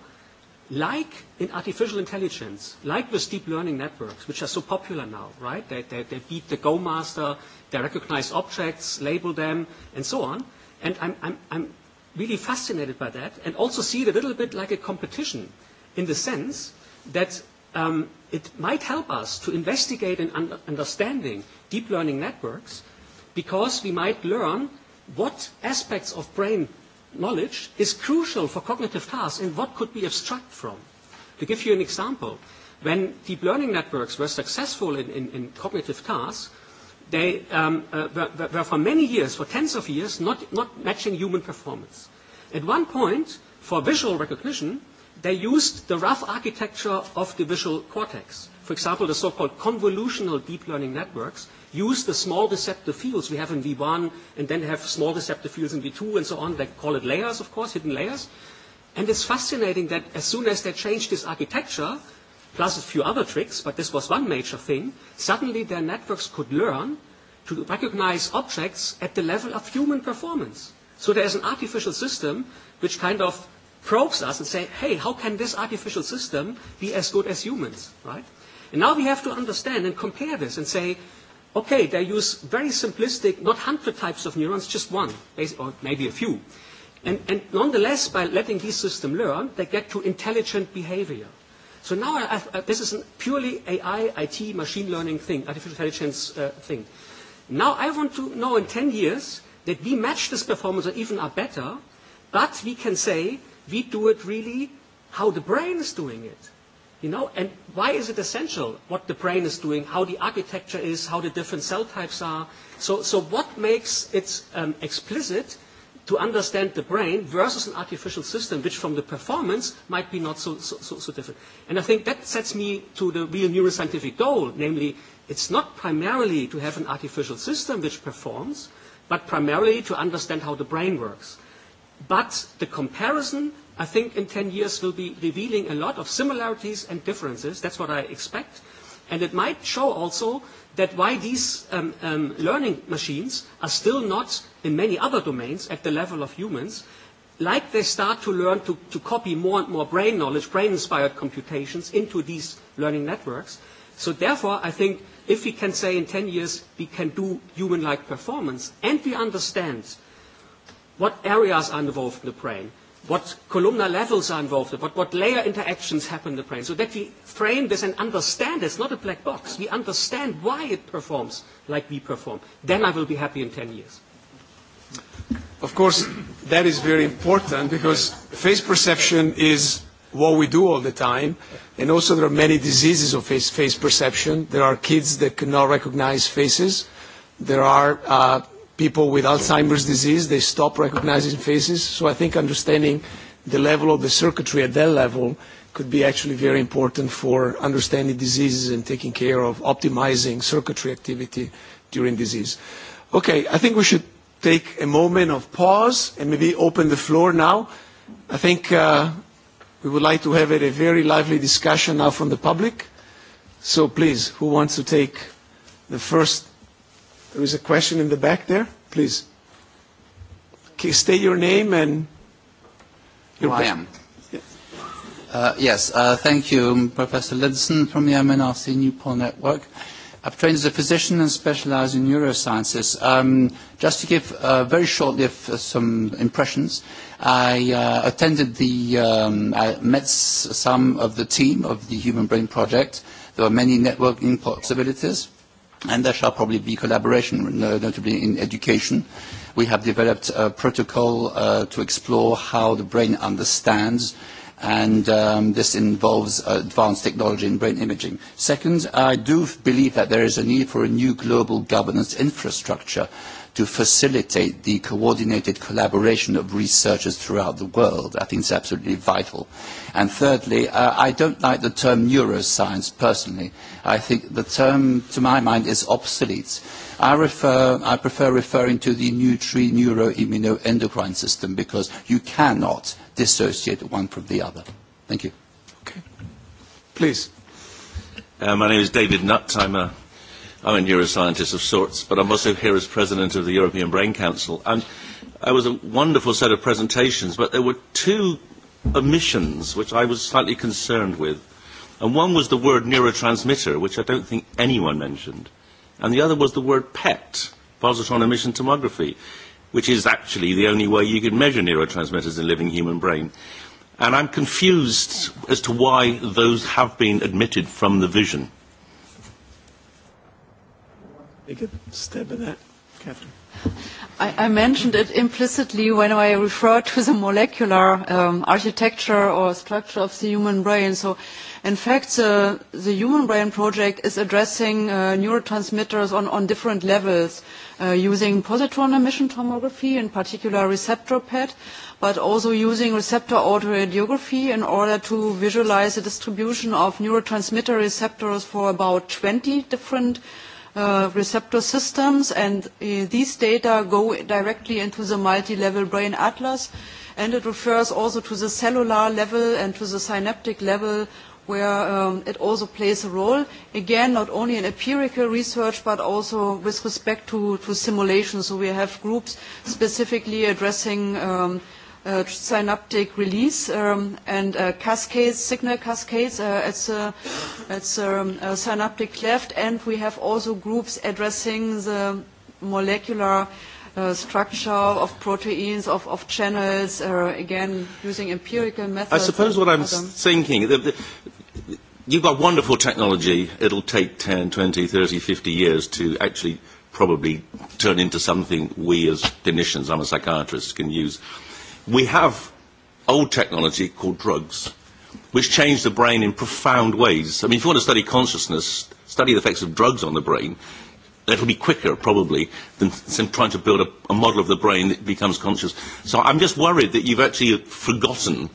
like in artificial intelligence, like with deep learning networks, which are so popular now, right? They, they, they beat the Go master, they recognize objects, label them, and so on. And I'm, I'm, I'm really fascinated by that and also see it a little bit like a competition in the sense that um, it might help us to investigate and understanding deep learning networks because we might learn what aspects of brain knowledge is crucial for cognitive tasks and what could we abstract from. To give you an example, when deep learning networks were successful in cognitive tasks, they were for many years, for tens of years, not matching human performance. At one point, for visual recognition, they used the rough architecture of the visual cortex. For example, the so-called convolutional deep learning networks use the small deceptive fields we have in V1 and then have small deceptive fields in V2 and so on. They call it layers, of course, hidden layers. And it's fascinating that as soon as they changed this architecture, plus a few other tricks, but this was one major thing, suddenly their networks could learn to recognize objects at the level of human performance. So there is an artificial system which kind of probes us and say, hey, how can this artificial system be as good as humans, right? And now we have to understand and compare this and say, okay, they use very simplistic, not hundred types of neurons, just one, or maybe a few. And nonetheless, by letting these systems learn, they get to intelligent behavior. So now this is a purely AI, IT, machine learning thing, artificial intelligence thing. Now I want to know in 10 years that we match this performance or even are better, but we can say we do it really how the brain is doing it. You know, and why is it essential what the brain is doing, how the architecture is, how the different cell types are? So, so what makes it explicit to understand the brain versus an artificial system, which from the performance might be not so, so, so, different? And I think that sets me to the real neuroscientific goal, namely, it's not primarily to have an artificial system which performs, but primarily to understand how the brain works. But the comparison I think in 10 years will be revealing a lot of similarities and differences. That's what I expect. And it might show also that why these learning machines are still not in many other domains at the level of humans, like they start to learn to copy more and more brain knowledge, brain-inspired computations into these learning networks. So therefore, I think if we can say in 10 years we can do human-like performance and we understand what areas are involved in the brain, what columnar levels are involved, what what layer interactions happen in the brain, so that we frame this and understand it's not a black box. We understand why it performs like we perform. Then I will be happy in 10 years. Of course, that is very important because face perception is what we do all the time, and also there are many diseases of face face perception. There are kids that cannot recognize faces. There are people with Alzheimer's disease, they stop recognizing faces. So I think understanding the level of the circuitry at that level could be actually very important for understanding diseases and taking care of optimizing circuitry activity during disease. Okay, I think we should take a moment of pause and maybe open the floor now. I think we would like to have a very lively discussion now from the public. So please, who wants to take the first There is a question in the back there. Please. State your name and your I am. Yes. Thank you, Professor Lidson from the MNRC Newport Network. I've trained as a physician and specialize in neurosciences. Just to give very shortly some impressions, I attended the, I met some of the team of the Human Brain Project. There were many networking possibilities and there shall probably be collaboration, notably in education. We have developed a protocol to explore how the brain understands, and this involves advanced technology in brain imaging. Second, I do believe that there is a need for a new global governance infrastructure to facilitate the coordinated collaboration of researchers throughout the world. I think it's absolutely vital. And thirdly, I don't like the term neuroscience personally. I think the term, to my mind, is obsolete. I refer, I prefer referring to the nutri endocrine system because you cannot dissociate one from the other. Thank you. Okay. Please. My name is David Nutt. I'm a I'm a neuroscientist of sorts, but I'm also here as president of the European Brain Council. And it was a wonderful set of presentations, but there were two omissions which I was slightly concerned with. And one was the word neurotransmitter, which I don't think anyone mentioned. And the other was the word PET, positron emission tomography, which is actually the only way you can measure neurotransmitters in living human brain. And I'm confused as to why those have been admitted from the vision take a stab that? Catherine. I mentioned it implicitly when I referred to the molecular architecture or structure of the human brain. So, in fact, the Human Brain Project is addressing neurotransmitters on different levels, using positron emission tomography, in particular receptor PET, but also using receptor autoradiography in order to visualize the distribution of neurotransmitter receptors for about 20 different receptor systems, and these data go directly into the multi-level brain atlas, and it refers also to the cellular level and to the synaptic level, where it also plays a role, again, not only in empirical research, but also with respect to simulations. So we have groups specifically addressing synaptic release and cascades, signal cascades at the synaptic cleft, and we have also groups addressing the molecular structure of proteins, of channels, again, using empirical methods. I suppose what I'm thinking, you've got wonderful technology. It'll take 10, 20, 30, 50 years to actually probably turn into something we as clinicians, I'm a psychiatrist, can use We have old technology called drugs, which change the brain in profound ways. I mean, if you want to study consciousness, study the effects of drugs on the brain. It'll be quicker, probably, than trying to build a model of the brain that becomes conscious. So I'm just worried that you've actually forgotten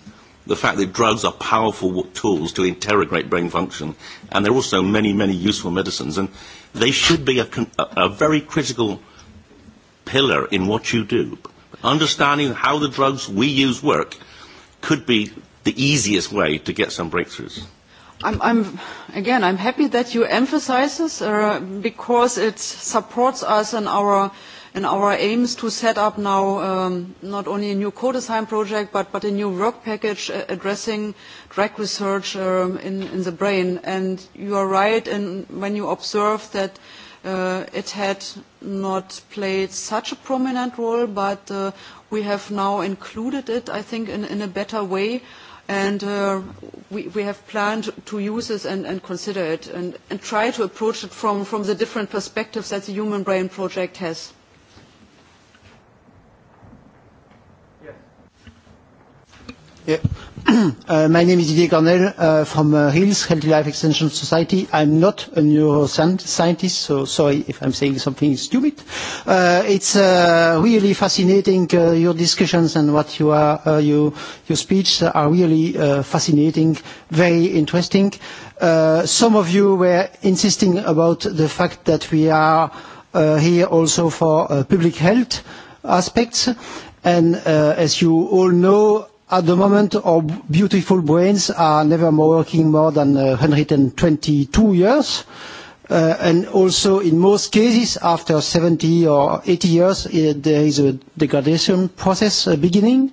the fact that drugs are powerful tools to interrogate brain function, and there are also many, many useful medicines, and they should be a very critical pillar in what you do. Understanding how the drugs we use work could be the easiest way to get some breakthroughs. I'm again I'm happy that you emphasize this because it supports us in our in our aims to set up now not only a new co-design project but a new work package addressing drug research in the brain. And you are right when you observe that It had not played such a prominent role, but we have now included it, I think, in a better way, and we have planned to use this and consider it and try to approach it from the different perspectives that the Human Brain Project has. My name is Didier Cornell from Hills Healthy Life Extension Society. I'm not a neuroscientist, so sorry if I'm saying something stupid. It's really fascinating. Your discussions and what you are, your speech are really fascinating, very interesting. Some of you were insisting about the fact that we are here also for public health aspects, and as you all know At the moment, our beautiful brains are never more working more than 122 years, and also in most cases, after 70 or 80 years, there is a degradation process beginning.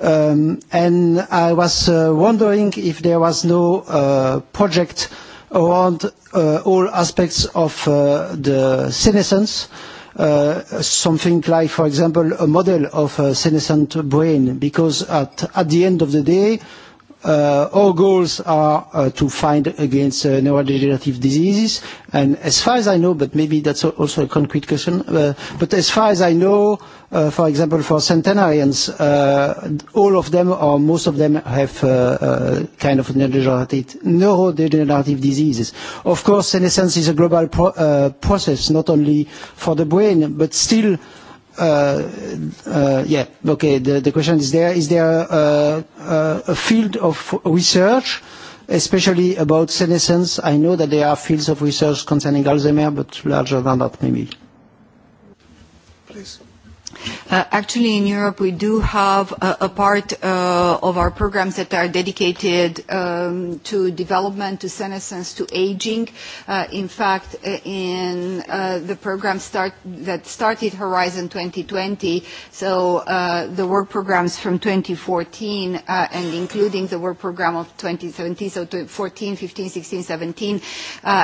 And I was wondering if there was no project around all aspects of the senescence something like, for example, a model of a senescent brain, because at the end of the day, Our goals are to find against neurodegenerative diseases, and as far as I know, but maybe that's also a concrete question. But as far as I know, for example, for centenarians, all of them or most of them have kind of neurodegenerative diseases. Of course, senescence is a global process, not only for the brain, but still yeah, okay, the question is there. Is there a field of research, especially about senescence? I know that there are fields of research concerning Alzheimer, but larger than that, maybe. Please. Actually, in Europe, we do have a part of our programs that are dedicated to development, to senescence, to aging. In fact, in the program that started Horizon 2020, so the work programs from 2014 and including the work program of 2017, so 2014, 15, 16, 17,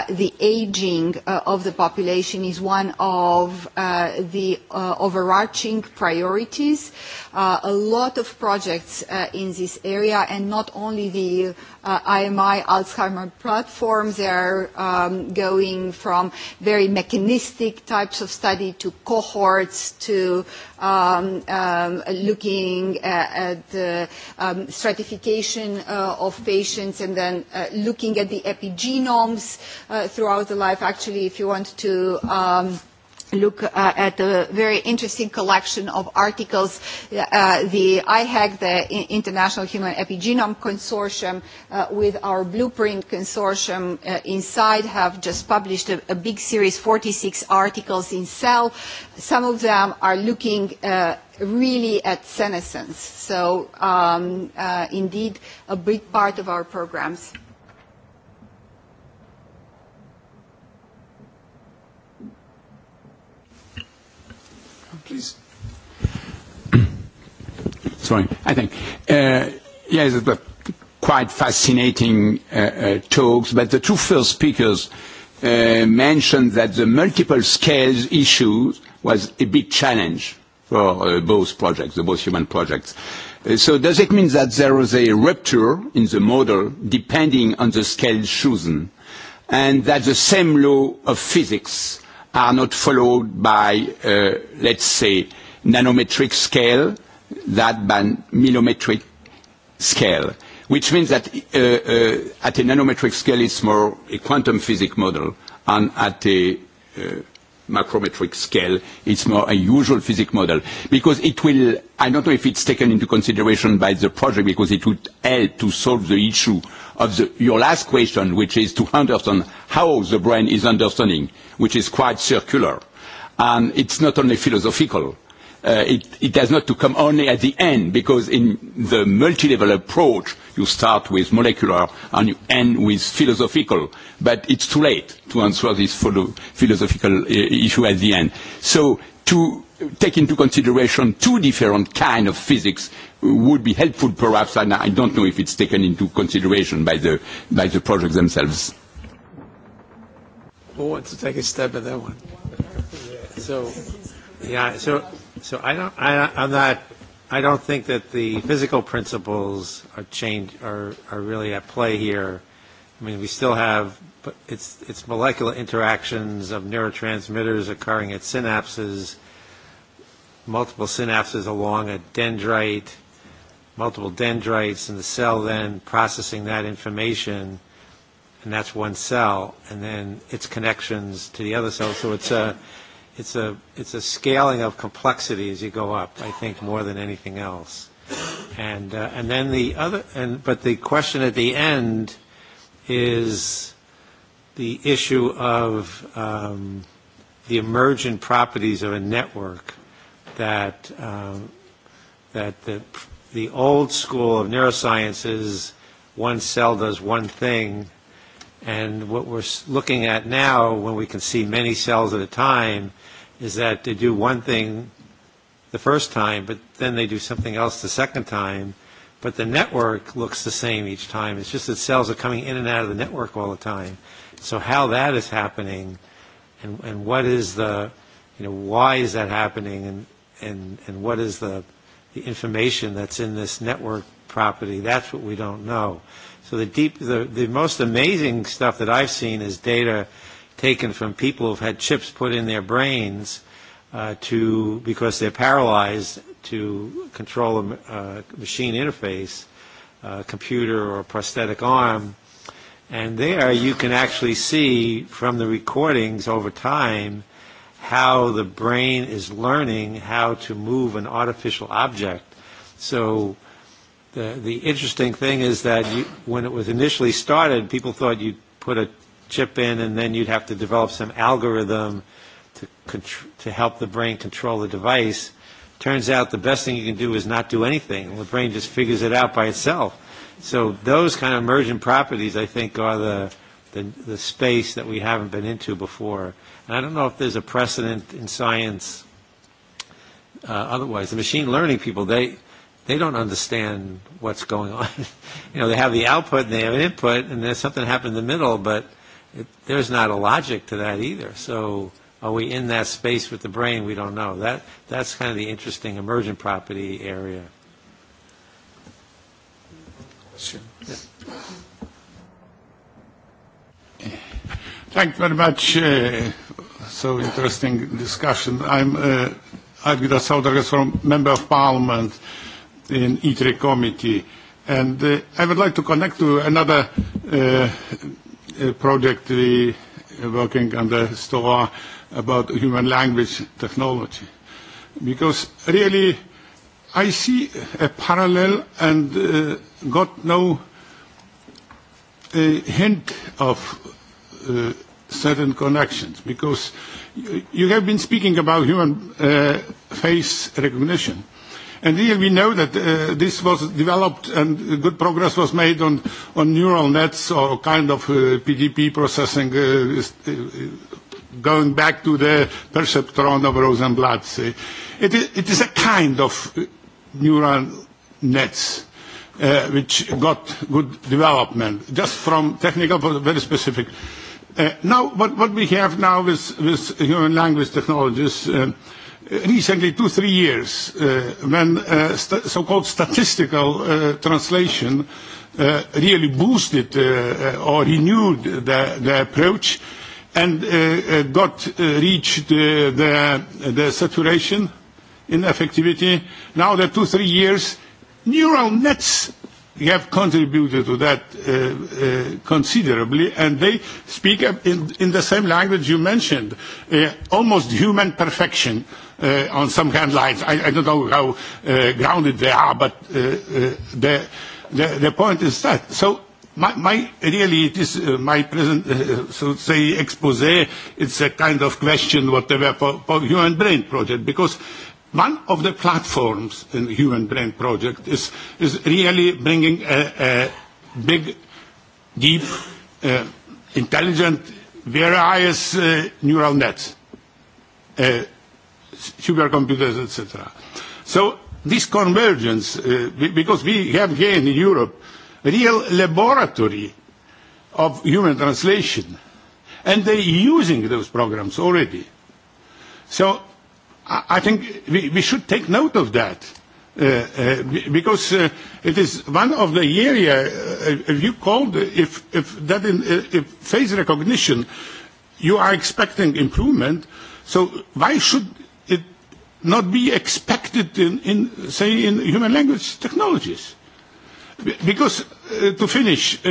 the aging of the population is one of the overarching priorities. A lot of projects in this area, and not only the IMI Alzheimer platform. They are going from very mechanistic types of study to cohorts to looking at the stratification of patients and then looking at the epigenomes throughout the life. Actually, if you want to look at a very interesting collection of articles. The IHEC, the International Human Epigenome Consortium, with our Blueprint Consortium inside, have just published a big series, 46 articles in Cell. Some of them are looking really at senescence. So, indeed, a big part of our programs. please. Sorry, I think. Yes, it was quite fascinating talks, but the two first speakers mentioned that the multiple scales issue was a big challenge for both projects, the both human projects. So does it mean that there was a rupture in the model depending on the scale chosen, and that the same law of physics are not followed by, let's say, nanometric scale, that by millimetric scale, which means that at a nanometric scale it's more a quantum physics model, and at a macrometric scale. It's more a usual physics model. Because it will, I don't know if it's taken into consideration by the project, because it would help to solve the issue of your last question, which is to understand how the brain is understanding, which is quite circular. And it's not only philosophical. It has not to come only at the end, because in the multi-level approach, you start with molecular and you end with philosophical. But it's too late to answer this philosophical issue at the end. So to take into consideration two different kinds of physics would be helpful, perhaps, and I don't know if it's taken into consideration by the by the projects themselves. Who wants to take a step at that one? So, yeah, so. So I don't, I'm not, I don't think that the physical principles are change are, are really at play here. I mean, we still have, but it's, it's molecular interactions of neurotransmitters occurring at synapses, multiple synapses along a dendrite, multiple dendrites, and the cell then processing that information, and that's one cell, and then its connections to the other cells. So it's a, it's a it's a scaling of complexity as you go up. I think more than anything else, and and then the other and but the question at the end is the issue of the emergent properties of a network that that the the old school of neuroscience is one cell does one thing and what we're looking at now when we can see many cells at a time is that they do one thing the first time, but then they do something else the second time. But the network looks the same each time. It's just that cells are coming in and out of the network all the time. So how that is happening, and and what is the, you know, why is that happening, and and and what is the, the information that's in this network property? That's what we don't know. So the deep, the the most amazing stuff that I've seen is data taken from people who've had chips put in their brains to because they're paralyzed to control a machine interface, a computer or a prosthetic arm. And there you can actually see from the recordings over time how the brain is learning how to move an artificial object. So the the interesting thing is that when it was initially started, people thought you'd put a chip in, and then you'd have to develop some algorithm to, to help the brain control the device. Turns out the best thing you can do is not do anything, the brain just figures it out by itself. So those kind of emergent properties, I think, are the, the, the space that we haven't been into before. And I don't know if there's a precedent in science uh, otherwise. The machine learning people, they, they don't understand what's going on. you know, they have the output and they have an input, and there's something happened in the middle, but there's not a logic to that either. So are we in that space with the brain? We don't know. That That's kind of the interesting emergent property area. Thank you very much. So interesting discussion. I'm uh, Saudargas from Member of Parliament in ITRE Committee. And I would like to connect to another project we working the STOA about human language technology. Because really I see a parallel and got no hint of certain connections because you have been speaking about human face recognition And here we know that this was developed and good progress was made on neural nets or kind of PGP processing going back to the perceptron of Rosenblatt. It is a kind of neural nets which got good development just from technical but very specific. Now what we have now with human language technologies recently two three years when so called statistical translation really boosted or renewed the approach and got reached the saturation in effectivity now the two three years neural nets have contributed to that considerably and they speak in the same language you mentioned almost human perfection on some lines, I don't know how grounded they are, but the the point is that. So my really it is my present so to say expose. It's a kind of question whatever for Human Brain Project because. One of the platforms in the Human Brain Project is is really bringing a big, deep, intelligent, various neural nets supercomputers, etc. So this convergence, because we have here in Europe a real laboratory of human translation, and they're using those programs already. So I think we should take note of that, because it is one of the areas if you called, if that if face recognition, you are expecting improvement, so why should not be expected in, say, in human language technologies. Because, to finish,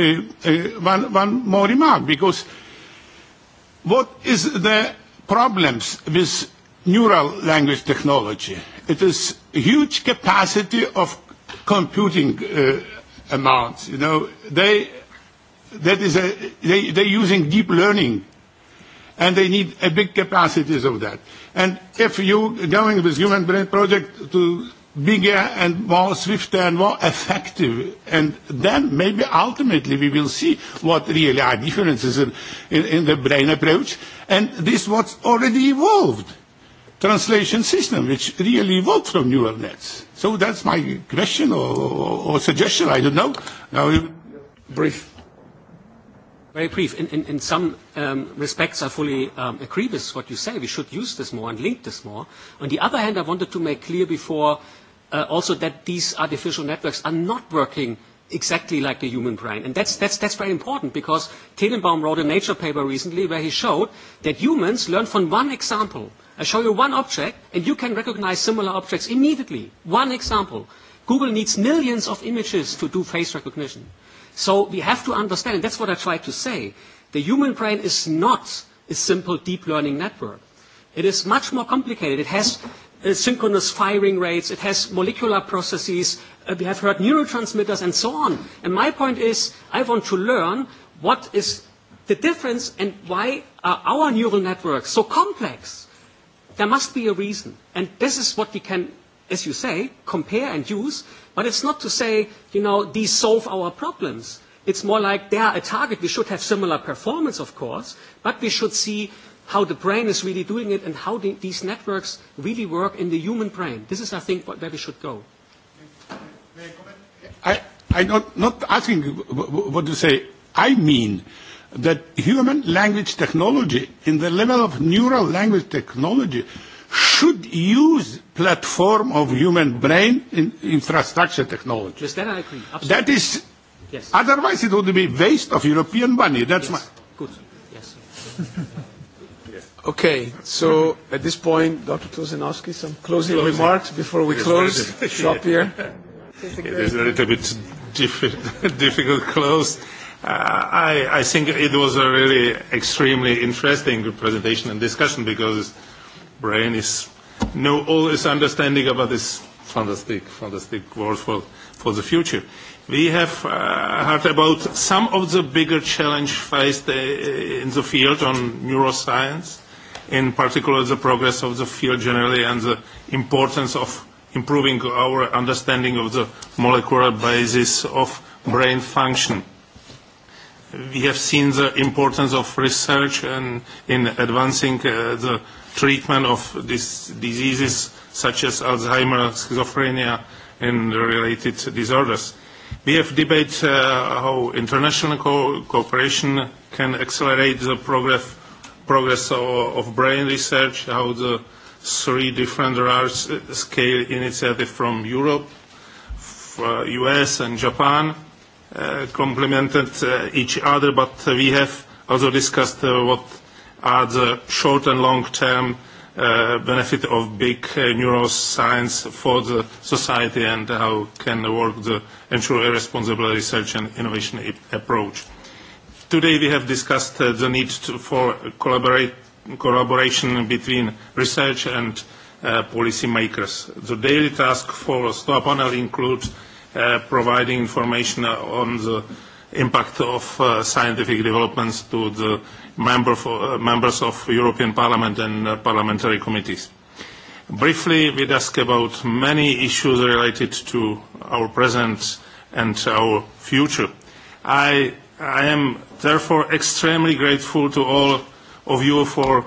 one, one more remark, because what is the problems with neural language technology? It is huge capacity of computing amounts. You know, they, that is a, they, they're using deep learning, and they need a big capacities of that. And if you going with Human Brain Project to bigger and more swifter and more effective, and then maybe ultimately we will see what really are differences in, in the brain approach. And this what's already evolved translation system, which really evolved from neural nets. So that's my question or, or, suggestion. I don't know. Now, brief. Very brief. In some respects, I fully agree with what you say. We should use this more and link this more. On the other hand, I wanted to make clear before also that these artificial networks are not working exactly like the human brain. And that's, that's, that's very important because Tenenbaum wrote a Nature paper recently where he showed that humans learn from one example. I show you one object and you can recognize similar objects immediately. One example. Google needs millions of images to do face recognition. So we have to understand, that's what I try to say, the human brain is not a simple deep learning network. It is much more complicated. It has synchronous firing rates, it has molecular processes, we have heard neurotransmitters and so on. And my point is, I want to learn what is the difference and why are our neural networks so complex. There must be a reason. And this is what we can as you say, compare and use, but it's not to say, you know, these solve our problems. It's more like they are a target. We should have similar performance, of course, but we should see how the brain is really doing it and how these networks really work in the human brain. This is, I think, where we should go. I'm not asking what you say. I mean that human language technology, in the level of neural language technology, should use platform of human brain infrastructure technology. Yes, I agree. That is, otherwise it would be waste of European money. That's my. Good. Yes. Okay, so at this point, Dr. Tosinowski, some closing remarks before we close shop here. It is a little bit difficult close. I, I think it was a really extremely interesting presentation and discussion because brain is know all is understanding about this fantastic, fantastic world for, for the future. We have heard about some of the bigger challenges faced in the field on neuroscience, in particular the progress of the field generally and the importance of improving our understanding of the molecular basis of brain function. We have seen the importance of research in advancing the treatment of these diseases such as Alzheimer's, schizophrenia, and related disorders. We have debated how international cooperation can accelerate the progress of brain research, how the three different large-scale initiatives from Europe, US, and Japan complemented each other, but we have also discussed what are the short and long-term benefit of big neuroscience for the society and how can work to ensure a responsible research and innovation approach. Today we have discussed the need for collaboration between research and policy makers. The daily task for STOA panel includes providing information on the impact of scientific developments to the members of European Parliament and parliamentary committees. Briefly, we ask about many issues related to our present and our future. I am therefore extremely grateful to all of you for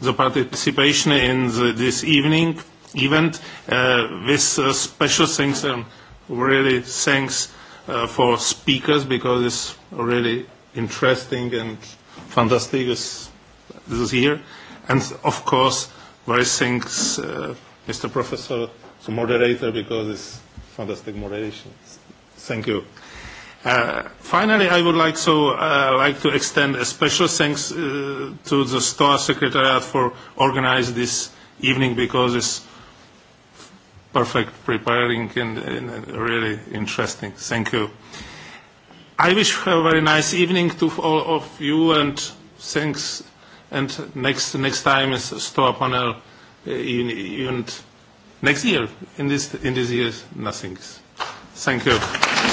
the participation in this evening event. With special thanks and really thanks for speakers because it's really interesting and fantastic is here. And of course, very thanks, Mr. Professor, the moderator, because it's fantastic moderation. Thank you. Finally, I would like to extend a special thanks to the STOA Secretariat for organizing this evening because it's perfect preparing and really interesting. Thank you. I wish a very nice evening to all of you and thanks. And next next time is store panel, and next year in this in this year nothing. Thank you.